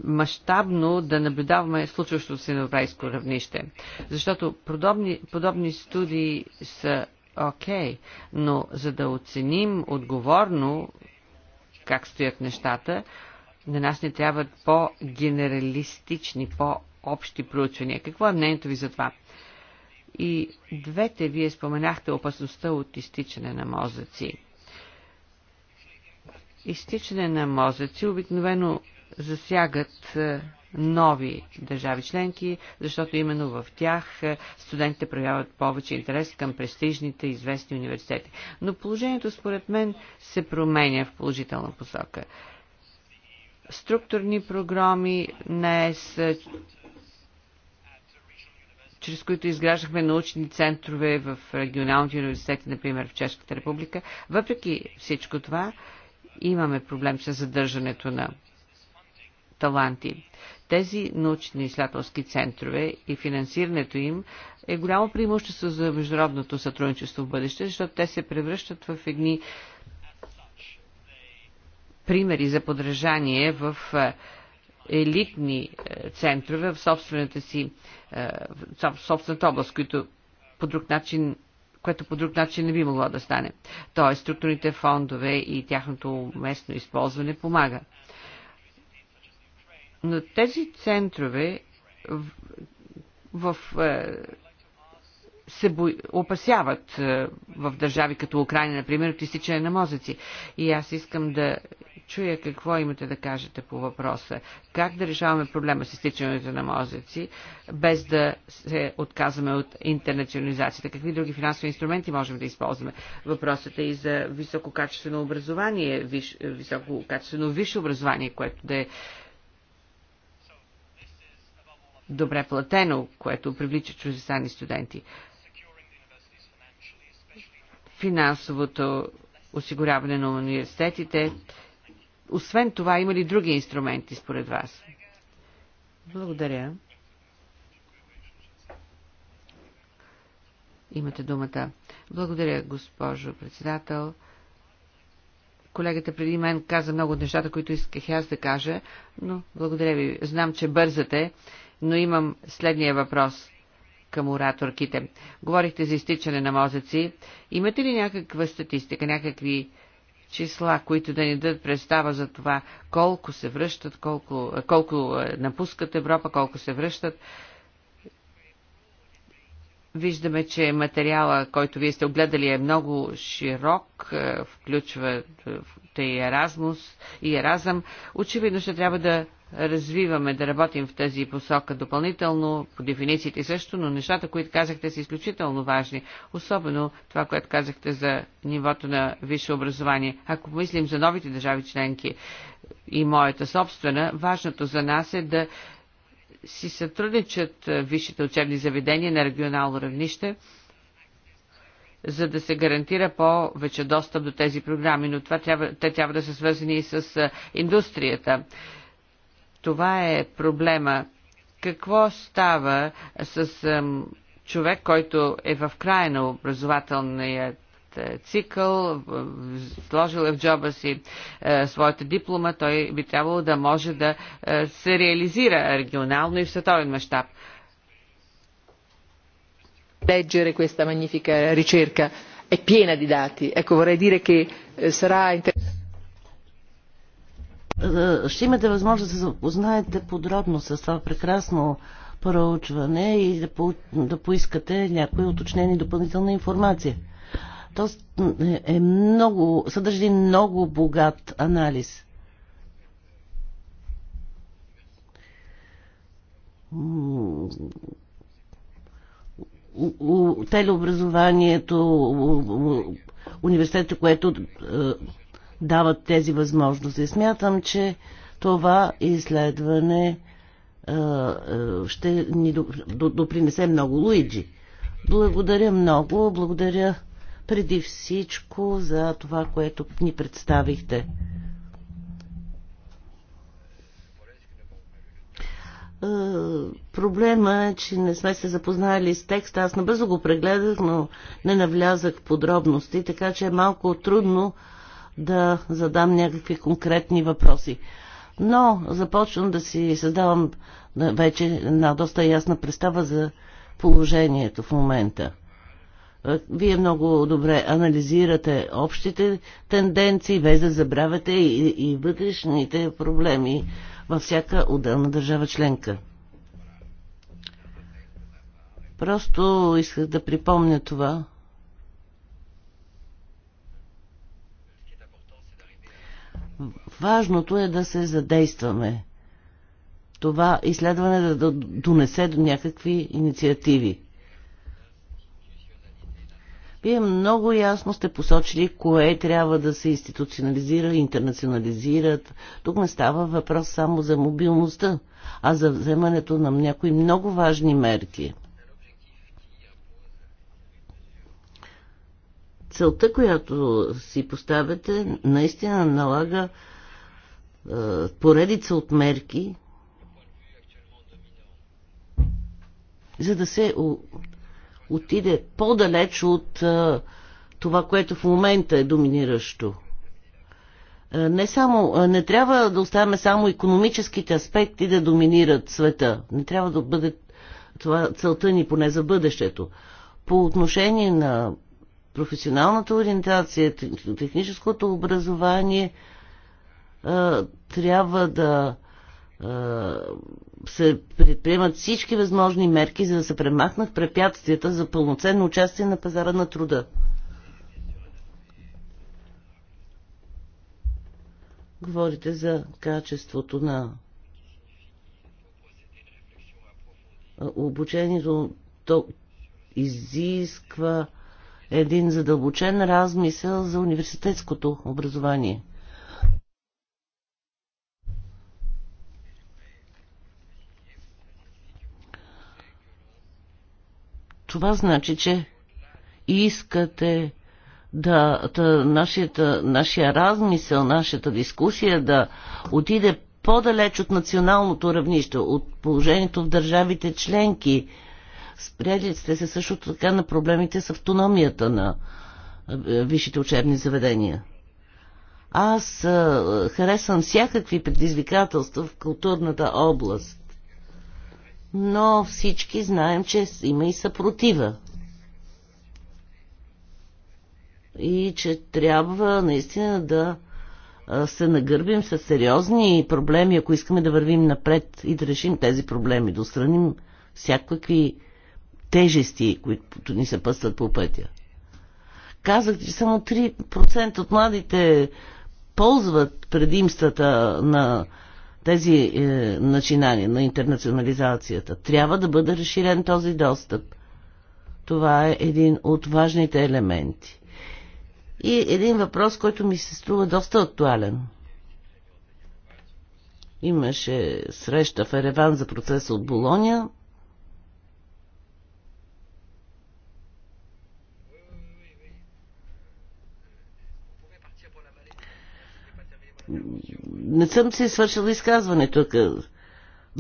мащабно да наблюдаваме случващото се на европейско равнище. Защото подобни, подобни студии са окей, okay, но за да оценим отговорно как стоят нещата. На нас не трябват по-генералистични, по-общи проучвания. Какво е мнението ви за това? И двете вие споменахте опасността от изтичане на мозъци. Изтичане на мозъци обикновено засягат е, нови държави членки, защото именно в тях е, студентите проявяват повече интерес към престижните известни университети. Но положението според мен се променя в положителна посока. Структурни програми днес е, чрез които изграждахме научни центрове в регионалните университети, например в Чешката република. Въпреки всичко това, имаме проблем с задържането на таланти. Тези научни изследователски центрове и финансирането им е голямо преимущество за международното сътрудничество в бъдеще, защото те се превръщат в едни примери за подражание в е, елитни е, центрове в собствената си е, в собствената област, които по друг начин което по друг начин не би могло да стане. Тоест, структурните фондове и тяхното местно използване помага. Но тези центрове в, в, е, се бо... опасяват е, в държави като Украина, например, от изтичане на мозъци. И аз искам да чуя какво имате да кажете по въпроса. Как да решаваме проблема с изтичането на мозъци, без да се отказваме от интернационализацията? Какви други финансови инструменти можем да използваме? Въпросът е и за висококачествено образование, виш, висококачествено висше образование, което да е добре платено, което привлича чуждестранни студенти. Финансовото осигуряване на университетите. Освен това, има ли други инструменти според вас? Благодаря. Имате думата. Благодаря, госпожо председател. Колегата преди мен каза много от нещата, които исках аз да кажа, но благодаря ви. Знам, че бързате но имам следния въпрос към ораторките. Говорихте за изтичане на мозъци. Имате ли някаква статистика, някакви числа, които да ни дадат представа за това колко се връщат, колко, колко е, напускат Европа, колко се връщат? Виждаме, че материала, който вие сте огледали, е много широк, е, включва е, и Еразмус, и Еразъм. Очевидно ще трябва да развиваме, да работим в тази посока допълнително, по дефинициите също, но нещата, които казахте, са изключително важни. Особено това, което казахте за нивото на висше образование. Ако мислим за новите държави членки и моята собствена, важното за нас е да си сътрудничат висшите учебни заведения на регионално равнище, за да се гарантира повече достъп до тези програми, но това трябва, те трябва да са свързани и с индустрията. Това е проблема. Какво става с човек, който е в края на образователния е, цикъл, сложил е в джоба си е, своята диплома, той би трябвало да може да е, се реализира регионално и в световен мащаб. Леджере questa magnifica ricerca è piena di dati. Ecco, vorrei dire che е, sarà interessante е, ще имате възможност да се запознаете подробно с това прекрасно проучване и да, по, да поискате някои уточнени допълнителна информация. То е, е много, съдържи много богат анализ. Телеобразованието, университета, което е, дават тези възможности. Смятам, че това изследване е, е, ще ни допринесе много Луиджи. Благодаря много, благодаря преди всичко за това, което ни представихте. Е, проблема е, че не сме се запознали с текста. Аз набързо го прегледах, но не навлязах в подробности, така че е малко трудно да задам някакви конкретни въпроси. Но започвам да си създавам вече една доста ясна представа за положението в момента. Е, вие много добре анализирате общите тенденции, без да забравяте и, и вътрешните проблеми във всяка отделна държава членка. Просто исках да припомня това, Важното е да се задействаме. Това изследване да донесе до някакви инициативи. Вие много ясно сте посочили кое трябва да се институционализира, интернационализират. Тук не става въпрос само за мобилността, а за вземането на някои много важни мерки. Целта, която си поставяте, наистина налага е, поредица от мерки, за да се отиде по-далеч от е, това, което в момента е доминиращо. Е, не, само, не трябва да оставяме само економическите аспекти да доминират света. Не трябва да бъде това целта ни поне за бъдещето. По отношение на професионалната ориентация, техническото образование трябва да се предприемат всички възможни мерки, за да се премахнат препятствията за пълноценно участие на пазара на труда. Говорите за качеството на обучението. То изисква един задълбочен размисъл за университетското образование. Това значи, че искате да, да нашата, нашия размисъл, нашата дискусия да отиде по-далеч от националното равнище, от положението в държавите членки, Спряли сте се също така на проблемите с автономията на е, е, висшите учебни заведения. Аз а, е, харесвам всякакви предизвикателства в културната област. Но всички знаем, че има и съпротива. И че трябва наистина да се нагърбим с сериозни проблеми, ако искаме да вървим напред и да решим тези проблеми, да устраним всякакви тежести, които ни се пъстват по пътя. Казах, че само 3% от младите ползват предимствата на тези е, начинания, на интернационализацията. Трябва да бъде разширен този достъп. Това е един от важните елементи. И един въпрос, който ми се струва доста актуален. Имаше среща в Ереван за процеса от Болония – не съм си свършила изказването.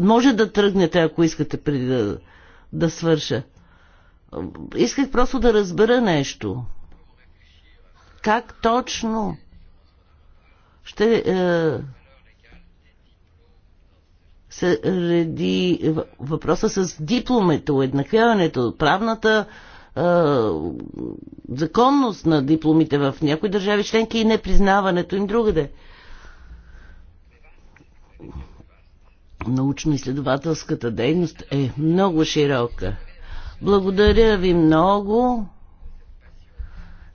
Може да тръгнете, ако искате, преди да, да свърша. Исках просто да разбера нещо. Как точно ще е, се реди въпроса с дипломето, уеднаквяването, правната е, законност на дипломите в някои държави членки и непризнаването им другаде. Е, научно-изследователската дейност е много широка. Благодаря ви много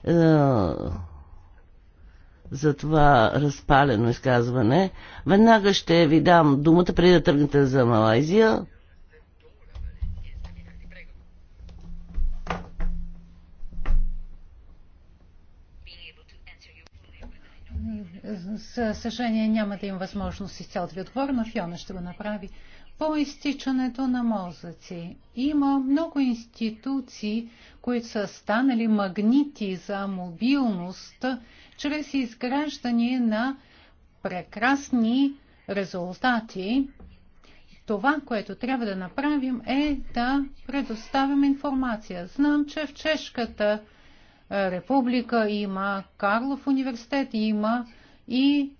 е, за това разпалено изказване. Веднага ще ви дам думата преди да тръгнете за Малайзия. За съжаление няма да има възможност изцял да ви отговоря, но Фиона ще го направи. По изтичането на мозъци има много институции, които са станали магнити за мобилност чрез изграждане на прекрасни резултати. Това, което трябва да направим е да предоставим информация. Знам, че в Чешката република, има Карлов университет, има и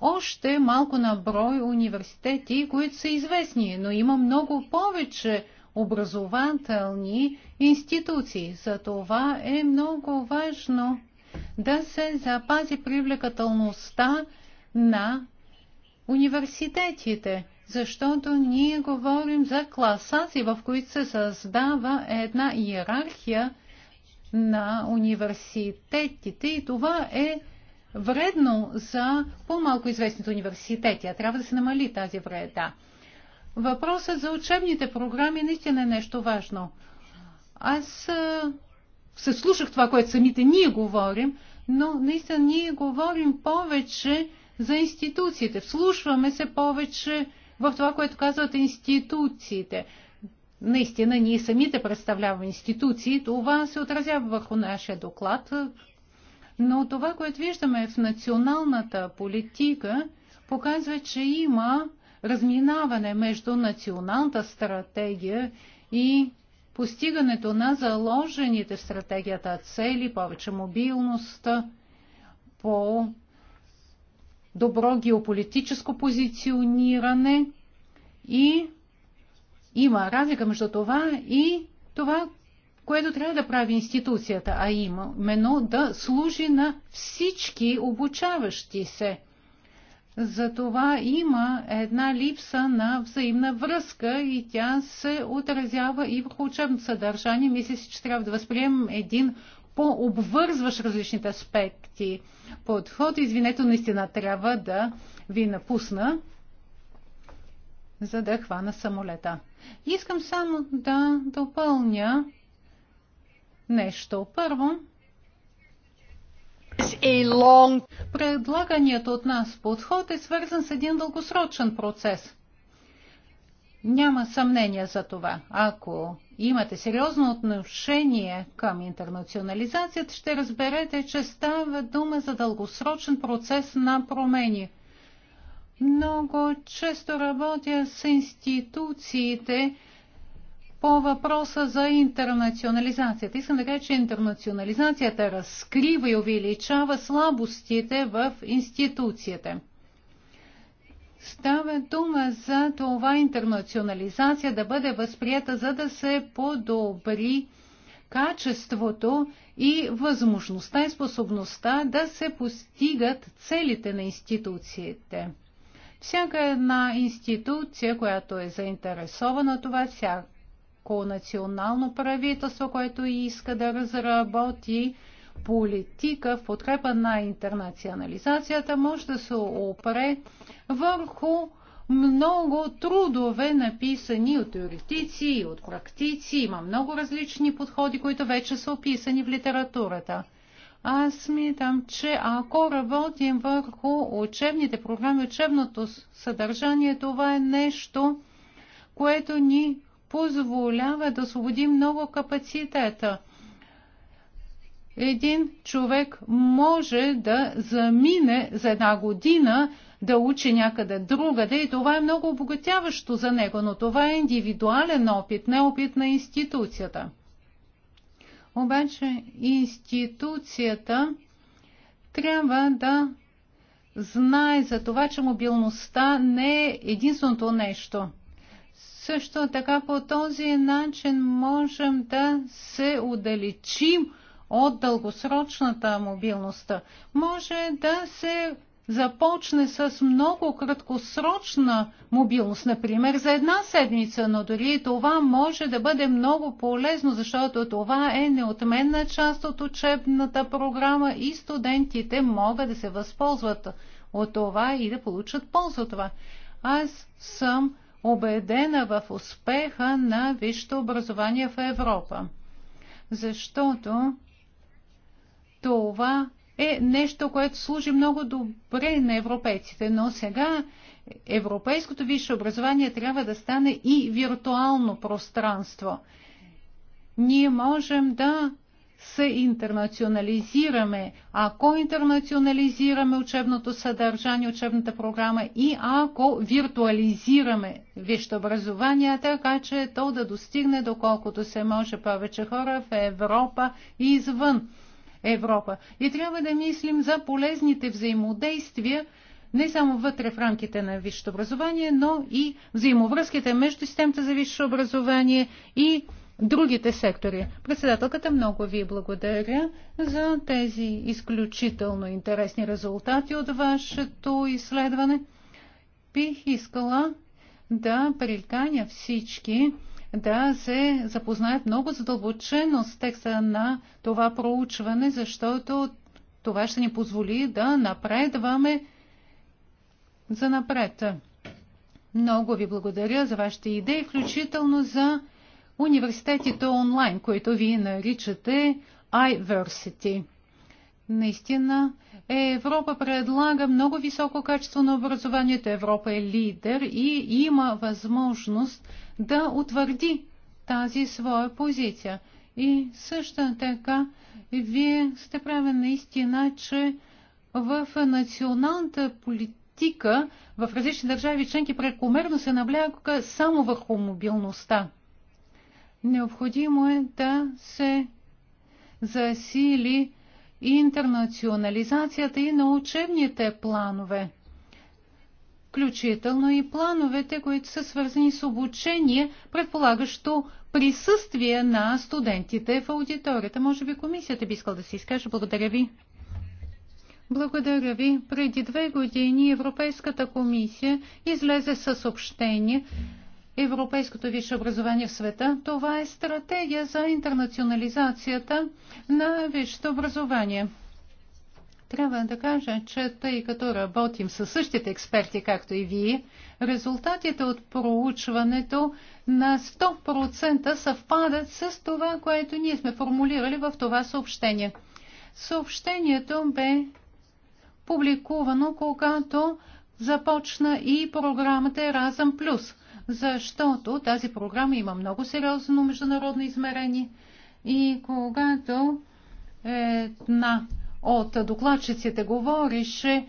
още малко на брой университети, които са известни, но има много повече образователни институции. За това е много важно да се запази привлекателността на университетите, защото ние говорим за класации, в които се създава една иерархия на университетите и това е вредно за по-малко известните университети, а трябва да се намали тази вреда. Въпросът за учебните програми наистина е нещо важно. Аз се слушах това, което самите ние говорим, но наистина ние говорим повече за институциите. Вслушваме се повече в това, което казват институциите. Наистина, ние самите представляваме институции. Това се отразява върху нашия доклад, но това, което виждаме в националната политика, показва, че има разминаване между националната стратегия и постигането на заложените в стратегията цели, повече мобилност, по добро геополитическо позициониране и има разлика между това и това, което трябва да прави институцията, а именно да служи на всички обучаващи се. Затова има една липса на взаимна връзка и тя се отразява и върху учебното съдържание. Мисля си, че трябва да възприемем един по-обвързваш различните аспекти подход. Извинете, наистина трябва да ви напусна, за да хвана самолета. Искам само да допълня нещо. Първо, long... предлаганият от нас подход е свързан с един дългосрочен процес. Няма съмнение за това. Ако имате сериозно отношение към интернационализацията, ще разберете, че става дума за дългосрочен процес на промени. Много често работя с институциите, по въпроса за интернационализацията. Искам да кажа, че интернационализацията разкрива и увеличава слабостите в институцията. Става дума за това интернационализация да бъде възприята, за да се подобри качеството и възможността и способността да се постигат целите на институциите. Всяка една институция, която е заинтересована това, всяка всяко национално правителство, което иска да разработи политика в подкрепа на интернационализацията, може да се опре върху много трудове, написани от теоретици и от практици. Има много различни подходи, които вече са описани в литературата. Аз смятам, че ако работим върху учебните програми, учебното съдържание, това е нещо, което ни позволява да освободи много капацитета. Един човек може да замине за една година да учи някъде другаде и това е много обогатяващо за него, но това е индивидуален опит, не опит на институцията. Обаче институцията трябва да знае за това, че мобилността не е единственото нещо – също така по този начин можем да се отдалечим от дългосрочната мобилност. Може да се започне с много краткосрочна мобилност, например за една седмица, но дори това може да бъде много полезно, защото това е неотменна част от учебната програма и студентите могат да се възползват от това и да получат полза от това. Аз съм убедена в успеха на висшето образование в Европа. Защото това е нещо, което служи много добре на европейците, но сега европейското висше образование трябва да стане и виртуално пространство. Ние можем да се интернационализираме, ако интернационализираме учебното съдържание, учебната програма и ако виртуализираме висшето образование, така че то да достигне доколкото се може повече хора в Европа и извън Европа. И трябва да мислим за полезните взаимодействия не само вътре в рамките на висшето образование, но и взаимовръзките между системата за висше образование и другите сектори. Председателката, много ви благодаря за тези изключително интересни резултати от вашето изследване. Бих искала да приканя всички да се запознаят много задълбочено с текста на това проучване, защото това ще ни позволи да напредваме за напред. Много ви благодаря за вашите идеи, включително за университетите онлайн, които вие наричате iVersity. Наистина, Европа предлага много високо качество на образованието. Европа е лидер и има възможност да утвърди тази своя позиция. И също така, вие сте прави наистина, че в националната политика в различни държави членки прекомерно се набляга само върху мобилността. Необходимо е да се засили интернационализацията и на учебните планове, включително и плановете, които са свързани с обучение, предполагащо присъствие на студентите в аудиторията. Може би комисията би искала да се изкаже. Благодаря ви. Благодаря ви. Преди две години Европейската комисия излезе със съобщение, европейското висше образование в света, това е стратегия за интернационализацията на висшето образование. Трябва да кажа, че тъй като работим със същите експерти, както и вие, резултатите от проучването на 100% съвпадат с това, което ние сме формулирали в това съобщение. Съобщението бе публикувано, когато започна и програмата Еразъм Плюс – защото тази програма има много сериозно международно измерение и когато една от докладчиците говорише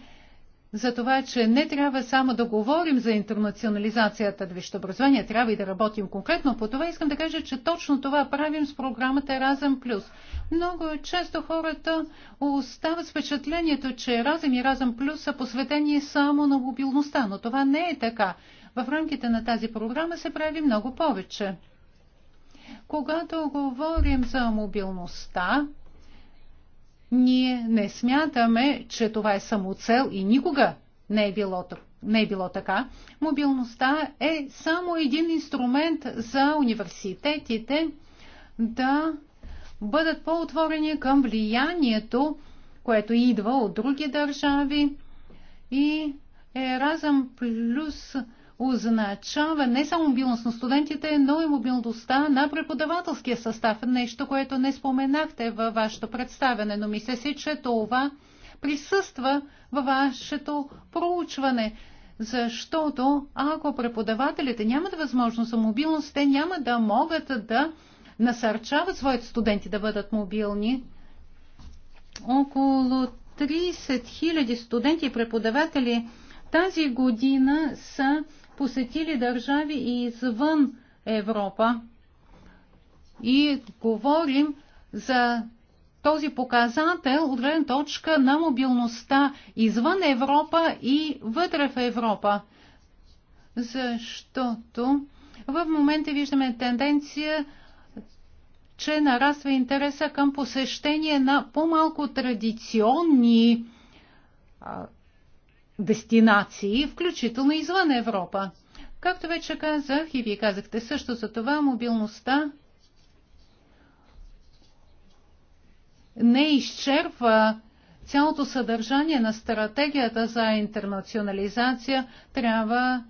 за това, че не трябва само да говорим за интернационализацията на висшето образование, трябва и да работим конкретно по това. Искам да кажа, че точно това правим с програмата Разъм Плюс. Много често хората остават с впечатлението, че разъм и разъм Плюс са посветени само на мобилността, но това не е така. В рамките на тази програма се прави много повече. Когато говорим за мобилността, ние не смятаме, че това е самоцел и никога не е било, не е било така. Мобилността е само един инструмент за университетите да бъдат по-отворени към влиянието, което идва от други държави. И Еразъм плюс означава не само мобилност на студентите, но и мобилността на преподавателския състав. Нещо, което не споменахте във вашето представяне, но мисля си, че това присъства във вашето проучване. Защото ако преподавателите нямат възможност за мобилност, те няма да могат да насърчават своите студенти да бъдат мобилни. Около 30 000 студенти и преподаватели тази година са посетили държави извън Европа. И говорим за този показател от гледна точка на мобилността извън Европа и вътре в Европа. Защото в момента виждаме тенденция, че нараства интереса към посещение на по-малко традиционни дестинации, включително извън Европа. Както вече казах и вие казахте също за това, мобилността не изчерпва цялото съдържание на стратегията за интернационализация. Трябва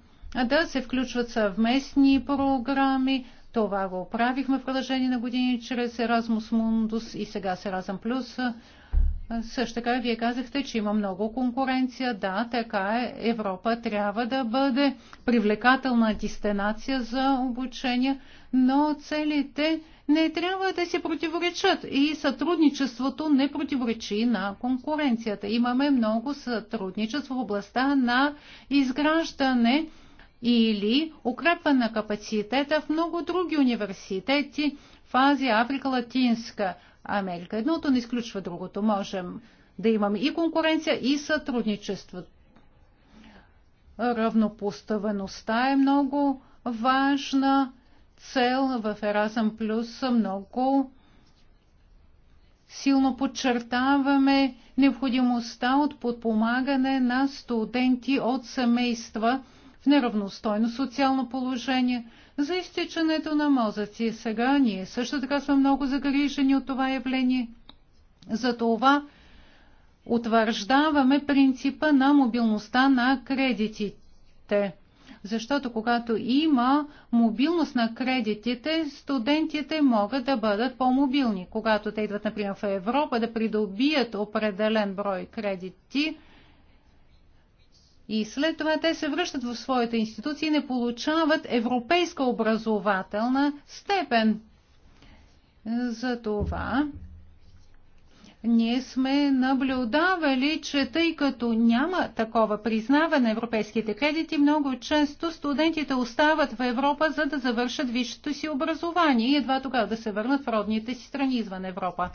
да се включват съвместни програми. Това го правихме в продължение на години чрез Erasmus Mundus и сега с Erasmus Plus. Също така, вие казахте, че има много конкуренция. Да, така е. Европа трябва да бъде привлекателна дестинация за обучение, но целите не трябва да се противоречат и сътрудничеството не противоречи на конкуренцията. Имаме много сътрудничество в областта на изграждане или укрепване на капацитета в много други университети в Азия, Африка, Латинска Америка. Едното не изключва другото. Можем да имаме и конкуренция, и сътрудничество. Равнопоставеността е много важна цел в Еразъм Плюс. Много силно подчертаваме необходимостта от подпомагане на студенти от семейства в неравностойно социално положение – за изтичането на мозъци. Сега ние също така сме много загрижени от това явление. Затова утвърждаваме принципа на мобилността на кредитите. Защото когато има мобилност на кредитите, студентите могат да бъдат по-мобилни. Когато те идват, например, в Европа да придобият определен брой кредити, и след това те се връщат в своите институции и не получават европейска образователна степен. За това ние сме наблюдавали, че тъй като няма такова признаване на европейските кредити, много често студентите остават в Европа, за да завършат висшето си образование и едва тогава да се върнат в родните си страни извън Европа.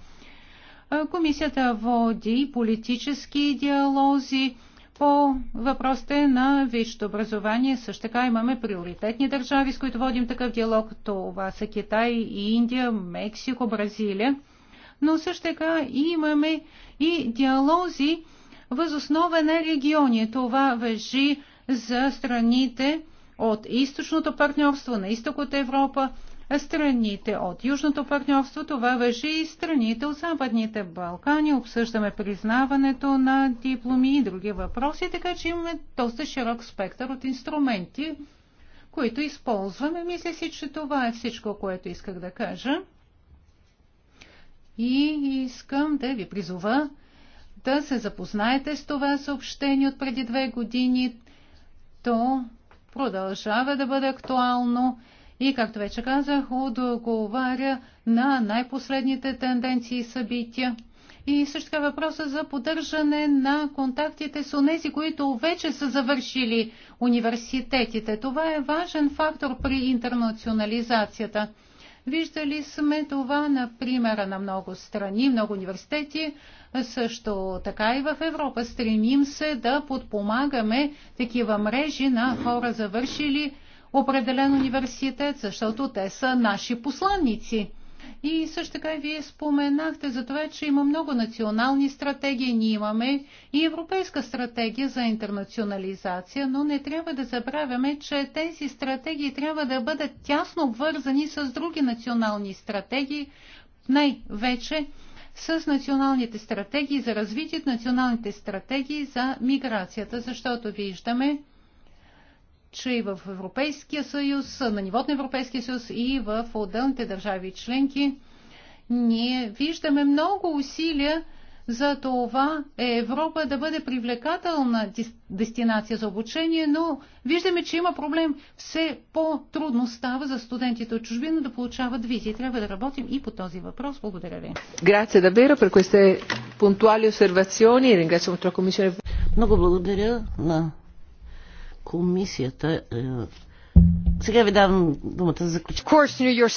Комисията води политически диалози, по въпросите на висшето образование. Също така имаме приоритетни държави, с които водим такъв диалог. Това са Китай, Индия, Мексико, Бразилия. Но също така имаме и диалози възоснова на региони. Това въжи за страните от източното партньорство на изток от Европа, страните от Южното партньорство, това въжи и страните от Западните Балкани. Обсъждаме признаването на дипломи и други въпроси, така че имаме доста широк спектър от инструменти, които използваме. Мисля си, че това е всичко, което исках да кажа. И искам да ви призова да се запознаете с това съобщение от преди две години. То продължава да бъде актуално и, както вече казах, отговаря на най-последните тенденции и събития. И също така въпроса за поддържане на контактите с онези, които вече са завършили университетите. Това е важен фактор при интернационализацията. Виждали сме това на примера на много страни, много университети, също така и в Европа. Стремим се да подпомагаме такива мрежи на хора, завършили определен университет, защото те са наши посланници. И също така вие споменахте за това, че има много национални стратегии. Ние имаме и европейска стратегия за интернационализация, но не трябва да забравяме, че тези стратегии трябва да бъдат тясно вързани с други национални стратегии, най-вече с националните стратегии за развитие, националните стратегии за миграцията, защото виждаме, че и в Европейския съюз, на нивото на Европейския съюз и в отделните държави и членки, ние виждаме много усилия за това е Европа да бъде привлекателна дестинация за обучение, но виждаме, че има проблем. Все по-трудно става за студентите от чужбина да получават визи. Трябва да работим и по този въпрос. Благодаря ви. Много благодаря на комисията. Е, сега ви давам думата за заключение.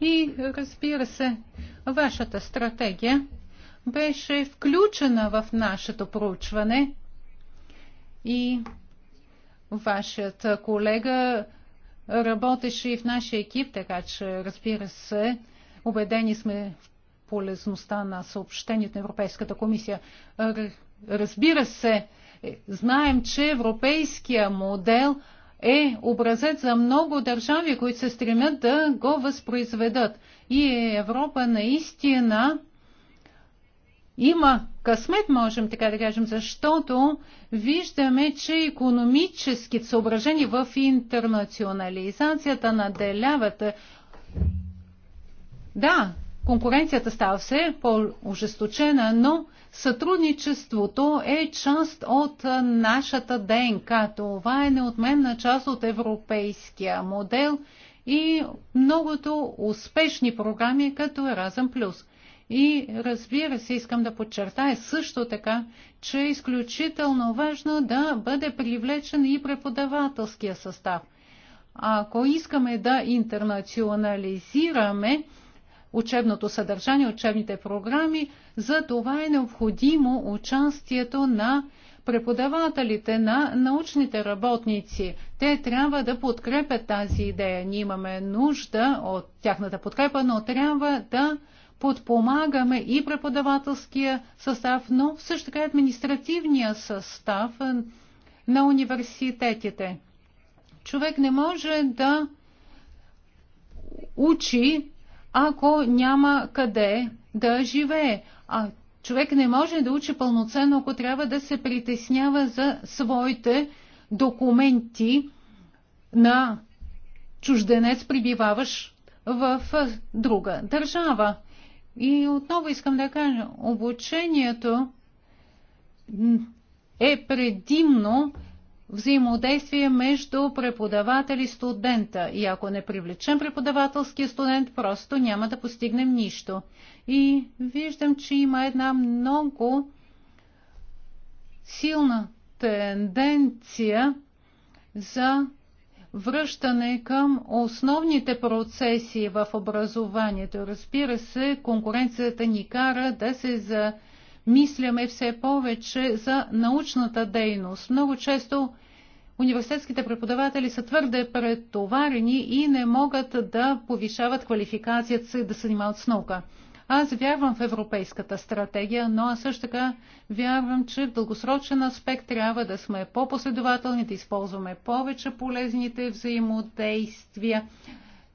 И разбира се, вашата стратегия беше включена в нашето проучване и вашият колега работеше и в нашия екип, така че разбира се, убедени сме в полезността на съобщението на Европейската комисия. Разбира се, е, знаем, че европейския модел е образец за много държави, които се стремят да го възпроизведат. И Европа наистина има късмет, можем така да кажем, защото виждаме, че економически съображения в интернационализацията наделяват. Да, конкуренцията става все по-ожесточена, но сътрудничеството е част от нашата ДНК. Това е неотменна част от европейския модел и многото успешни програми като Еразъм Плюс. И разбира се, искам да подчертая също така, че е изключително важно да бъде привлечен и преподавателския състав. Ако искаме да интернационализираме учебното съдържание, учебните програми. За това е необходимо участието на преподавателите, на научните работници. Те трябва да подкрепят тази идея. Ние имаме нужда от тяхната подкрепа, но трябва да подпомагаме и преподавателския състав, но също така и административния състав на университетите. Човек не може да учи ако няма къде да живее. А човек не може да учи пълноценно, ако трябва да се притеснява за своите документи на чужденец, прибиваваш в друга държава. И отново искам да кажа, обучението е предимно взаимодействие между преподавател и студента. И ако не привлечем преподавателския студент, просто няма да постигнем нищо. И виждам, че има една много силна тенденция за връщане към основните процеси в образованието. Разбира се, конкуренцията ни кара да се замисляме все повече за научната дейност. Много често университетските преподаватели са твърде претоварени и не могат да повишават квалификацията си да се занимават с наука. Аз вярвам в европейската стратегия, но аз също така вярвам, че в дългосрочен аспект трябва да сме по-последователни, да използваме повече полезните взаимодействия.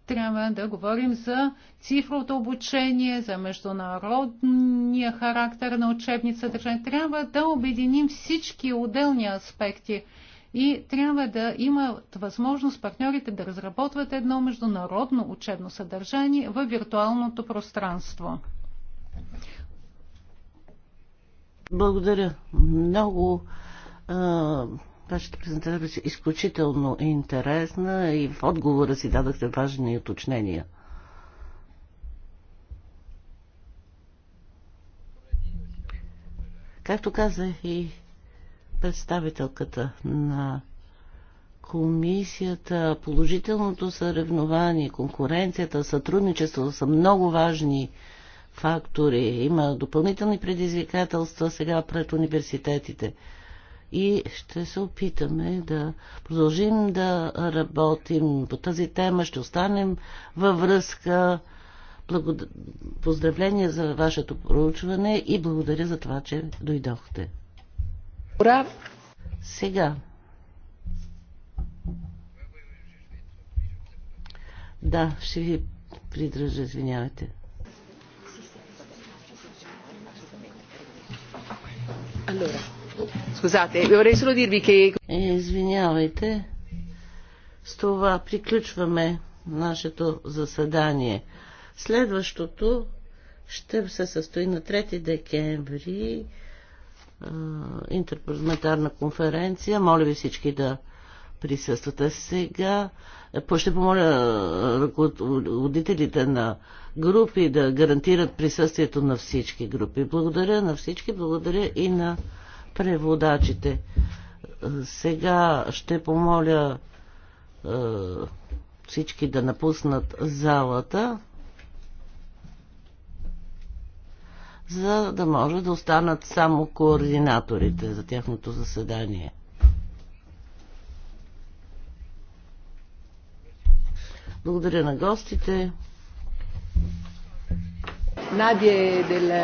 Трябва да говорим за цифровото обучение, за международния характер на учебницата. Трябва да обединим всички отделни аспекти – и трябва да имат възможност партньорите да разработват едно международно учебно съдържание в виртуалното пространство. Благодаря. Много вашата презентация беше изключително интересна и в отговора си дадахте важни уточнения. Както казах и представителката на комисията, положителното съревнование, конкуренцията, сътрудничеството са много важни фактори. Има допълнителни предизвикателства сега пред университетите. И ще се опитаме да продължим да работим по тази тема, ще останем във връзка. Благод... Поздравления за вашето проучване и благодаря за това, че дойдохте. Ура! Сега. Да, ще ви придържа, извинявайте. Allora, scusate, vorrei solo dirvi che... Е, извинявайте, с това приключваме нашето заседание. Следващото ще се състои на 3 декември интерпарламентарна конференция. Моля ви всички да присъствате сега. Ще помоля ръководителите на групи да гарантират присъствието на всички групи. Благодаря на всички, благодаря и на преводачите. Сега ще помоля всички да напуснат залата. за да може да останат само координаторите за тяхното заседание. Благодаря на гостите. Надя е